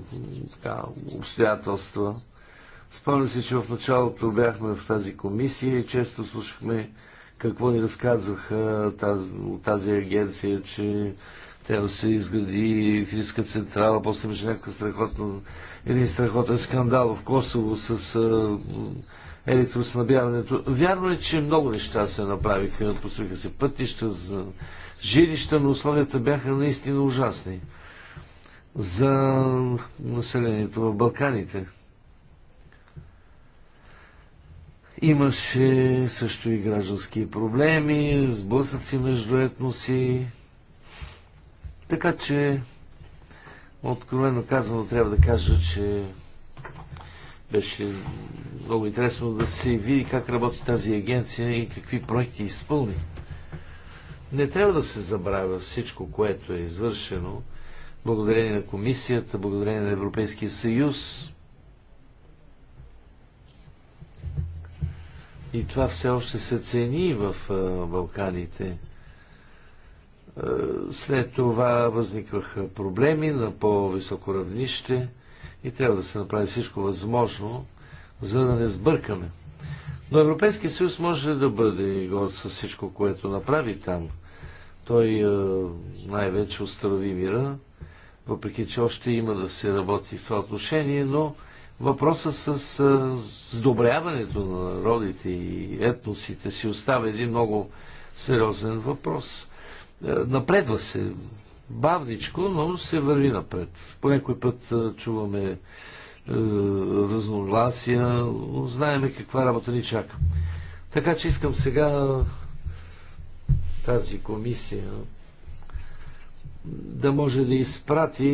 така, обстоятелства. Спомням се, че в началото бяхме в тази комисия и често слушахме какво ни разказаха от тази агенция, че трябва да се изгради физическа централа, после беше някакъв страхотно, един страхотен скандал в Косово с електроснабяването. Вярно е, че много неща се направиха, построиха се пътища, за жилища, но условията бяха наистина ужасни за населението в Балканите. Имаше също и граждански проблеми, сблъсъци между етноси. Така че, откровено казано, трябва да кажа, че беше много интересно да се види как работи тази агенция и какви проекти изпълни. Не трябва да се забравя всичко, което е извършено благодарение на комисията, благодарение на Европейския съюз, И това все още се цени в Балканите. След това възникваха проблеми на по-високо равнище и трябва да се направи всичко възможно, за да не сбъркаме. Но Европейския съюз може да бъде горд с всичко, което направи там. Той най-вече установи мира, въпреки че още има да се работи в това отношение, но въпроса с сдобряването на родите и етносите си остава един много сериозен въпрос. Е, напредва се бавничко, но се върви напред. По някой път е, чуваме е, разногласия, но знаеме каква работа ни чака. Така че искам сега тази комисия да може да изпрати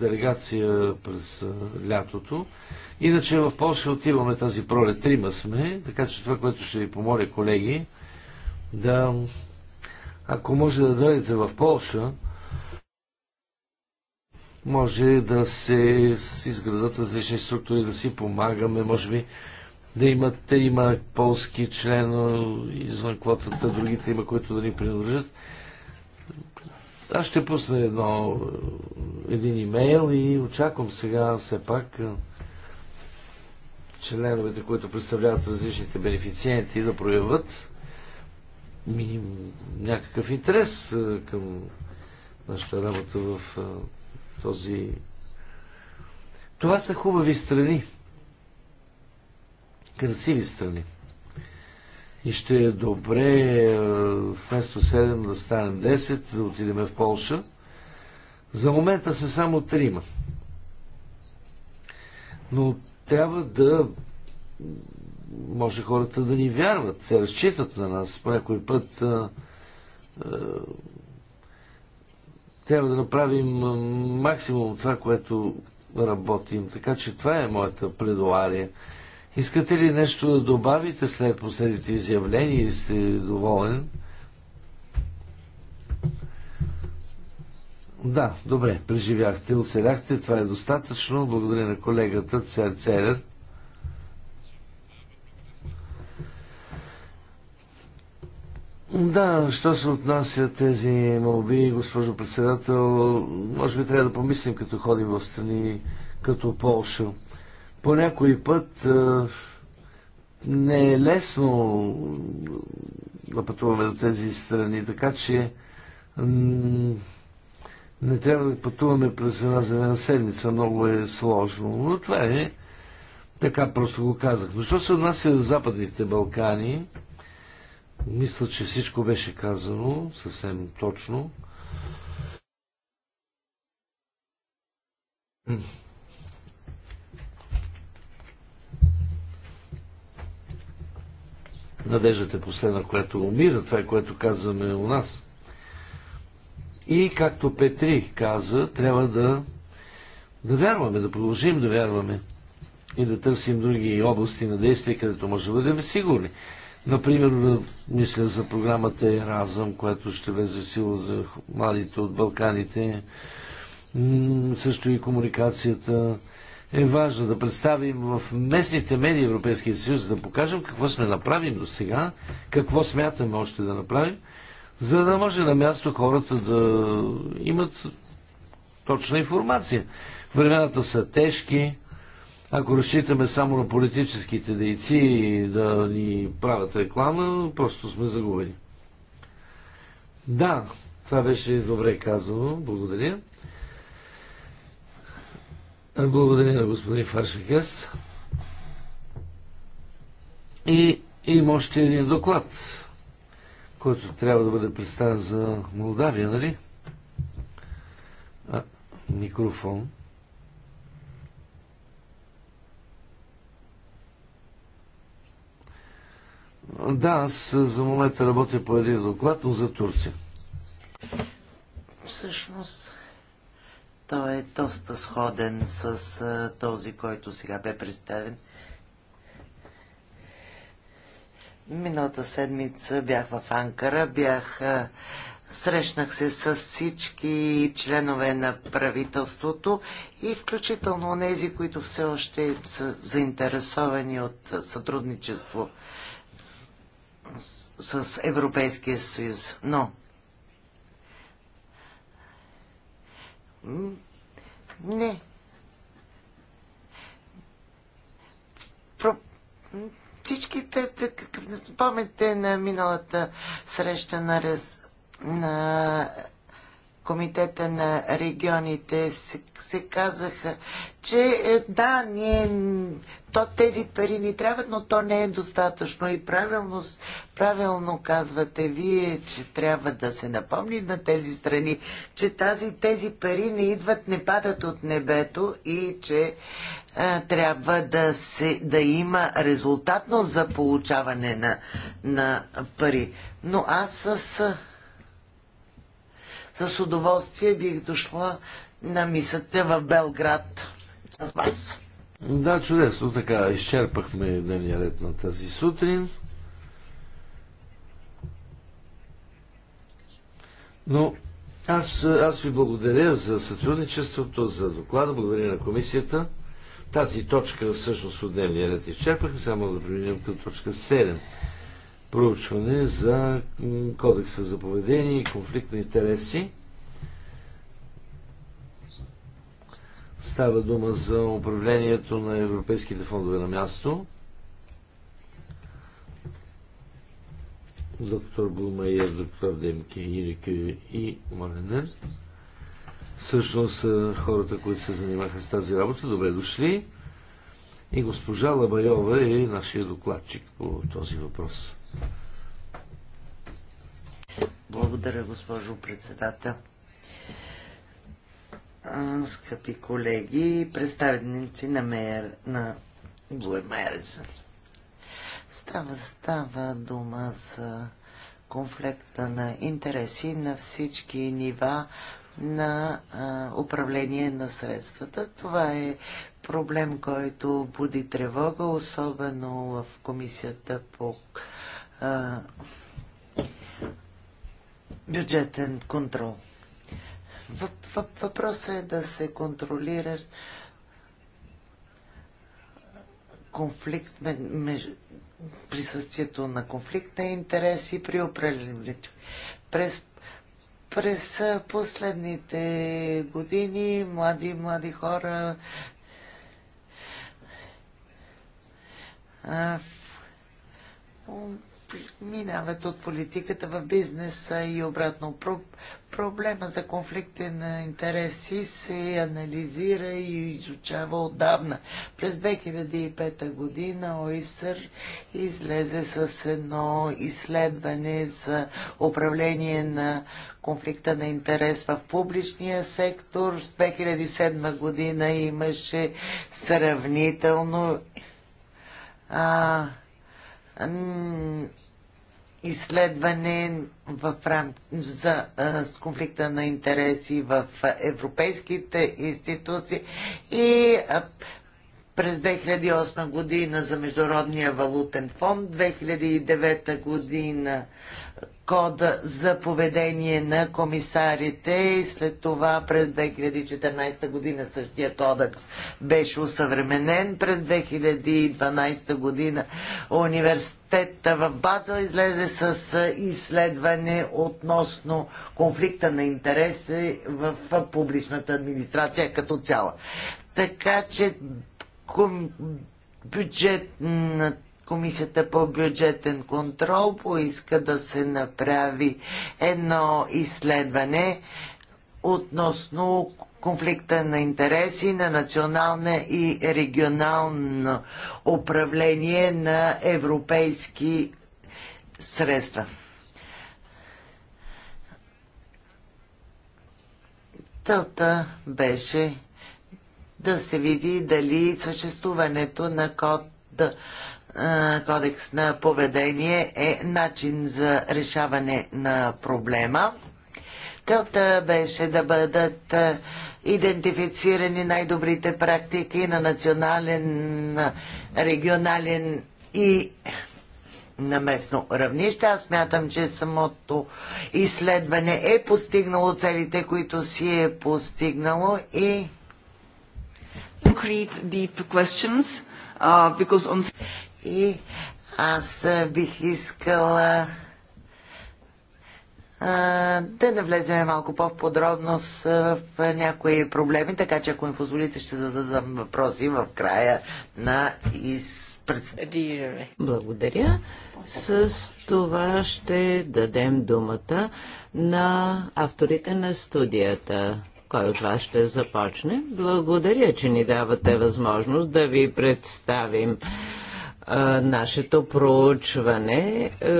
делегация през лятото. Иначе в Польша отиваме тази пролет. Трима сме, така че това, което ще ви помоля, колеги, да ако може да дойдете в Польша, може да се изградат различни структури, да си помагаме, може би да имате, има полски член извън квотата, другите има, които да ни принадлежат. Аз ще пусна едно, един имейл и очаквам сега все пак членовете, които представляват различните бенефициенти, да проявят миним, някакъв интерес към нашата работа в този... Това са хубави страни. Красиви страни. И ще е добре е, вместо 7 да станем 10, да отидем в Полша. За момента сме само трима. Но трябва да може хората да ни вярват, се разчитат на нас. По някой път а, е, а, е, трябва да направим максимум това, което работим. Така че това е моята предуария. Искате ли нещо да добавите след последните изявления и сте доволен? Да, добре, преживяхте, оцеляхте, това е достатъчно. Благодаря на колегата Цер Церер. Да, що се отнася тези молби, госпожо председател, може би трябва да помислим, като ходим в страни като Полша. По някой път не е лесно да пътуваме до тези страни, така че не трябва да пътуваме през една земена седмица, много е сложно, но това е така просто го казах. Но що се отнася до Западните Балкани, мисля, че всичко беше казано съвсем точно. надеждата е последна, която умира. Това е което казваме у нас. И както Петри каза, трябва да, да вярваме, да продължим да вярваме и да търсим други области на действие, където може да бъдем сигурни. Например, мисля за програмата Еразъм, която ще влезе в сила за младите от Балканите, също и комуникацията, е важно да представим в местните медии Европейския съюз, да покажем какво сме направим до сега, какво смятаме още да направим, за да може на място хората да имат точна информация. Времената са тежки, ако разчитаме само на политическите дейци и да ни правят реклама, просто сме загубени. Да, това беше добре казано. Благодаря. Благодаря на господин Фаршикес. И има още един доклад, който трябва да бъде представен за Молдавия, нали? А, микрофон. Да, аз за момента работя по един доклад, но за Турция. Всъщност, той е доста сходен с този, който сега бе представен. Миналата седмица бях в Анкара, бях, срещнах се с всички членове на правителството и включително тези, които все още са заинтересовани от сътрудничество с Европейския съюз. Но Не. Про... Всичките, помните на миналата среща на, рез... на Комитета на регионите се, се казаха, че е, да, ние, то тези пари ни трябват, но то не е достатъчно. И правилно, правилно казвате вие, че трябва да се напомни на тези страни, че тази, тези пари не идват, не падат от небето и че а, е, трябва да, се, да има резултатно за получаване на, на пари. Но аз с с удоволствие бих дошла на мисата в Белград с вас. Да, чудесно така. Изчерпахме дневния ред на тази сутрин. Но аз, аз ви благодаря за сътрудничеството, за доклада, благодаря на комисията. Тази точка всъщност от дневния ред изчерпахме, само да преминем към точка 7 проучване за кодекса за поведение и конфликт на интереси. Става дума за управлението на европейските фондове на място. Доктор Блумайер, доктор Демки, Ирики и Маленер. Всъщност е, хората, които се занимаха с тази работа, добре дошли. И госпожа Лабайова е нашия докладчик по този въпрос. Благодаря, госпожо председател. Скъпи колеги, представеници на мер на Блуемерзен. Става, става дума за конфликта на интереси на всички нива на а, управление на средствата. Това е проблем, който буди тревога, особено в комисията по а, бюджетен контрол. Въпросът е да се контролира конфликт, между, присъствието на конфликт на интереси при определенето. През, през последните години млади млади хора а, минават от политиката в бизнеса и обратно. Проблема за конфликти на интереси се анализира и изучава отдавна. През 2005 година ОИСР излезе с едно изследване за управление на конфликта на интерес в публичния сектор. С 2007 година имаше сравнително а, изследване в рам... за а, с конфликта на интереси в европейските институции и а, през 2008 година за Международния валутен фонд, 2009 година кода за поведение на комисарите и след това през 2014 година същия кодекс беше усъвременен. През 2012 година университета в Базел излезе с изследване относно конфликта на интереси в публичната администрация като цяла. Така че бюджетната Комисията по бюджетен контрол поиска да се направи едно изследване относно конфликта на интереси на национална и регионално управление на европейски средства. Целта беше да се види дали съществуването на код кодекс на поведение е начин за решаване на проблема. Целта беше да бъдат идентифицирани най-добрите практики на национален, регионален и на местно равнище. Аз мятам, че самото изследване е постигнало целите, които си е постигнало и concrete deep questions. Uh, because on... И аз бих искала да навлезем малко по-подробност в някои проблеми, така че ако ми позволите, ще зададам въпроси в края на изпредставането. Благодаря. С това ще дадем думата на авторите на студията. Кой от вас ще започне? Благодаря, че ни давате възможност да ви представим нашето проучване е,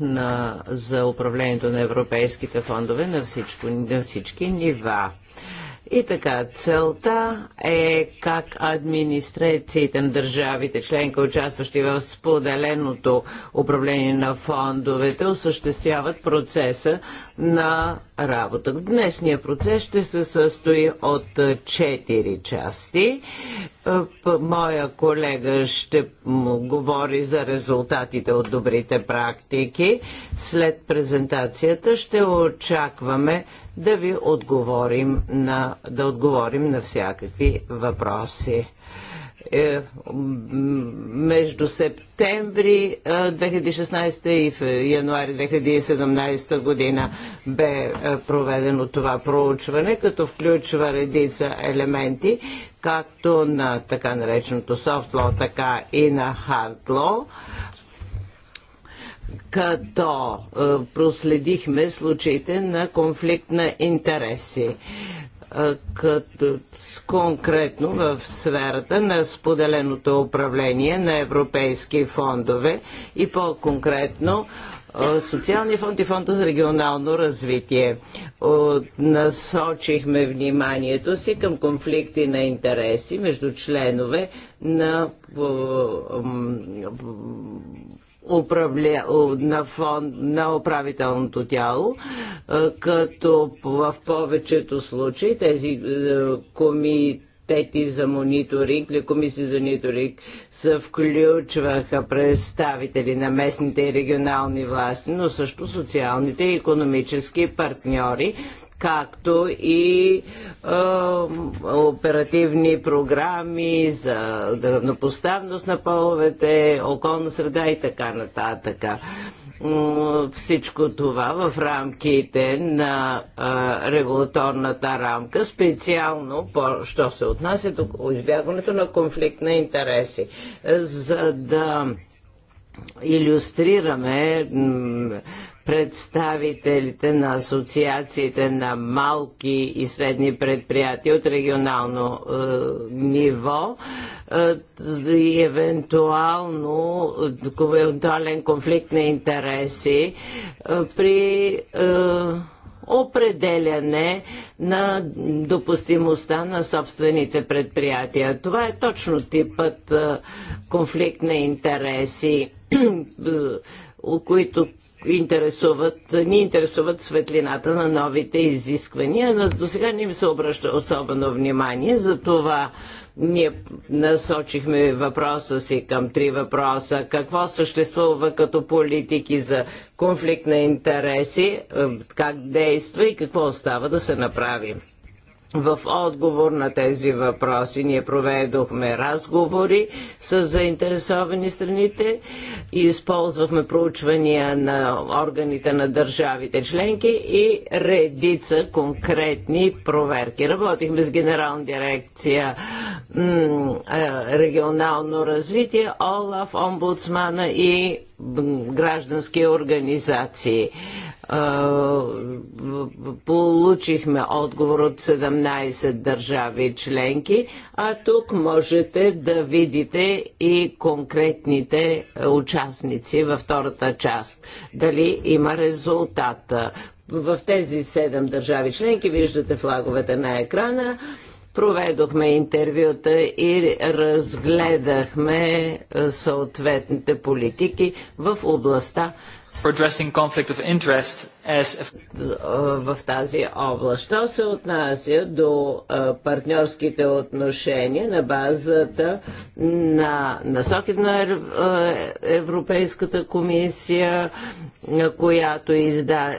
на, за управлението на европейските фондове на, всичко, на всички нива. И така, целта е как администрациите на държавите, членка, участващи в споделеното управление на фондовете, осъществяват процеса на работа. Днешният процес ще се състои от четири части. Моя колега ще говори за резултатите от добрите практики. След презентацията ще очакваме да ви отговорим на, да отговорим на всякакви въпроси е, между септември 2016 е, и януари 2017 година бе е, проведено това проучване, като включва редица елементи, както на така нареченото софтло, така и на хардло като е, проследихме случаите на конфликт на интереси като конкретно в сферата на споделеното управление на европейски фондове и по-конкретно социалния фонд и фонда за регионално развитие. Насочихме вниманието си към конфликти на интереси между членове на управля... на, фон... на управителното тяло, е, като в повечето случаи тези е, комитети за мониторинг или комисии за мониторинг се включваха представители на местните и регионални власти, но също социалните и економически партньори както и е, оперативни програми за равнопоставност на половете, околна среда и така нататък. Всичко това в рамките на е, регулаторната рамка, специално по, що се отнася до избягването на конфликт на интереси, за да иллюстрираме представителите на асоциациите на малки и средни предприятия от регионално е, ниво е, и евентуално евентуален конфликт на интереси е, при е, определяне на допустимостта на собствените предприятия. Това е точно типът е, конфликт на интереси, е, които интересуват, ни интересуват светлината на новите изисквания, но до сега не им се обръща особено внимание, затова ние насочихме въпроса си към три въпроса. Какво съществува като политики за конфликт на интереси, е, как действа и какво остава да се направи. В отговор на тези въпроси ние проведохме разговори с заинтересовани страните и използвахме проучвания на органите на държавите членки и редица конкретни проверки. Работихме с Генерална дирекция регионално развитие, ОЛАФ, омбудсмана и граждански организации. Получихме отговор от 17 държави членки, а тук можете да видите и конкретните участници във втората част. Дали има резултат. В тези 7 държави членки виждате флаговете на екрана проведохме интервюта и разгледахме съответните политики в областта for addressing conflict of interest в тази област. Що се отнася до партньорските отношения на базата на насоките на Европейската комисия, която изда,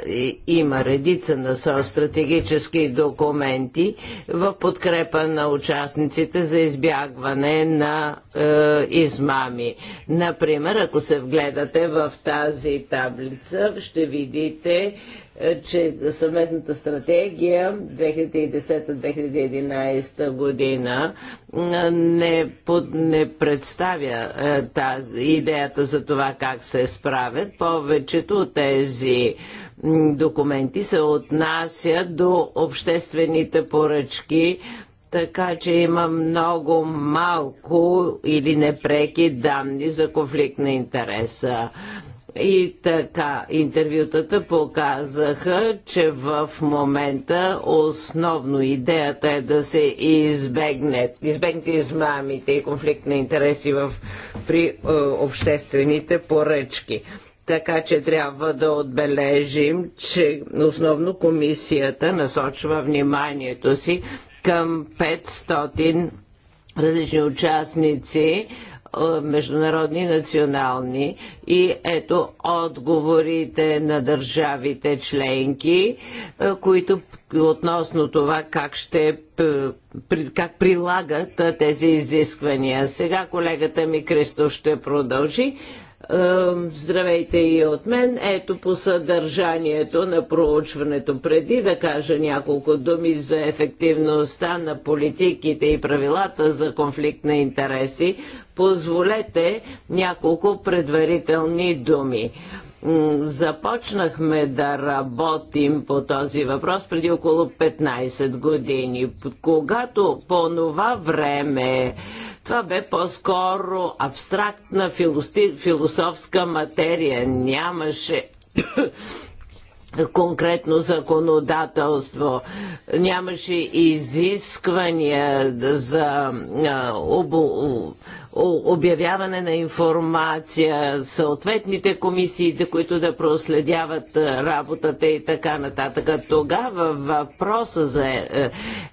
има редица на стратегически документи в подкрепа на участниците за избягване на е, измами. Например, ако се вгледате в тази таблица, ще видите е, че съвместната стратегия 2010-2011 година е, не, под, не представя е, тази, идеята за това как се справят. Повечето от тези документи се отнасят до обществените поръчки, така че има много малко или непреки данни за конфликт на интереса. И така, интервютата показаха, че в момента основно идеята е да се избегне, избегнете измамите и конфликт на интереси в, при е, обществените поръчки. Така че трябва да отбележим, че основно комисията насочва вниманието си към 500 различни участници е, международни и национални. И ето отговорите на държавите членки, е, които относно това как ще е, как прилагат тези изисквания. Сега колегата ми Кристо ще продължи, Здравейте и от мен. Ето по съдържанието на проучването. Преди да кажа няколко думи за ефективността на политиките и правилата за конфликт на интереси, позволете няколко предварителни думи. Започнахме да работим по този въпрос преди около 15 години, когато по това време това бе по-скоро абстрактна философска материя. Нямаше конкретно законодателство. Нямаше изисквания за обявяване на информация, съответните комисии, които да проследяват е, работата и така нататък. Тогава въпроса за е, е,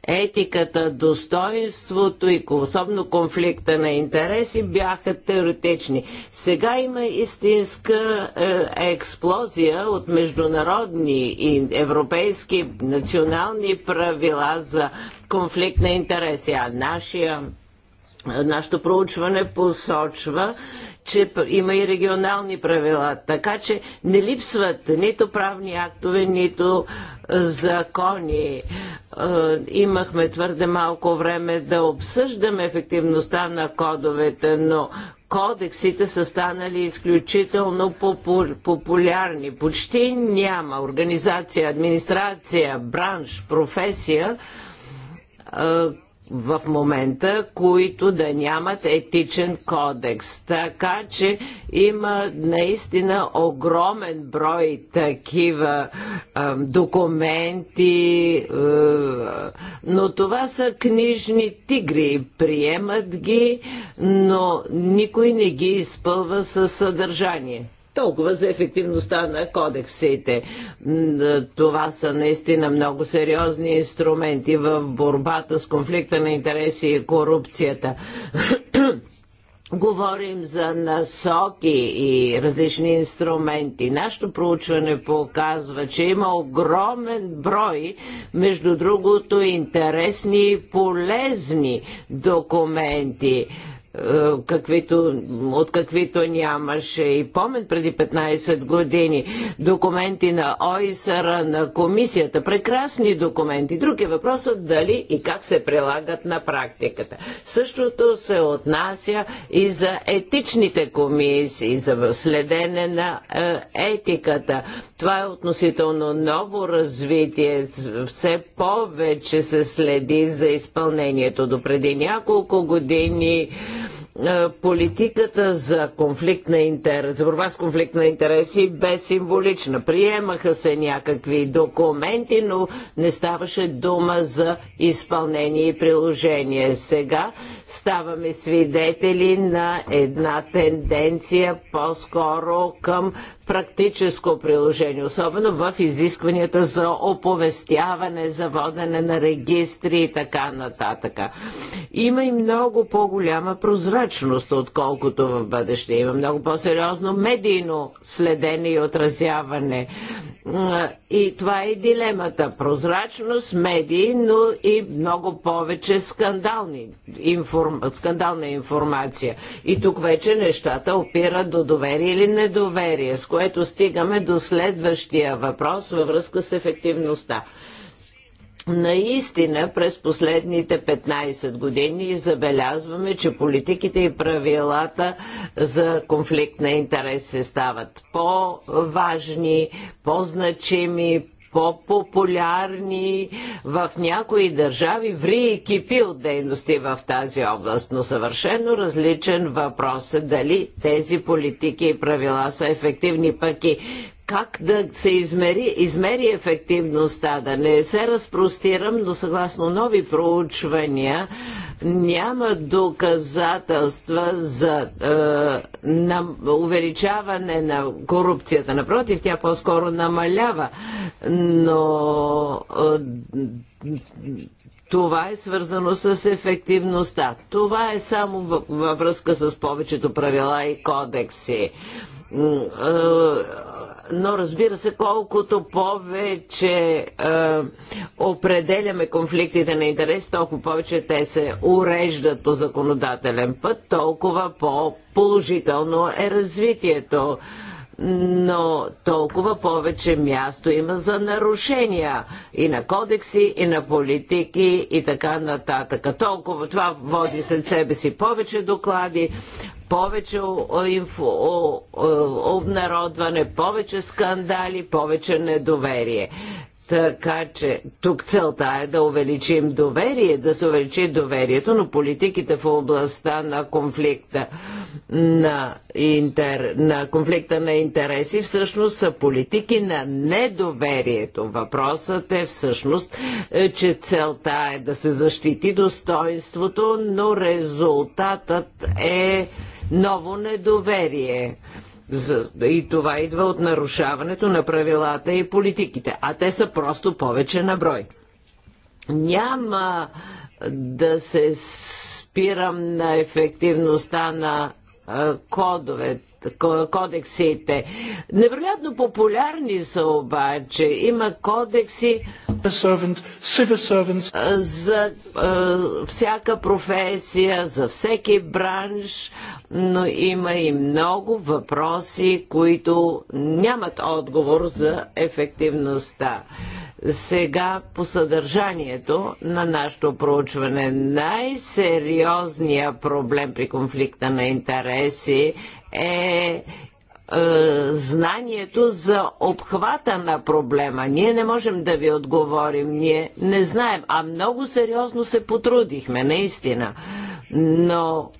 етиката, достоинството и особено конфликта на интереси бяха теоретични. Сега има истинска експлозия от международни и европейски национални правила за конфликт на интереси, а нашия Нашето проучване посочва, че има и регионални правила, така че не липсват нито правни актове, нито закони. Имахме твърде малко време да обсъждаме ефективността на кодовете, но кодексите са станали изключително популярни. Почти няма организация, администрация, бранш, професия, в момента, които да нямат етичен кодекс. Така че има наистина огромен брой такива е, документи, е, но това са книжни тигри. Приемат ги, но никой не ги изпълва със съдържание. Толкова за ефективността на кодексите. Това са наистина много сериозни инструменти в борбата с конфликта на интереси и корупцията говорим за насоки и различни инструменти. Нашето проучване показва, че има огромен брой, между другото, интересни и полезни документи е, каквито, от каквито нямаше и помен преди 15 години. Документи на ОИСР, на комисията. Прекрасни документи. Друг е въпросът дали и как се прилагат на практиката. Същото се отнася и за етичните комисии, за следене на е, етиката. Това е относително ново развитие. Все повече се следи за изпълнението. До преди няколко години е, политиката за, конфликт на интерес, за борба с конфликт на интереси бе символична. Приемаха се някакви документи, но не ставаше дума за изпълнение и приложение. Сега ставаме свидетели на една тенденция по-скоро към практическо приложение, особено в изискванията за оповестяване, за водене на регистри и така нататък. Има и много по-голяма прозрачност, отколкото в бъдеще. Има много по-сериозно медийно следение и отразяване. И това е дилемата. Прозрачност, медии, но и много повече скандални, информ... скандална информация. И тук вече нещата опират до доверие или недоверие, с което стигаме до следващия въпрос във връзка с ефективността. Наистина през последните 15 години забелязваме, че политиките и правилата за конфликт на се стават по-важни, по-значими, по-популярни в някои държави, ври и кипи от дейности в тази област. Но съвършено различен въпрос е дали тези политики и правила са ефективни, пък и как да се измери, измери ефективността, да не се разпростирам, но съгласно нови проучвания няма доказателства за е, на, увеличаване на корупцията. Напротив, тя по-скоро намалява. Но е, това е свързано с ефективността. Това е само във връзка с повечето правила и кодекси е, но разбира се, колкото повече е, определяме конфликтите на интерес, толкова повече те се уреждат по законодателен път, толкова по-положително е развитието но толкова повече място има за нарушения и на кодекси, и на политики, и така нататък. Толкова това води след себе си повече доклади, повече обнародване, повече скандали, повече недоверие. Така че тук целта е да увеличим доверие, да се увеличи доверието, но политиките в областта на конфликта на, интер, на конфликта на интереси всъщност са политики на недоверието. Въпросът е всъщност, е, че целта е да се защити достоинството, но резултатът е ново недоверие. И това идва от нарушаването на правилата и политиките, а те са просто повече на брой. Няма да се спирам на ефективността на кодове, кодексите. Невероятно популярни са обаче. Има кодекси за всяка професия, за всеки бранш, но има и много въпроси, които нямат отговор за ефективността. Сега по съдържанието на нашето проучване най-сериозният проблем при конфликта на интереси е, е знанието за обхвата на проблема. Ние не можем да ви отговорим, ние не знаем, а много сериозно се потрудихме, наистина но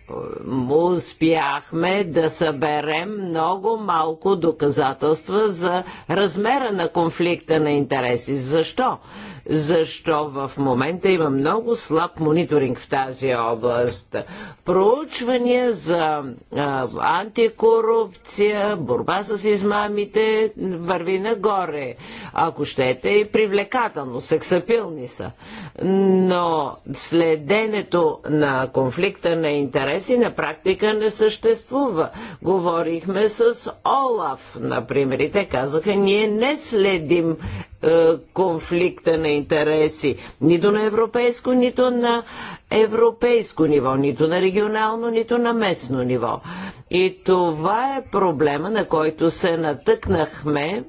успяхме да съберем много малко доказателства за размера на конфликта на интереси. Защо? защо в момента има много слаб мониторинг в тази област. Проучвания за а, антикорупция, борба с измамите върви нагоре. Ако щете и привлекателно, сексапилни са. Но следенето на конфликта на интереси на практика не съществува. Говорихме с Олаф, например, и те казаха, ние не следим е, конфликта на интереси нито на европейско, нито на европейско ниво, нито на регионално, нито на местно ниво. И това е проблема, на който се натъкнахме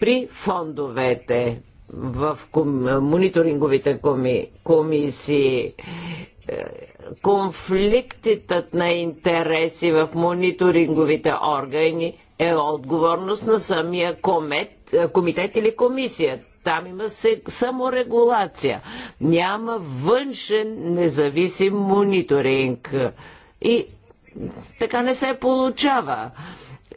при фондовете в мониторинговите коми... комисии е, конфликтитът на интереси в мониторинговите органи е отговорност на самия комет, е, комитет или комисия. Там има се саморегулация. Няма външен независим мониторинг. И така не се получава.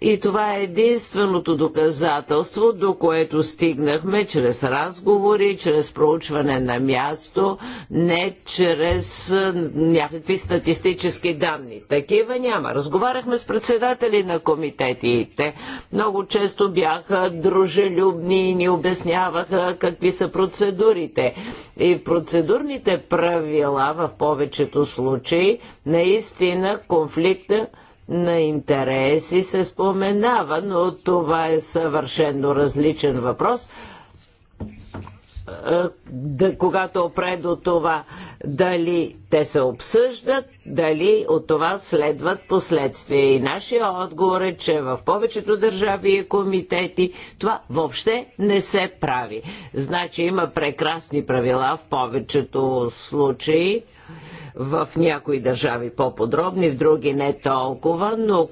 И това е единственото доказателство, до което стигнахме чрез разговори, чрез проучване на място, не чрез някакви статистически данни. Такива няма. Разговаряхме с председатели на комитетите. Много често бяха дружелюбни и ни обясняваха какви са процедурите. И процедурните правила в повечето случаи наистина конфликта на интереси се споменава, но това е съвършенно различен въпрос е, да, когато опре до това дали те се обсъждат, дали от това следват последствия. И нашия отговор е, че в повечето държави и комитети това въобще не се прави. Значи има прекрасни правила в повечето случаи в някои държави по-подробни, в други не толкова, но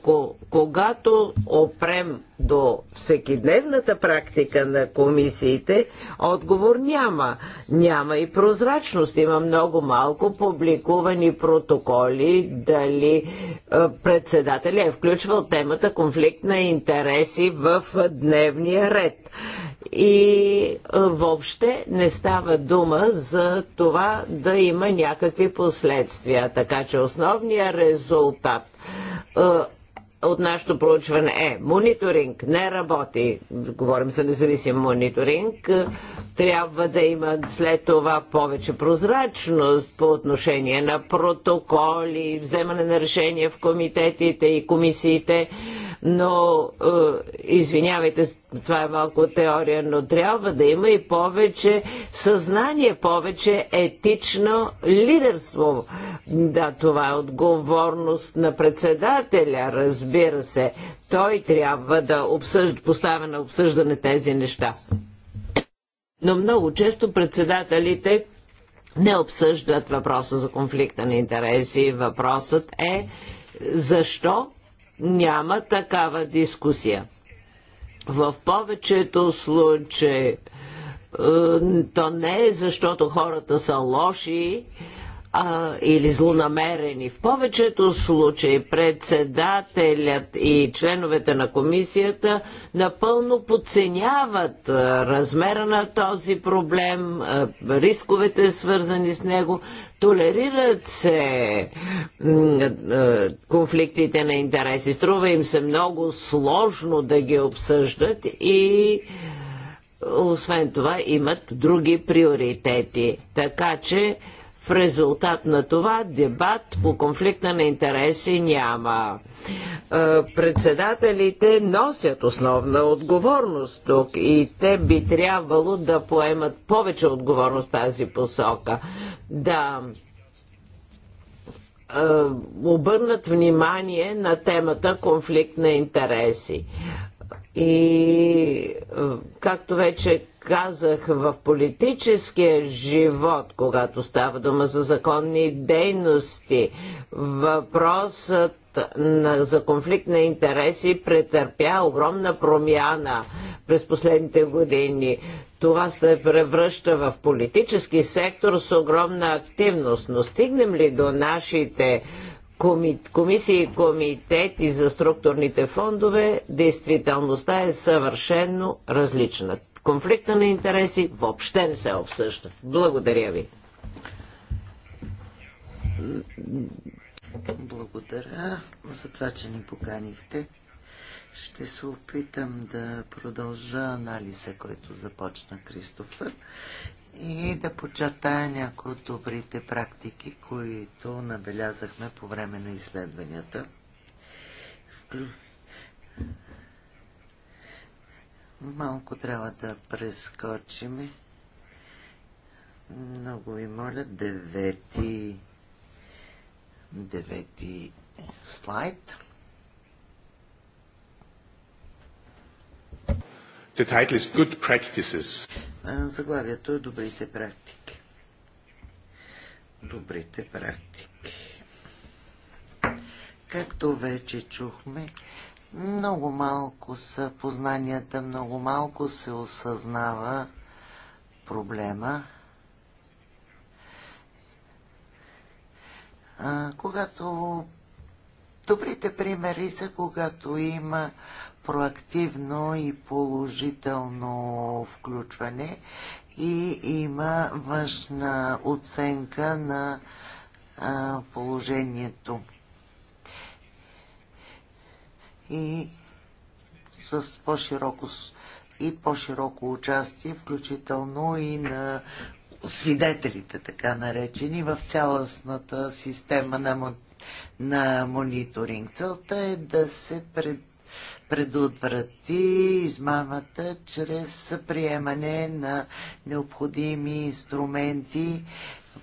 когато опрем до всекидневната практика на комисиите, отговор няма. Няма и прозрачност. Има много малко публикувани протоколи, дали е, председателя е включвал темата конфликт на интереси в дневния ред и въобще не става дума за това да има някакви последствия. Така че основният резултат от нашето проучване е мониторинг не работи, говорим за независим мониторинг, трябва да има след това повече прозрачност по отношение на протоколи, вземане на решения в комитетите и комисиите, но извинявайте, това е малко теория, но трябва да има и повече съзнание, повече етично лидерство. Да, това е отговорност на председателя, разбира се. Той трябва да обсъжда, поставя на обсъждане тези неща. Но много често председателите не обсъждат въпроса за конфликта на интереси. Въпросът е защо няма такава дискусия. В повечето случаи е, то не е защото хората са лоши а, или злонамерени. В повечето случаи председателят и членовете на комисията напълно подценяват а, размера на този проблем, а, рисковете свързани с него, толерират се конфликтите на интереси. Струва им се много сложно да ги обсъждат и освен това имат други приоритети. Така че резултат на това дебат по конфликта на интереси няма. Е, председателите носят основна отговорност тук и те би трябвало да поемат повече отговорност тази посока. Да е, обърнат внимание на темата конфликт на интереси. И е, както вече казах, в политическия живот, когато става дума за законни дейности, въпросът на, за конфликт на интереси претърпя огромна промяна през последните години. Това се превръща в политически сектор с огромна активност, но стигнем ли до нашите комисии и комитети за структурните фондове, действителността е съвършенно различна конфликта на интереси въобще не се обсъжда. Благодаря ви. Благодаря за това, че ни поканихте. Ще се опитам да продължа анализа, който започна Кристофър и да подчертая някои от добрите практики, които набелязахме по време на изследванията. Включително Малко трябва да прескочиме. Много ви моля, девети, девети слайд. The title is Good Practices. Заглавието е Добрите практики. Добрите практики. Както вече чухме, много малко са познанията, много малко се осъзнава проблема. А, когато добрите примери са, когато има проактивно и положително включване и има външна оценка на а, положението и с по-широко и по-широко участие, включително и на свидетелите, така наречени, в цялостната система на, на мониторинг. Целта е да се пред, предотврати измамата чрез приемане на необходими инструменти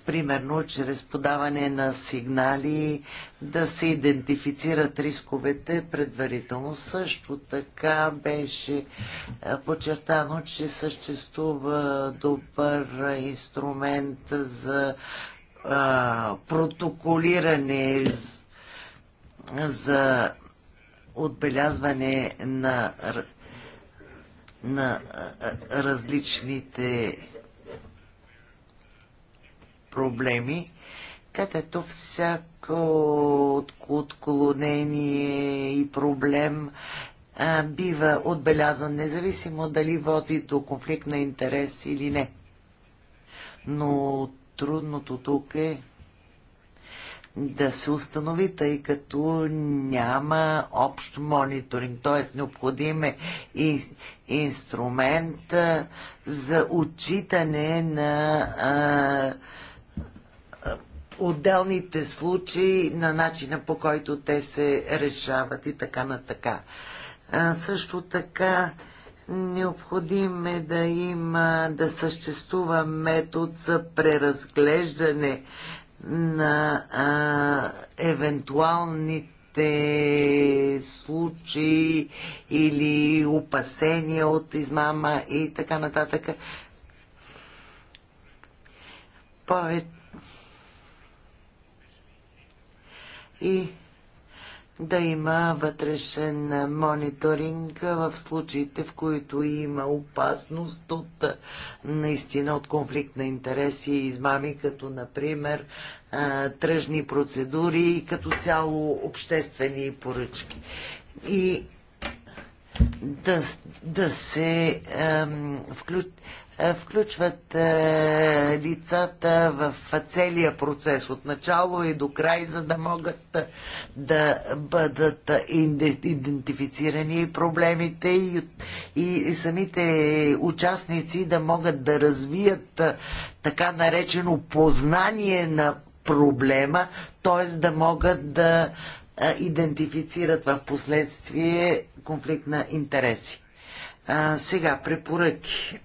примерно чрез подаване на сигнали да се идентифицират рисковете предварително. Също така беше е, подчертано, че съществува добър инструмент за е, протоколиране за отбелязване на, на е, различните проблеми, където всяко отклонение и проблем а, бива отбелязан, независимо дали води до конфликт на интерес или не. Но трудното тук е да се установи, тъй като няма общ мониторинг, т.е. необходим е инструмент за отчитане на а, отделните случаи, на начина по който те се решават и така на така. А, също така необходим е да има, да съществува метод за преразглеждане на а, евентуалните случаи или опасения от измама и така нататък. Повече и да има вътрешен мониторинг в случаите, в които има опасност от наистина от конфликт на интереси и измами, като например тръжни процедури и като цяло обществени поръчки. И да, да се включ, е, включват е, лицата в целия процес от начало и до край, за да могат да бъдат идентифицирани проблемите и, и самите участници да могат да развият е, така наречено познание на проблема, т.е. да могат да идентифицират в последствие конфликт на интереси. А, сега, препоръки.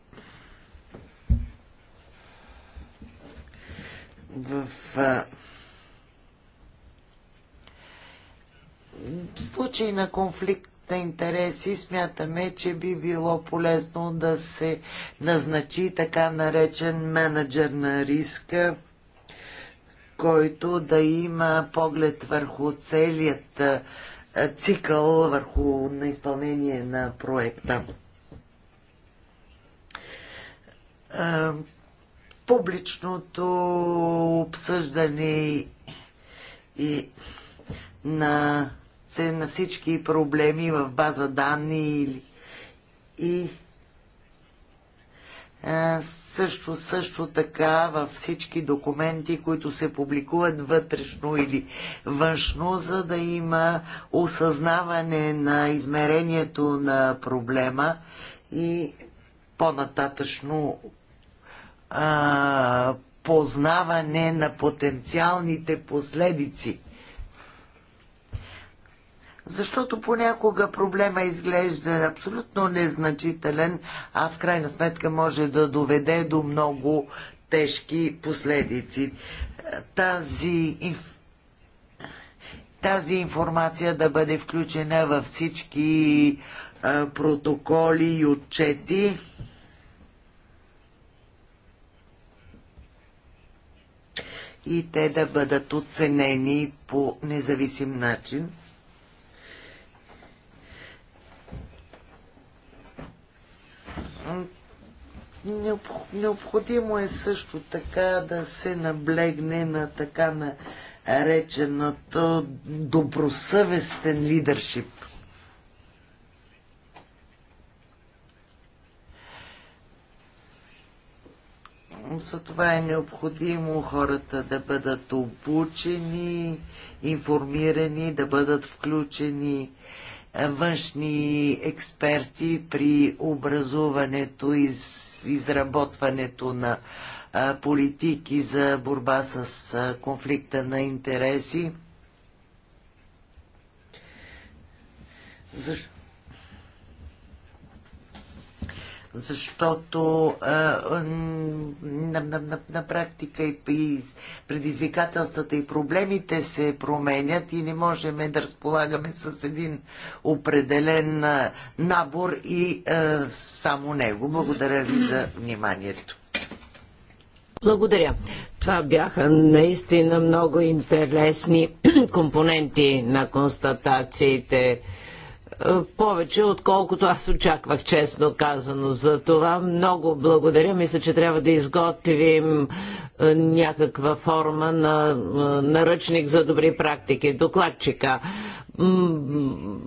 в случай на конфликт на интереси смятаме, че би било полезно да се назначи така наречен менеджер на риска, който да има поглед върху целият цикъл, върху на изпълнение на проекта публичното обсъждане и на, на всички проблеми в база данни или и също, също така във всички документи, които се публикуват вътрешно или външно, за да има осъзнаване на измерението на проблема и по-нататъчно а, познаване на потенциалните последици. Защото понякога проблема изглежда абсолютно незначителен, а в крайна сметка може да доведе до много тежки последици. Тази тази информация да бъде включена във всички протоколи и отчети. и те да бъдат оценени по независим начин. Необходимо е също така да се наблегне на така нареченото добросъвестен лидършип За това е необходимо хората да бъдат обучени, информирани, да бъдат включени е, външни експерти при образуването и изработването на е, политики за борба с е, конфликта на интереси. Защо? защото а, на, на, на, на практика и, и предизвикателствата и проблемите се променят и не можем да разполагаме с един определен набор и а, само него. Благодаря ви за вниманието. Благодаря. Това бяха наистина много интересни компоненти на констатациите повече, отколкото аз очаквах, честно казано. За това много благодаря. Мисля, че трябва да изготвим е, някаква форма на е, наръчник за добри практики. Докладчика,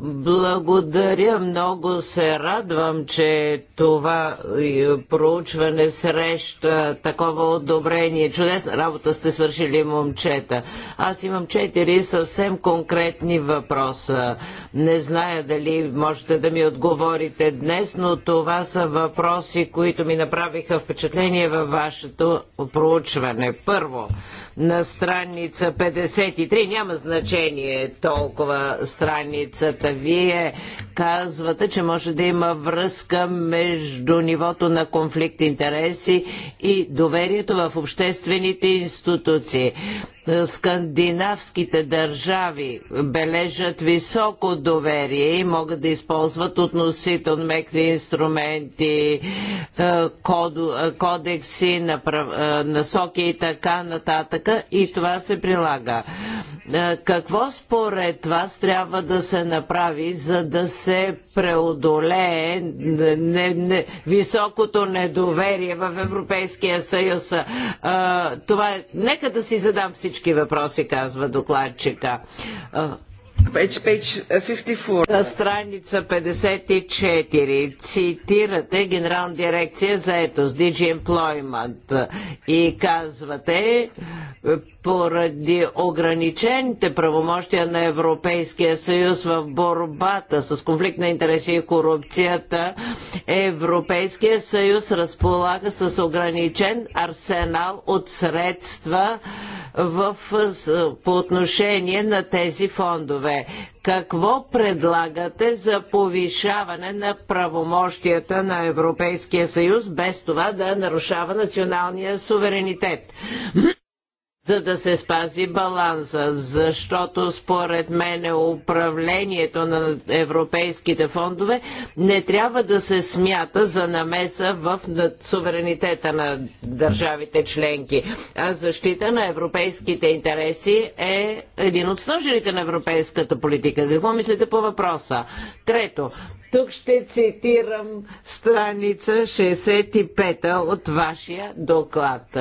благодаря, много се радвам, че това е, проучване среща такова одобрение. Чудесна работа сте свършили, момчета. Аз имам четири съвсем конкретни въпроса. Не зная дали можете да ми отговорите днес, но това са въпроси, които ми направиха впечатление във вашето проучване. Първо, на страница 53. Няма значение толкова страницата. Вие казвате, че може да има връзка между нивото на конфликт интереси и доверието в обществените институции скандинавските държави бележат високо доверие и могат да използват относително мекви инструменти, е, е, кодекси, е, насоки и така нататък бюджета и това се прилага. Е, какво според вас трябва да се направи, за да се преодолее не, не, високото недоверие в Европейския съюз? А, е, това е... Нека да си задам всички въпроси, казва докладчика. Е, Page, page е, На страница 54 цитирате Генерална дирекция за етос, DG Employment и казвате поради ограничените правомощия на Европейския съюз в борбата с конфликт на интереси и корупцията, Европейския съюз разполага с ограничен арсенал от средства, в, по отношение на тези фондове. Какво предлагате за повишаване на правомощията на Европейския съюз, без това да нарушава националния суверенитет? за да се спази баланса, защото според мен управлението на европейските фондове не трябва да се смята за намеса в суверенитета на държавите членки. А защита на европейските интереси е един от стожерите на европейската политика. Какво мислите по въпроса? Трето, тук ще цитирам страница 65 от вашия доклад.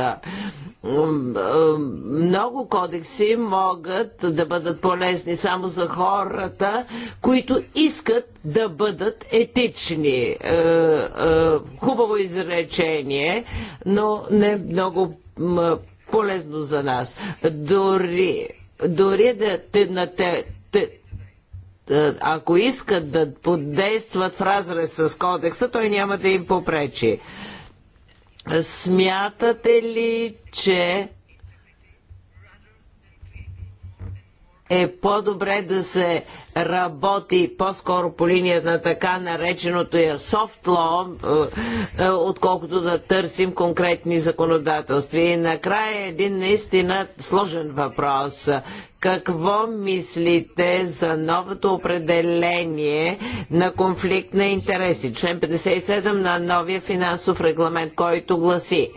Много кодекси могат да бъдат полезни само за хората, които искат да бъдат етични. Е, е, хубаво изречение, но не много полезно за нас. Дори, дори да те, на те, те, е, ако искат да поддействат в разрез с кодекса, той няма да им попречи. Смятате ли, че е по-добре да се работи по-скоро по линия на така нареченото я soft law, е, е, отколкото да търсим конкретни законодателства. И накрая един наистина сложен въпрос. Какво мислите за новото определение на конфликт на интереси? Член 57 на новия финансов регламент, който гласи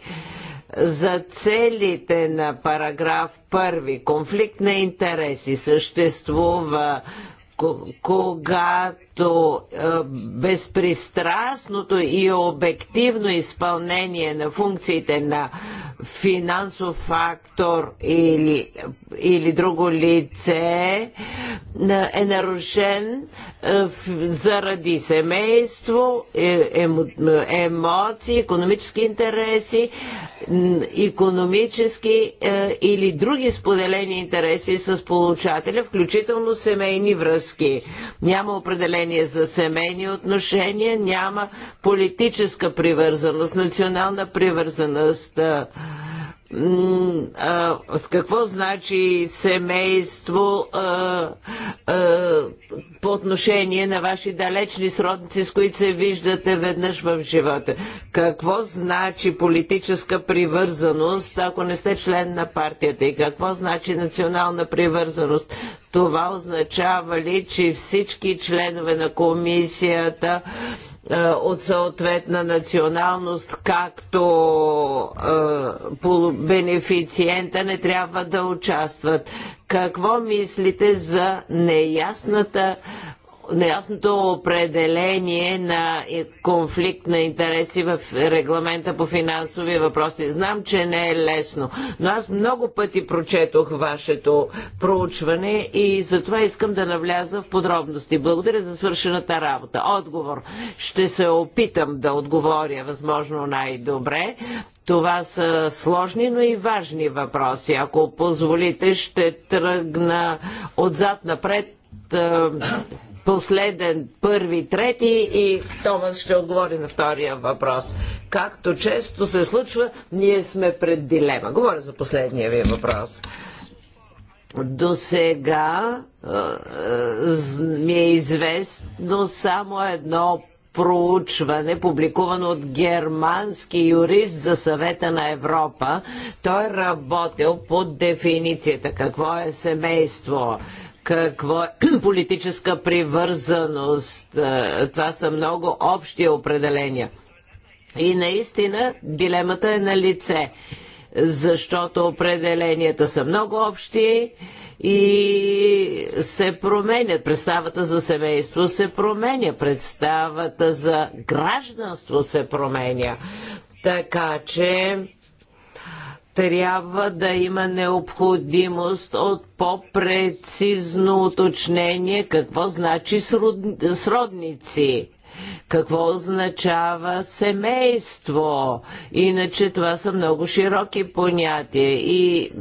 за целите на параграф 1 конфликт на интереси съществува когато защото е, безпристрастното и обективно изпълнение на функциите на финансов фактор или, или друго лице е, е нарушен е, заради семейство, емоции, економически интереси, економически или други споделени интереси с получателя, включително семейни връзки. Няма определени споразумение за семейни отношения, няма политическа привързаност, национална привързаност с какво значи семейство а, а, по отношение на ваши далечни сродници, с които се виждате веднъж в живота? Какво значи политическа привързаност, ако не сте член на партията? И какво значи национална привързаност? Това означава ли, че всички членове на комисията е, от съответна националност, както е, по бенефициента не трябва да участват. Какво мислите за неясната неясното определение на конфликт на интереси в регламента по финансови въпроси. Знам, че не е лесно, но аз много пъти прочетох вашето проучване и затова искам да навляза в подробности. Благодаря за свършената работа. Отговор. Ще се опитам да отговоря възможно най-добре. Това са сложни, но и важни въпроси. Ако позволите, ще тръгна отзад напред последен, първи, трети и Томас ще отговори на втория въпрос. Както често се случва, ние сме пред дилема. Говоря за последния ви въпрос. До сега ми е известно само едно проучване, публикувано от германски юрист за съвета на Европа. Той е работил под дефиницията какво е семейство какво е политическа привързаност. Е, това са много общи определения. И наистина дилемата е на лице, защото определенията са много общи и се променят. Представата за семейство се променя, представата за гражданство се променя. Така че трябва да има необходимост от по-прецизно уточнение какво значи сродници. Какво означава семейство? Иначе това са много широки понятия и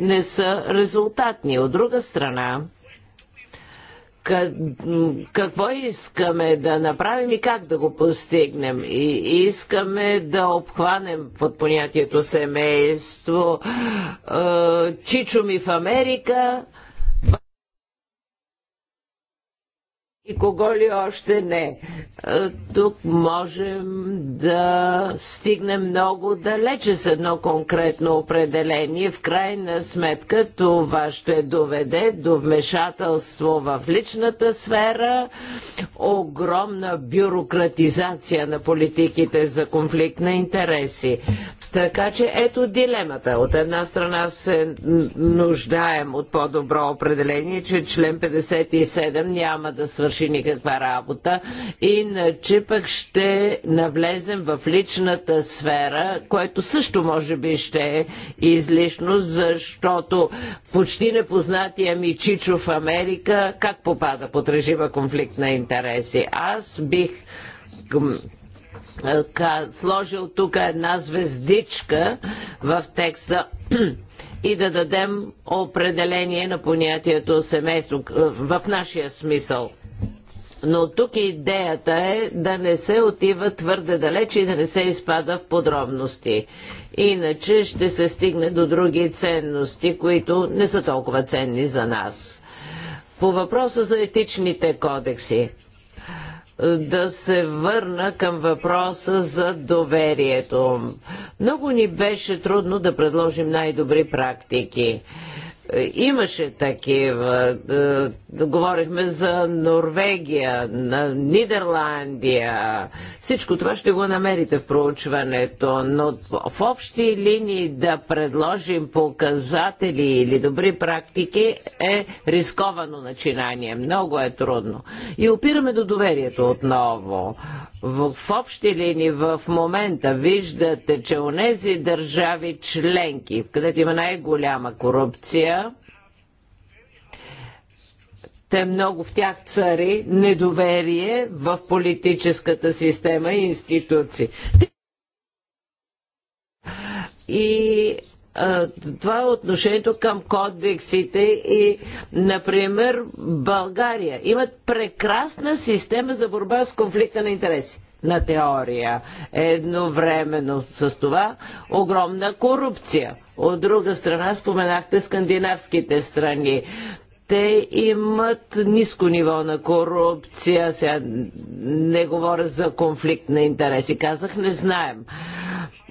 не са резултатни. От друга страна, какво искаме да направим и как да го постигнем. И искаме да обхванем под понятието семейство чичо ми в Америка, и кого ли още не. Тук можем да стигнем много далече с едно конкретно определение. В крайна сметка това ще доведе до вмешателство в личната сфера, огромна бюрократизация на политиките за конфликт на интереси. Така че ето дилемата. От една страна се нуждаем от по-добро определение, че член 57 няма да свърши върши никаква работа, иначе пък ще навлезем в личната сфера, което също може би ще е излишно, защото почти непознатия ми Чичо в Америка как попада под режима конфликт на интереси. Аз бих е, сложил тук една звездичка в текста и да дадем определение на понятието семейство е, в нашия смисъл но тук идеята е да не се отива твърде далеч и да не се изпада в подробности. Иначе ще се стигне до други ценности, които не са толкова ценни за нас. По въпроса за етичните кодекси да се върна към въпроса за доверието. Много ни беше трудно да предложим най-добри практики. Имаше такива. Е, говорихме за Норвегия, Нидерландия. Всичко това ще го намерите в проучването, но в общи линии да предложим показатели или добри практики е рисковано начинание. Много е трудно. И опираме до доверието отново. В, в общи линии в момента виждате, че у нези държави членки, където има най-голяма корупция, те много в тях цари недоверие в политическата система и институции. И това е отношението към кодексите и, например, България. Имат прекрасна система за борба с конфликта на интереси на теория. Едновременно с това огромна корупция. От друга страна споменахте скандинавските страни те имат ниско ниво на корупция. Сега не говоря за конфликт на интереси. Казах, не знаем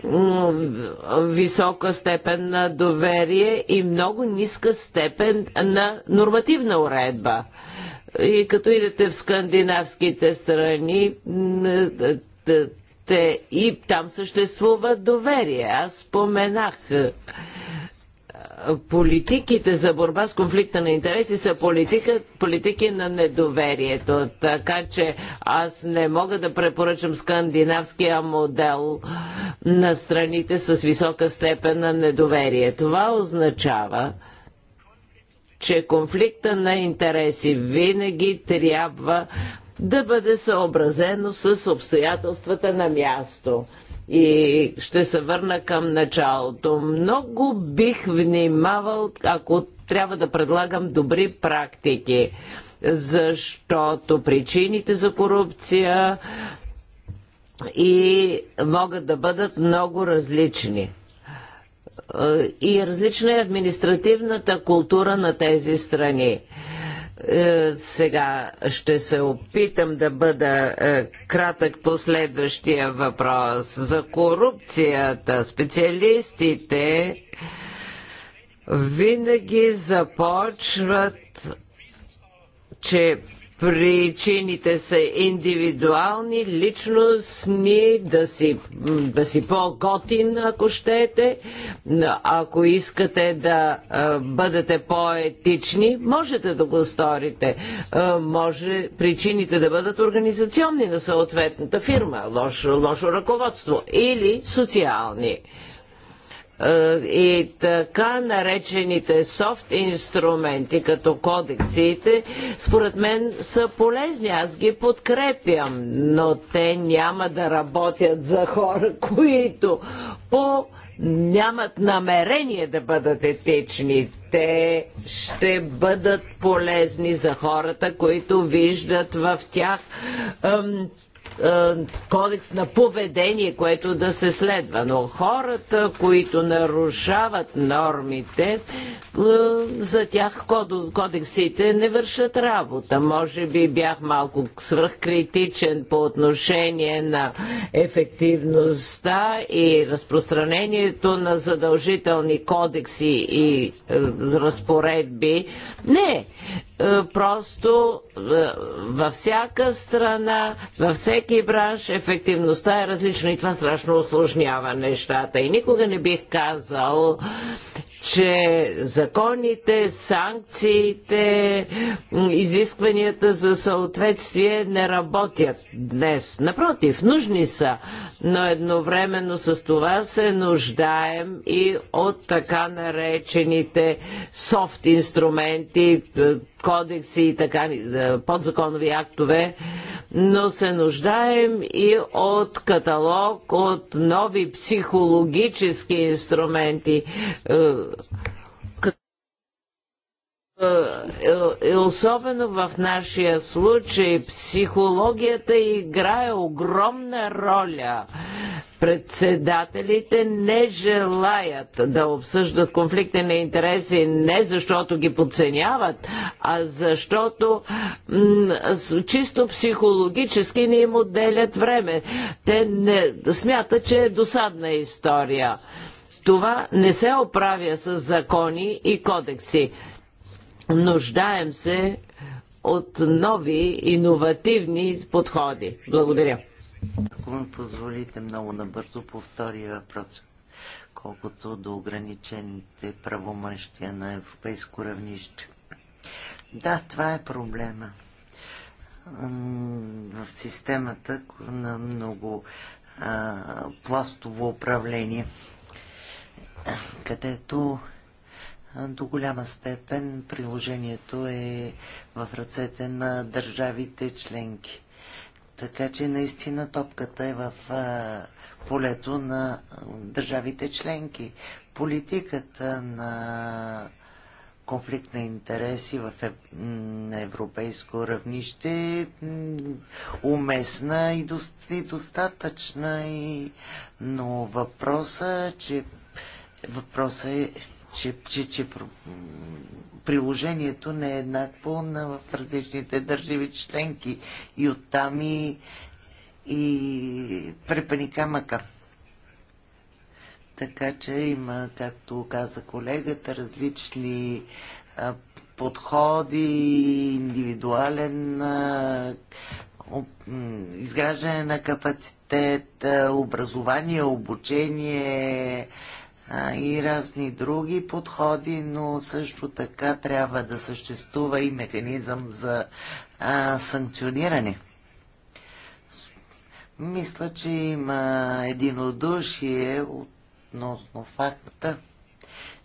висока степен на доверие и много ниска степен на нормативна уредба. И като идете в скандинавските страни, те и там съществува доверие. Аз споменах политиките за борба с конфликта на интереси са политика, политики на недоверието. Така че аз не мога да препоръчам скандинавския модел на страните с висока степен на недоверие. Това означава, че конфликта на интереси винаги трябва да бъде съобразено с обстоятелствата на място. И ще се върна към началото. Много бих внимавал, ако трябва да предлагам добри практики, защото причините за корупция и могат да бъдат много различни е, и различна е административната култура на тези страни. Е, сега ще се опитам да бъда е, кратък по следващия въпрос. За корупцията специалистите винаги започват, че Причините са индивидуални, личностни, да си, да си по-готин, ако щете. Ако искате да бъдете по-етични, можете да го сторите. Може причините да бъдат организационни на съответната фирма, лошо, лошо ръководство или социални. Е, и така наречените софт инструменти, като кодексите, според мен са полезни. Аз ги подкрепям, но те няма да работят за хора, които по нямат намерение да бъдат етични. Те ще бъдат полезни за хората, които виждат в тях е, кодекс на поведение, което да се следва. Но хората, които нарушават нормите, е, за тях кодексите не вършат работа. Може би бях малко свръхкритичен по отношение на ефективността и разпространението на задължителни кодекси и е, разпоредби. Не, е, просто е, във всяка страна, във всеки бранш ефективността е различна и това страшно осложнява нещата. И никога не бих казал, че законите, санкциите, изискванията за съответствие не работят днес. Напротив, нужни са, но едновременно с това се нуждаем и от така наречените софт инструменти, кодекси и така подзаконови актове, но се нуждаем и от каталог от нови психологически инструменти е, е, е, е, особено в нашия случай психологията играе огромна роля. Председателите не желаят да обсъждат конфликти на интереси не защото ги подценяват, а защото чисто психологически не им отделят време. Те не смятат, че е досадна история. Това не се оправя с закони и кодекси Нуждаем се от нови, иновативни подходи. Благодаря. Ако ми позволите много набързо по втория въпрос, колкото до ограничените правомощия на европейско равнище. Да, това е проблема. В системата на много а, пластово управление, където до голяма степен приложението е в ръцете на държавите членки. Така че наистина топката е в полето на държавите членки. Политиката на конфликт на интереси в на европейско равнище уместна и, до, и достатъчна. И, но въпроса, че въпросът е, че, че, че приложението не е еднакво на, в различните държави членки и оттам и, и препаникамъка. Така че има, както каза колегата, различни а, подходи, индивидуален а, изграждане на капацитет, а, образование, обучение, а, и разни други подходи, но също така трябва да съществува и механизъм за а, санкциониране. Мисля, че има единодушие относно факта,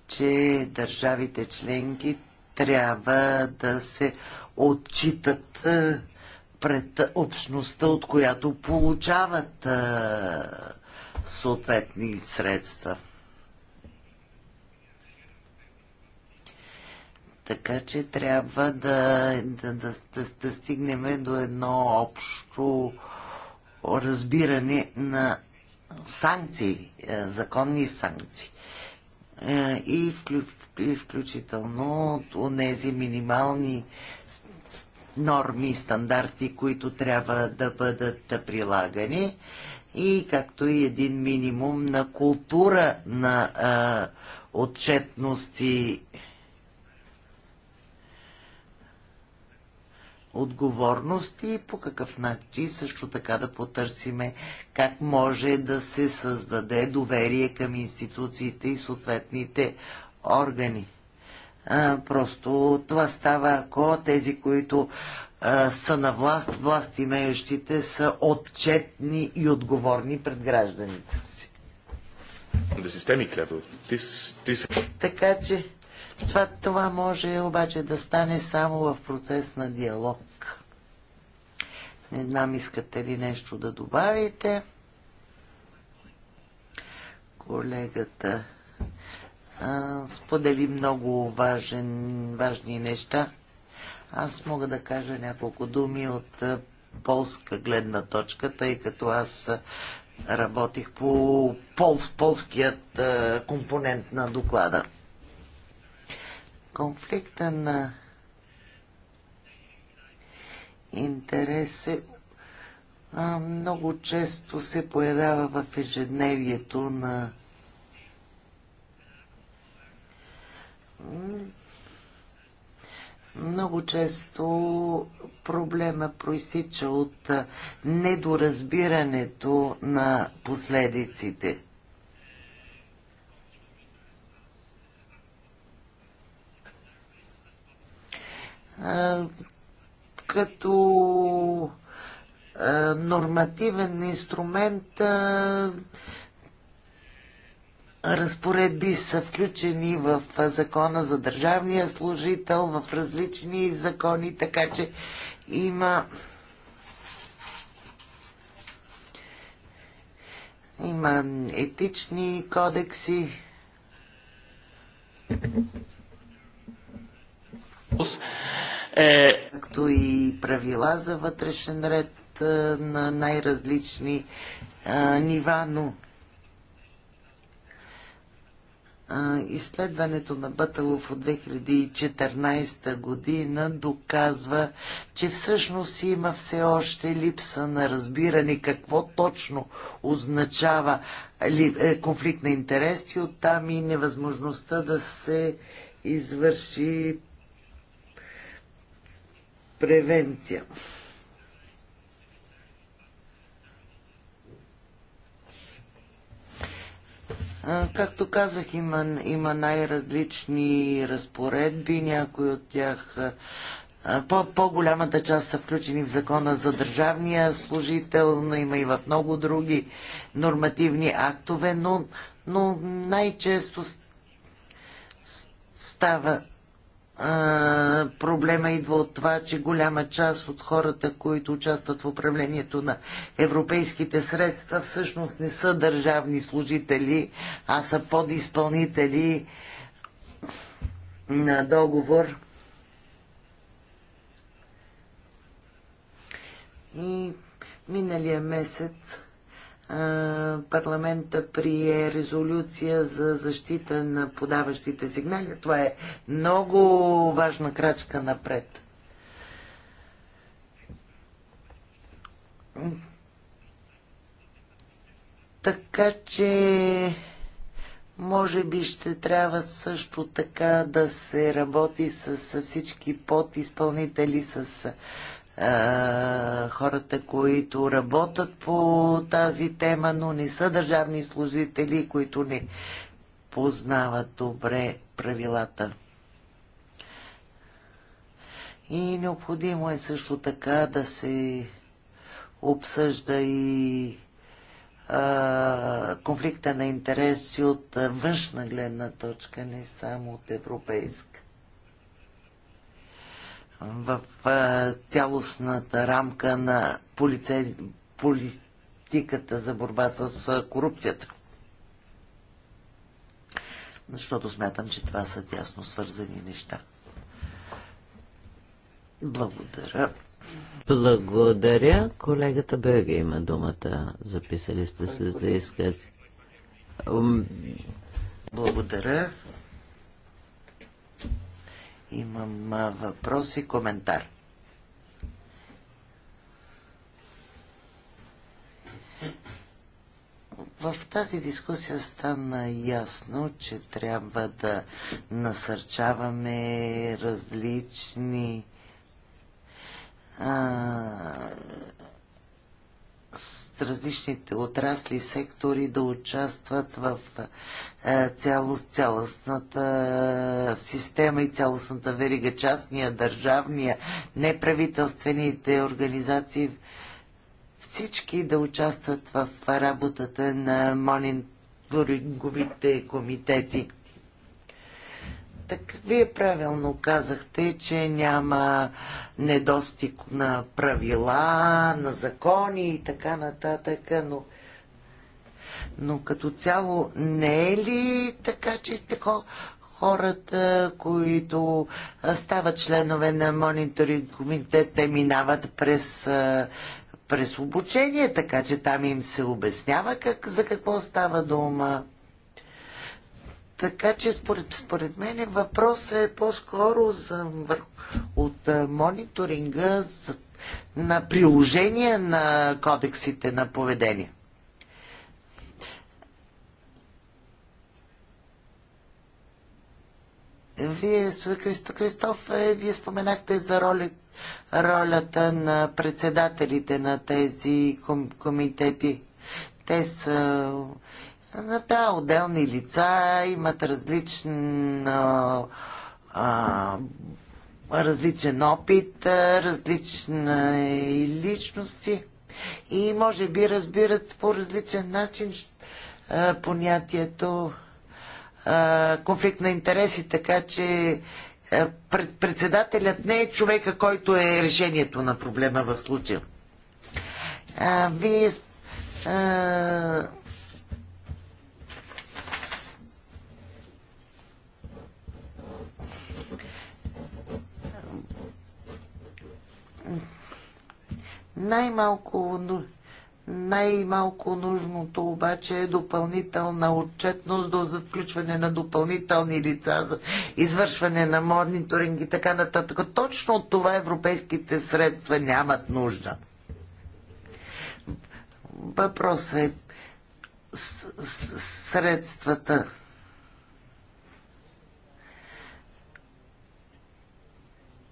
че държавите членки трябва да се отчитат пред общността, от която получават съответни средства. Така че трябва да, да, да, да, да стигнем до едно общо разбиране на санкции, е, законни санкции. Е, и, включително от тези минимални норми стандарти, които трябва да бъдат прилагани и както и един минимум на култура на а, е, отчетности. отговорности и по какъв начин също така да потърсиме как може да се създаде доверие към институциите и съответните органи. А, просто това става, ако тези, които а, са на власт, власт имеющите, са отчетни и отговорни пред гражданите си. This is ти, this... Така че това, това може обаче да стане само в процес на диалог. Не знам, искате ли нещо да добавите. Колегата а, сподели много важен, важни неща. Аз мога да кажа няколко думи от полска гледна точка, тъй като аз работих по пол, полският компонент на доклада конфликта на интерес много често се появява в ежедневието на много често проблема проистича от недоразбирането на последиците. като нормативен инструмент разпоредби са включени в закона за държавния служител, в различни закони, така че има има етични кодекси. Е, Както и правила за вътрешен ред е, на най-различни е, нива, но изследването на Бъталов от 2014 година доказва, че всъщност има все още липса на разбиране какво точно означава конфликт на интереси, оттам и невъзможността да се извърши превенция. Както казах, има, има най-различни разпоредби, някои от тях по, по-голямата част са включени в закона за държавния служител, но има и в много други нормативни актове, но, но най-често става проблема идва от това, че голяма част от хората, които участват в управлението на европейските средства, всъщност не са държавни служители, а са подизпълнители на договор. И миналия месец парламента прие резолюция за защита на подаващите сигнали. Това е много важна крачка напред. Така че може би ще трябва също така да се работи с всички подизпълнители, с хората, които работят по тази тема, но не са държавни служители, които не познават добре правилата. И необходимо е също така да се обсъжда и а, конфликта на интереси от външна гледна точка, не само от европейска в цялостната рамка на полицей, политиката за борба с корупцията. Защото смятам, че това са тясно свързани неща. Благодаря. Благодаря. Колегата Бега има думата. Записали сте се да искат. Благодаря. Имам въпрос и коментар. В тази дискусия стана ясно, че трябва да насърчаваме различни а, с различните отрасли, сектори да участват в е, цялост, цялостната е, система и цялостната верига, частния, държавния, неправителствените организации, всички да участват в работата на мониторинговите комитети. Так, Вие правилно казахте, че няма недостиг на правила, на закони и така нататък, но, но като цяло не е ли така, че тако, хората, които стават членове на мониторинг комитет, те минават през през обучение, така че там им се обяснява как, за какво става дума. Така че според, според мен въпросът е по-скоро за, от мониторинга за, на приложение на кодексите на поведение. Вие, Христо Христоф, е, вие споменахте за роли, ролята на председателите на тези ком, комитети. Те са да, отделни лица имат различен а, различен опит, различни личности и може би разбират по различен начин понятието конфликт на интереси, така че председателят не е човека, който е решението на проблема в случая. Вие Най-малко най-малко нужното обаче е допълнителна отчетност до включване на допълнителни лица за извършване на мониторинг и така нататък. Точно от това европейските средства нямат нужда. Въпросът е средствата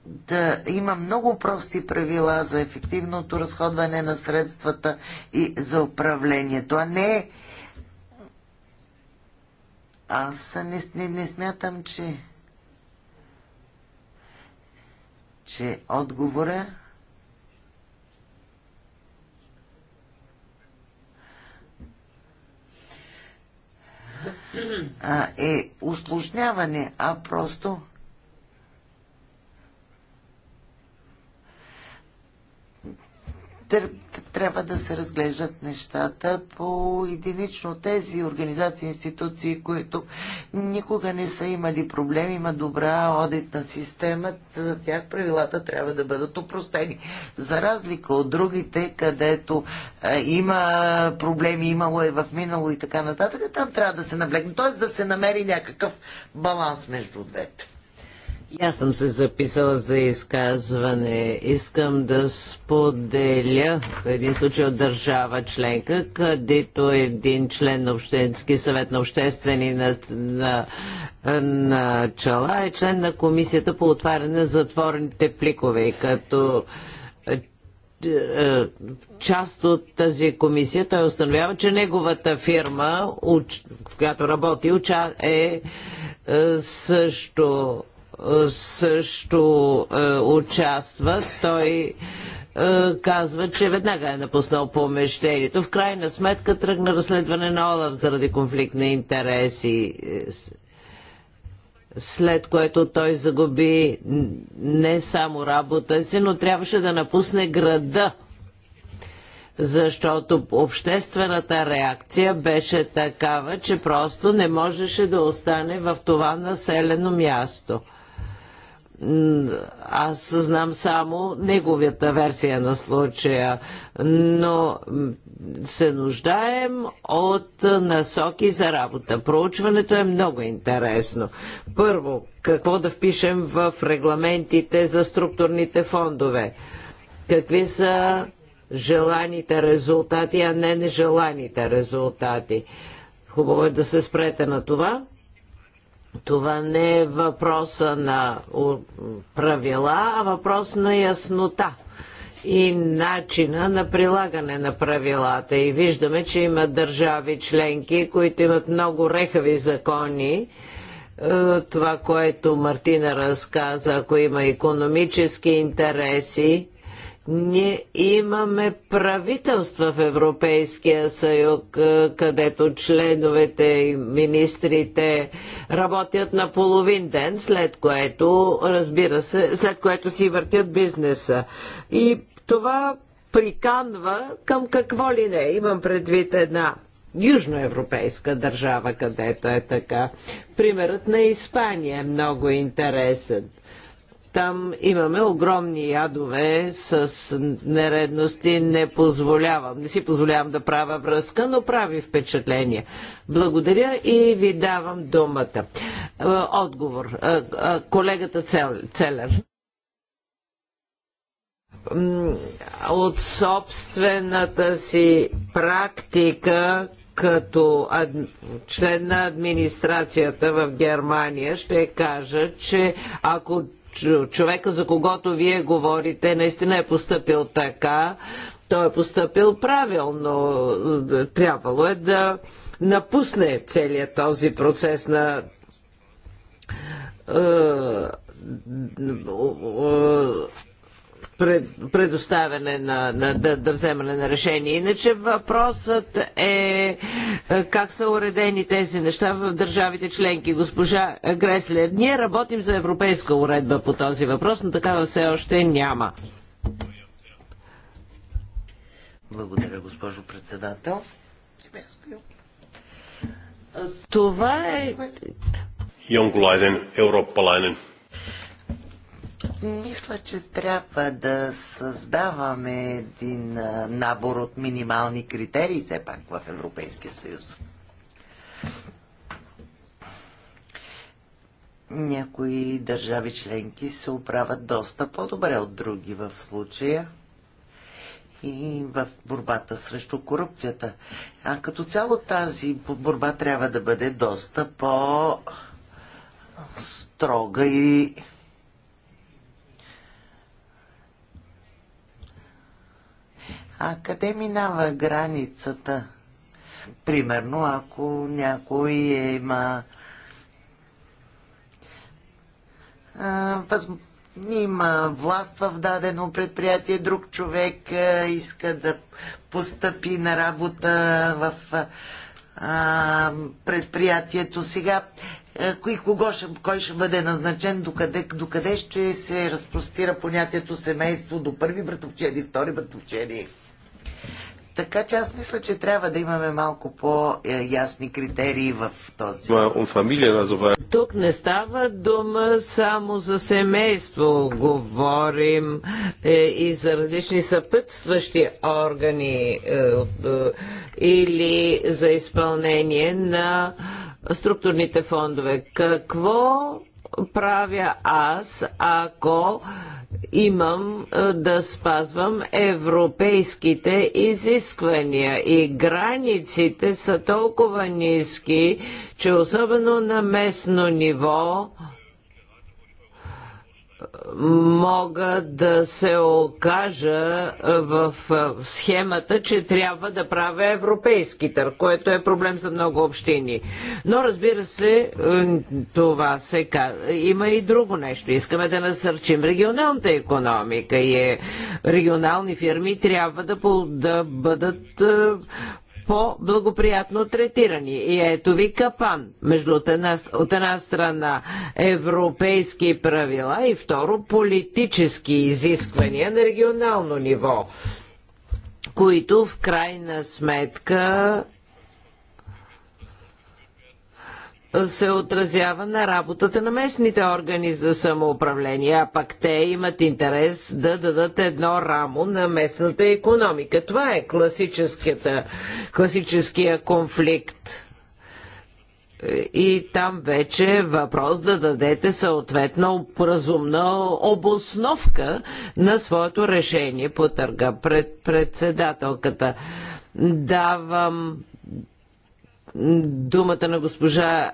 да има много прости правила за ефективното разходване на средствата и за управлението, а не аз не, не, не смятам, че че отговора е усложняване, а просто трябва да се разглеждат нещата по единично тези организации, институции, които никога не са имали проблеми, има добра одитна система, за тях правилата трябва да бъдат упростени. За разлика от другите, където а, има проблеми, имало е в минало и така нататък, там трябва да се наблегне. т.е. да се намери някакъв баланс между двете аз съм се записала за изказване. Искам да споделя един случай от държава членка, където един член на Общински съвет на обществени на, на, на чала е член на комисията по отваряне на затворните пликове. Като е, е, част от тази комисия, той установява, че неговата фирма, в която работи, е, е също също е, участва. Той е, казва, че веднага е напуснал помещението. В крайна сметка тръгна разследване на Олаф заради конфликт на интереси е, след което той загуби не само работа си, но трябваше да напусне града, защото обществената реакция беше такава, че просто не можеше да остане в това населено място аз знам само неговията версия на случая, но се нуждаем от насоки за работа. Проучването е много интересно. Първо, какво да впишем в регламентите за структурните фондове? Какви са желаните резултати, а не нежеланите резултати? Хубаво е да се спрете на това това не е въпроса на правила, а въпрос на яснота и начина на прилагане на правилата. И виждаме, че има държави членки, които имат много рехави закони. Е, това, което Мартина разказа, ако има економически интереси, ние имаме правителства в Европейския съюз, където членовете и министрите работят на половин ден, след което, разбира се, след което си въртят бизнеса. И това приканва към какво ли не. Имам предвид една южноевропейска държава, където е така. Примерът на Испания е много интересен. Там имаме огромни ядове с нередности. Не позволявам, не си позволявам да правя връзка, но прави впечатление. Благодаря и ви давам думата. Е, отговор. Е, е, колегата Целер от собствената си практика като ад... член на администрацията в Германия ще кажа, че ако човека, за когото вие говорите, наистина е поступил така. Той е поступил правилно. Трябвало е да напусне целият този процес на е, пред, предоставяне на, на да, да вземане на решение. Иначе въпросът е, е как са уредени тези неща в държавите членки. Госпожа Греслер, ние работим за европейска уредба по този въпрос, но такава все още няма. Благодаря, госпожо председател. Това е jonkunlainen eurooppalainen мисля, че трябва да създаваме един набор от минимални критерии все пак в Европейския съюз. Някои държави членки се оправят доста по-добре от други в случая и в борбата срещу корупцията. А като цяло тази борба трябва да бъде доста по-строга и А къде минава границата? Примерно, ако някой е, има а, въз... има власт в дадено предприятие, друг човек а, иска да постъпи на работа в а, предприятието сега. Кой, кого ще, кой ще бъде назначен, докъде, докъде ще се разпростира понятието семейство до първи братовчеди, втори братовчеди? Така че аз мисля, че трябва да имаме малко по-ясни критерии в този. Тук не става дума само за семейство. Говорим е, и за различни съпътстващи органи е, е, или за изпълнение на структурните фондове. Какво правя аз, ако имам е, да спазвам европейските изисквания и границите са толкова ниски, че особено на местно ниво мога да се окажа в схемата, че трябва да правя европейски търг, което е проблем за много общини. Но разбира се, това се казва. Има и друго нещо. Искаме да насърчим регионалната економика и е, регионални фирми трябва да, да бъдат по-благоприятно третирани. И ето ви капан между от една, от една страна европейски правила и второ политически изисквания на регионално ниво които в крайна сметка се отразява на работата на местните органи за самоуправление, а пък те имат интерес да дадат едно рамо на местната економика. Това е класическия конфликт. И там вече е въпрос да дадете съответно разумна обосновка на своето решение по търга пред председателката. Давам думата на госпожа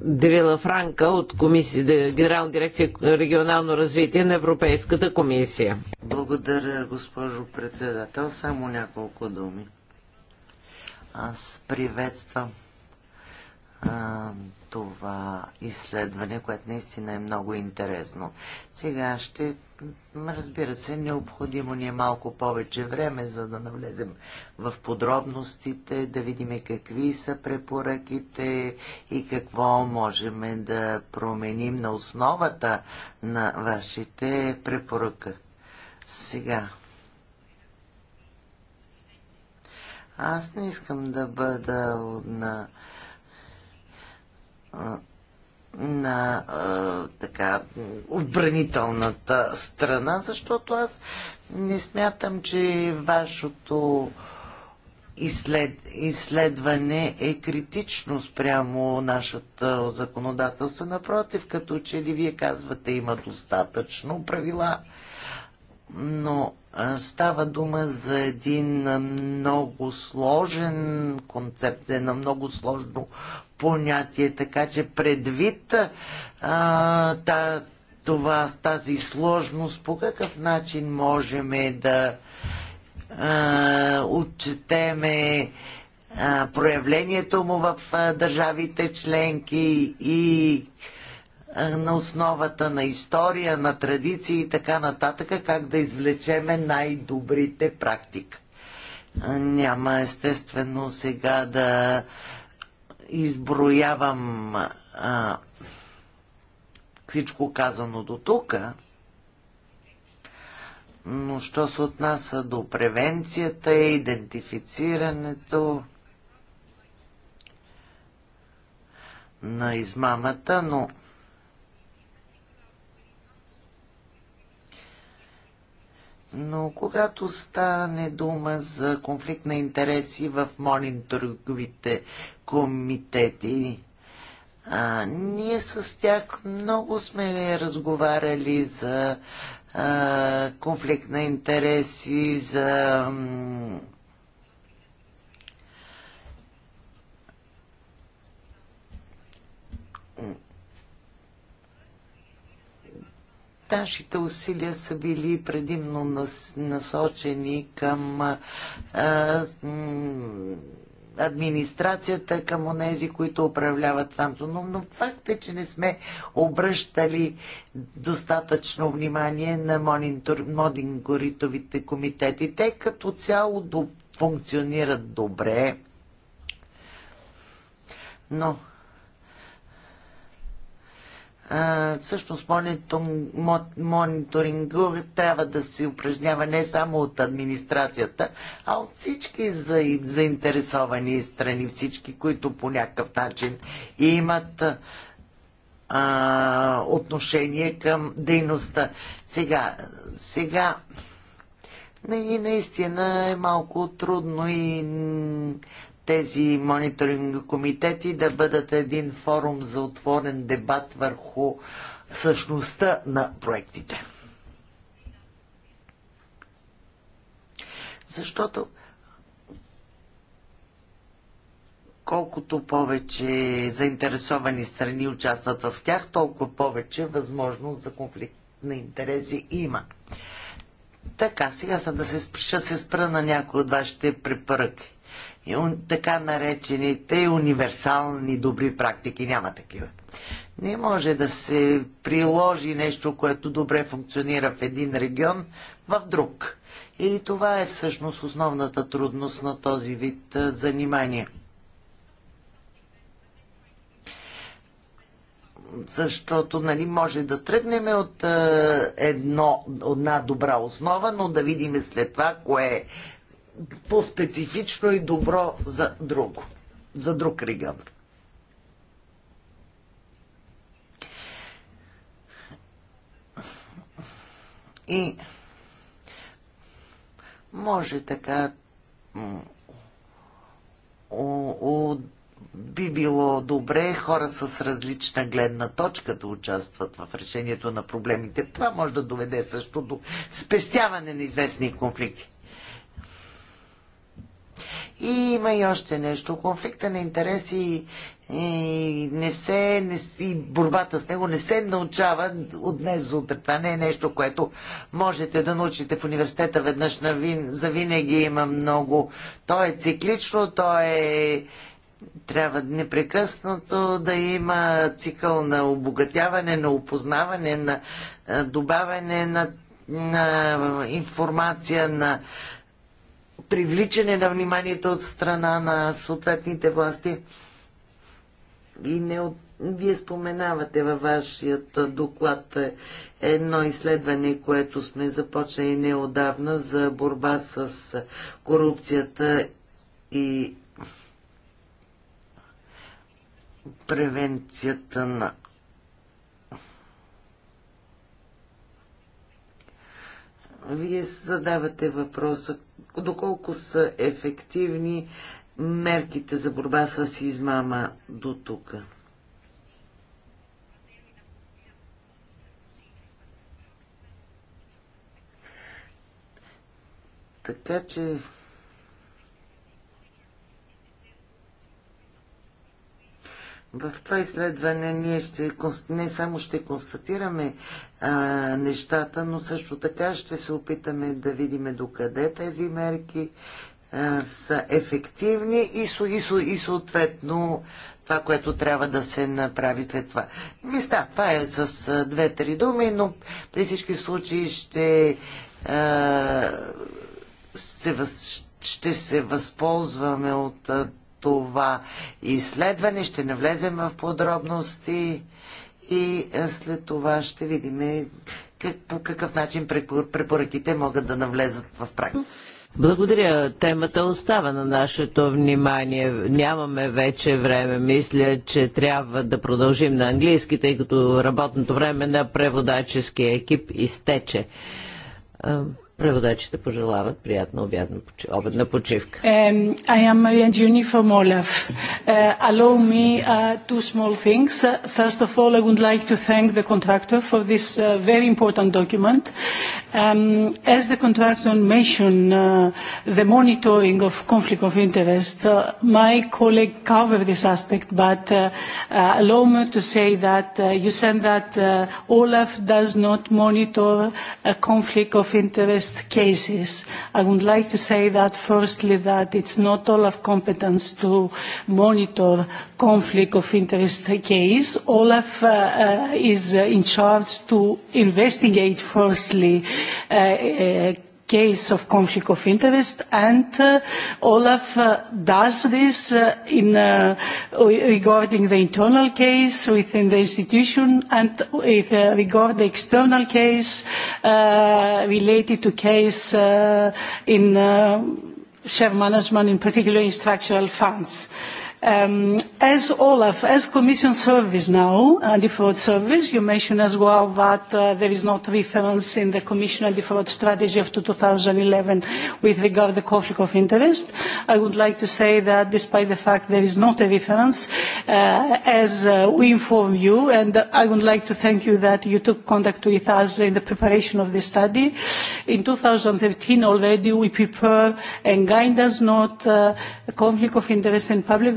Девила Франка от комисия, Генерална дирекция регионално развитие на Европейската комисия. Благодаря, госпожо председател. Само няколко думи. Аз приветствам а, това изследване, което наистина е много интересно. Сега ще Разбира се, необходимо ни е малко повече време, за да навлезем в подробностите, да видим какви са препоръките и какво можем да променим на основата на вашите препоръка. Сега. Аз не искам да бъда на на а, така отбранителната страна, защото аз не смятам, че вашето изслед, изследване е критично спрямо нашата законодателство. Напротив, като че ли вие казвате, има достатъчно правила, но става дума за един много сложен концепт, едно много сложно понятие, така че предвид а, та, това, тази сложност, по какъв начин можем да а, отчетеме а, проявлението му в а, държавите членки и а, е, на основата на история, на традиции и така нататък, как да извлечеме най-добрите практики. Е, няма естествено сега да изброявам а, е, всичко казано до тук, но що се отнася до превенцията, идентифицирането на измамата, но Но когато стане дума за конфликт на интереси в мониторговите комитети, а, ние с тях много сме разговаряли за а, конфликт на интереси, за м, Нашите усилия са били предимно нас, насочени към а, администрацията, към онези, които управляват фанто. Но, но факт е, че не сме обръщали достатъчно внимание на модингоритовите комитети. Те като цяло до, функционират добре. Но всъщност мониторинга трябва да се упражнява не само от администрацията, а от всички заинтересовани страни, всички, които по някакъв начин имат а, отношение към дейността. Сега, сега и наистина е малко трудно и тези мониторинг комитети да бъдат един форум за отворен дебат върху същността на проектите. Защото колкото повече заинтересовани страни участват в тях, толкова повече възможност за конфликт на интереси има. Така, сега съм да се, ще се спра на някои от вашите препоръки така наречените универсални добри практики. Няма такива. Не може да се приложи нещо, което добре функционира в един регион, в друг. И това е всъщност основната трудност на този вид занимание. защото нали, може да тръгнем от е, едно, една добра основа, но да видим след това кое е по-специфично и добро за друго, за друг регион. И може така о, о, би било добре хора с различна гледна точка да участват в решението на проблемите. Това може да доведе също до спестяване на известни конфликти. И има и още нещо. Конфликта на интереси и е, не се, не и борбата с него не се научава от днес за утре. Това не е нещо, което можете да научите в университета веднъж на вин, за винаги има много. То е циклично, то е трябва непрекъснато да има цикъл на обогатяване, на опознаване, на добавяне на, на информация, на привличане на вниманието от страна на съответните власти. И не от... Вие споменавате във вашият доклад е, едно изследване, което сме започнали неодавна за борба с корупцията и превенцията на Вие задавате въпроса доколко са ефективни мерките за борба с измама до тук. Така че В това изследване ние ще, не само ще констатираме а, нещата, но също така ще се опитаме да видим докъде тези мерки а, са ефективни и, и, и съответно това, което трябва да се направи след това. Места, това е с две-три думи, но при всички случаи ще, а, се, въз, ще се възползваме от това изследване, ще навлезем в подробности и е, след това ще видим е, как, по какъв начин препоръките могат да навлезат в практика. Благодаря. Темата остава на нашето внимание. Нямаме вече време. Мисля, че трябва да продължим на английски, тъй като работното време на преводаческия екип изтече. Преводачите пожелават приятна обядна, обедна почивка. Um, I am Maria Giuni from Olaf. Uh, allow me uh, two small things. Uh, first of all, I would like to thank the contractor for this uh, very important document. Um, as the contractor mentioned, uh, the monitoring of conflict of interest, uh, my colleague covered this aspect, but uh, uh, allow me to say that uh, you said that uh, Olaf does not monitor a conflict of interest first cases, I would like to say that firstly that it's not Olaf competence to monitor conflict of interest case. Olaf uh, is in charge to investigate firstly uh, case of conflict of interest and Olaf does this in regarding the internal case within the institution and with regard the external case related to case in share management, in particular in structural funds. Uh, As Olaf, as Commission Service now, anti-fraud service, you mentioned as well that there is not reference in the Commission anti-fraud strategy of 2011 with regard to the conflict of interest. I would like to say that despite the fact there is not a reference, as we inform you, and I would like to thank you that you took contact with us in the preparation of this study. In 2013 already, we prepared a guidance note, conflict of interest in public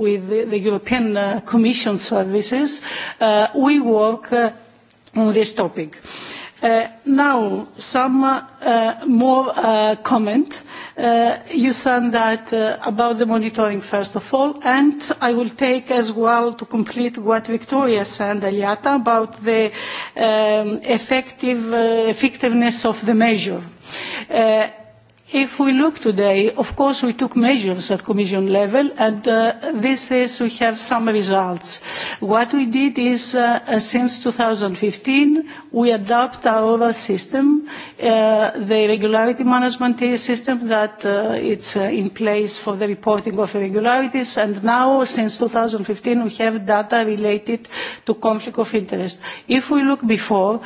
with the, the European uh, Commission services, uh, we work uh, on this topic. Uh, now, some uh, more uh, comment. Uh, you said that uh, about the monitoring, first of all, and I will take as well to complete what Victoria said, Aliata, about the um, effective, uh, effectiveness of the measure. Uh, If we look today, of course, we took measures at Commission level, and this is we have some results. What we did is, since fifteen we adopt our system, the regularity management system that is in place for the reporting of irregularities, and now, since fifteen we have data related to conflict of interest. If we look before,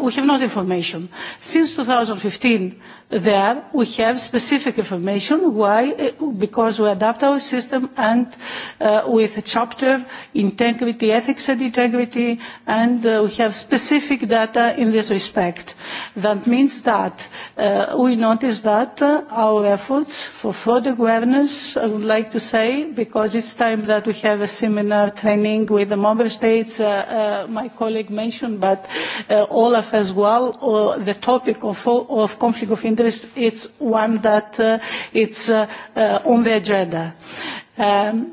we have not information. Since fifteen there we have specific information why because we adapt our system and with a chapter integrity ethics and integrity and we have specific data in this respect that means that uh, we notice that uh, our efforts for fraud awareness i would like to say because it's time that we have a seminar training with the member states uh, uh, my colleague mentioned but uh, olaf as well or the topic of, of conflict of interest it is one that uh, it's uh, uh, on the agenda. Um,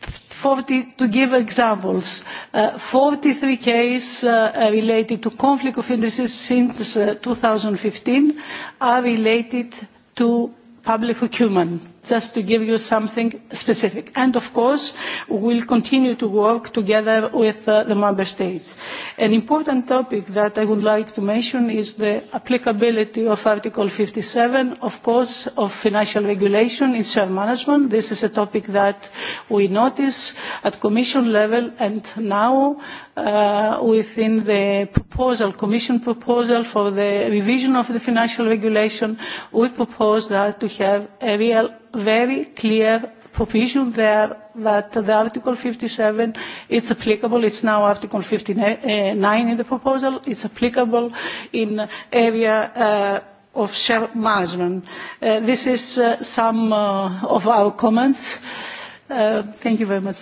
40, to give examples, uh, 43 cases uh, related to conflict of interest since uh, 2015 are related to public procurement just to give you something specific. And of course, we will continue to work together with uh, the member states. An important topic that I would like to mention is the applicability of Article 57, of course, of financial regulation in share management. This is a topic that we notice at Commission level and now uh, within the proposal, Commission proposal for the revision of the financial regulation, we propose that to have a real very clear provision there that the Article 57 it's applicable. It's now Article 59 in the proposal. It's applicable in area uh, of share management. Uh, this is uh, some uh, of our comments. Uh, thank you very much.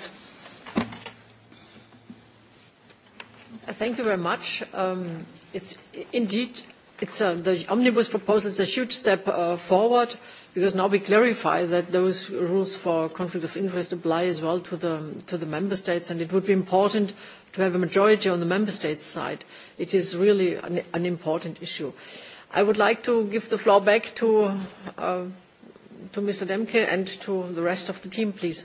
Thank you very much. Um, it's indeed it's, the omnibus proposal is a huge step uh, forward. Because now we clarify that those rules for conflict of interest apply as well to the, to the member states, and it would be important to have a majority on the member states' side. It is really an, an important issue. I would like to give the floor back to, uh, to Mr. Demke and to the rest of the team, please.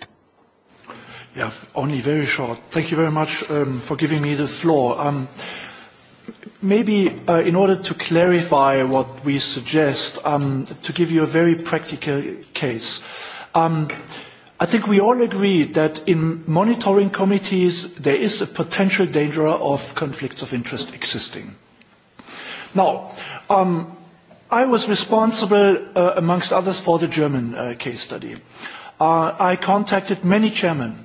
Yeah, only very short. Thank you very much um, for giving me the floor. Um, Maybe in order to clarify what we suggest, to give you a very practical case. I think we all agree that in monitoring committees, there is a potential danger of conflicts of interest existing. Now, I was responsible, amongst others, for the German case study. I contacted many chairmen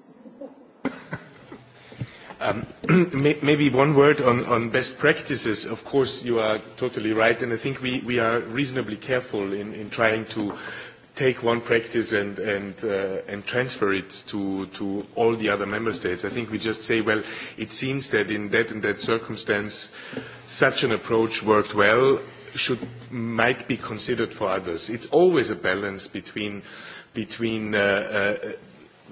Maybe one word on best practices. Of course, you are totally right, and I think we are reasonably careful in trying to take one practice and and uh, and transfer it to to all the other member states. I think we just say, well, it seems that in that and that circumstance, such an approach worked well. Should might be considered for others. It's always a balance between between uh, uh,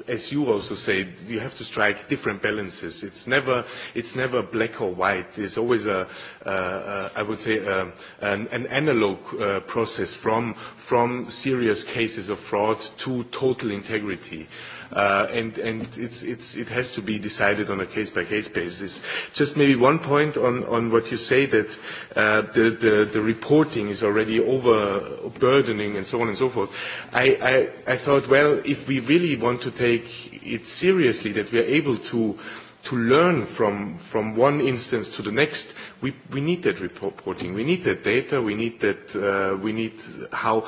as you also say, you have to strike different balances. It's never, it's never black or white. There's always a, uh, I would say, a, an, an analog uh, process from, from serious cases of fraud to total integrity. Uh, Uh, and and it's, it's, it has to be decided on a case-by-case basis. Just maybe one point on, on what you say that uh, the, the, the reporting is already overburdening and so on and so forth. I, I, I thought, well, if we really want to take it seriously, that we are able to to learn from, from one instance to the next, we, we need that reporting. We need that data. We need that. Uh, we need how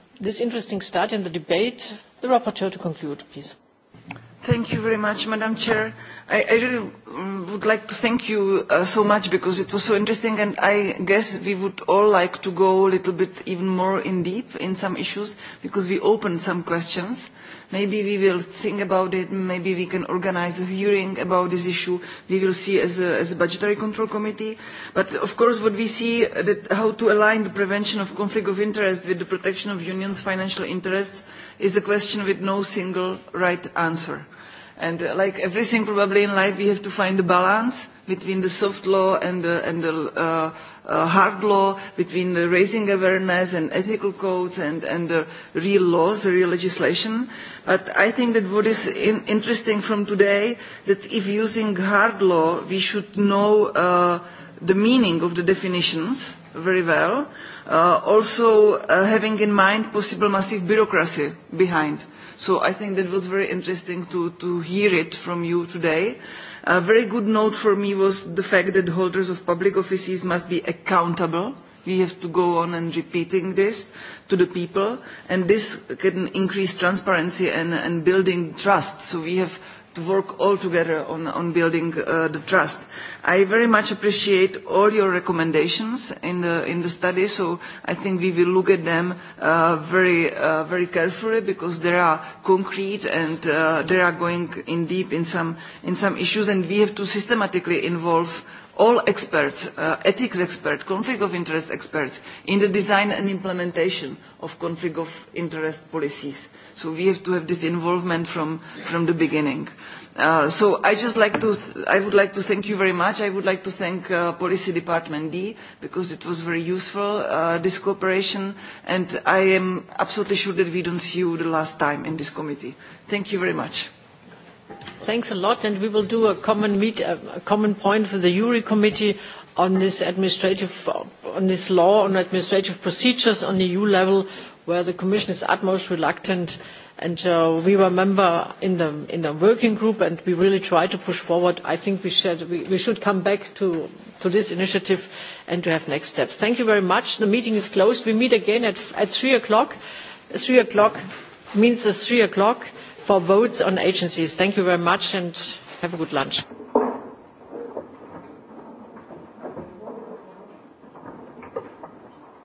this interesting start in the debate. The rapporteur to conclude, please. Thank you very much, Madam Chair. I, I really would like to thank you uh, so much because it was so interesting and I guess we would all like to go a little bit even more in deep in some issues because we opened some questions. Maybe we will think about it, maybe we can organize a hearing about this issue. We will see as a, as a budgetary control committee. But of course what we see that how to align the prevention of conflict of interest with the protection of unions' financial interests is a question with no single right answer And uh, like everything probably in life, we have to find a balance between the soft law and the, and the uh, uh, hard law, between the raising awareness and ethical codes and, and the real laws, the real legislation. But I think that what is in, interesting from today, that if using hard law, we should know uh, the meaning of the definitions very well, uh, also uh, having in mind possible massive bureaucracy behind So I think that was very interesting to, to hear it from you today. A very good note for me was the fact that holders of public offices must be accountable we have to go on and repeating this to the people and this can increase transparency and, and building trust so we have to work all together on, on building uh, the trust. I very much appreciate all your recommendations in the, in the study, so I think we will look at them uh, very, uh, very carefully because they are concrete and uh, they are going in deep in some, in some issues and we have to systematically involve all experts, uh, ethics experts, conflict of interest experts, in the design and implementation of conflict of interest policies So we have to have this involvement from, from the beginning. Uh, so I just like to, th- I would like to thank you very much. I would like to thank uh, Policy Department D because it was very useful, uh, this cooperation, and I am absolutely sure that we don't see you the last time in this committee. Thank you very much. Thanks a lot, and we will do a common meet, a common point with the URI committee on this administrative, on this law on administrative procedures on EU level where the Commission is utmost reluctant. And uh, we were a member in the, in the working group, and we really tried to push forward. I think we should, we, we should come back to, to this initiative and to have next steps. Thank you very much. The meeting is closed. We meet again at, at 3 o'clock. 3 o'clock means it's 3 o'clock for votes on agencies. Thank you very much, and have a good lunch.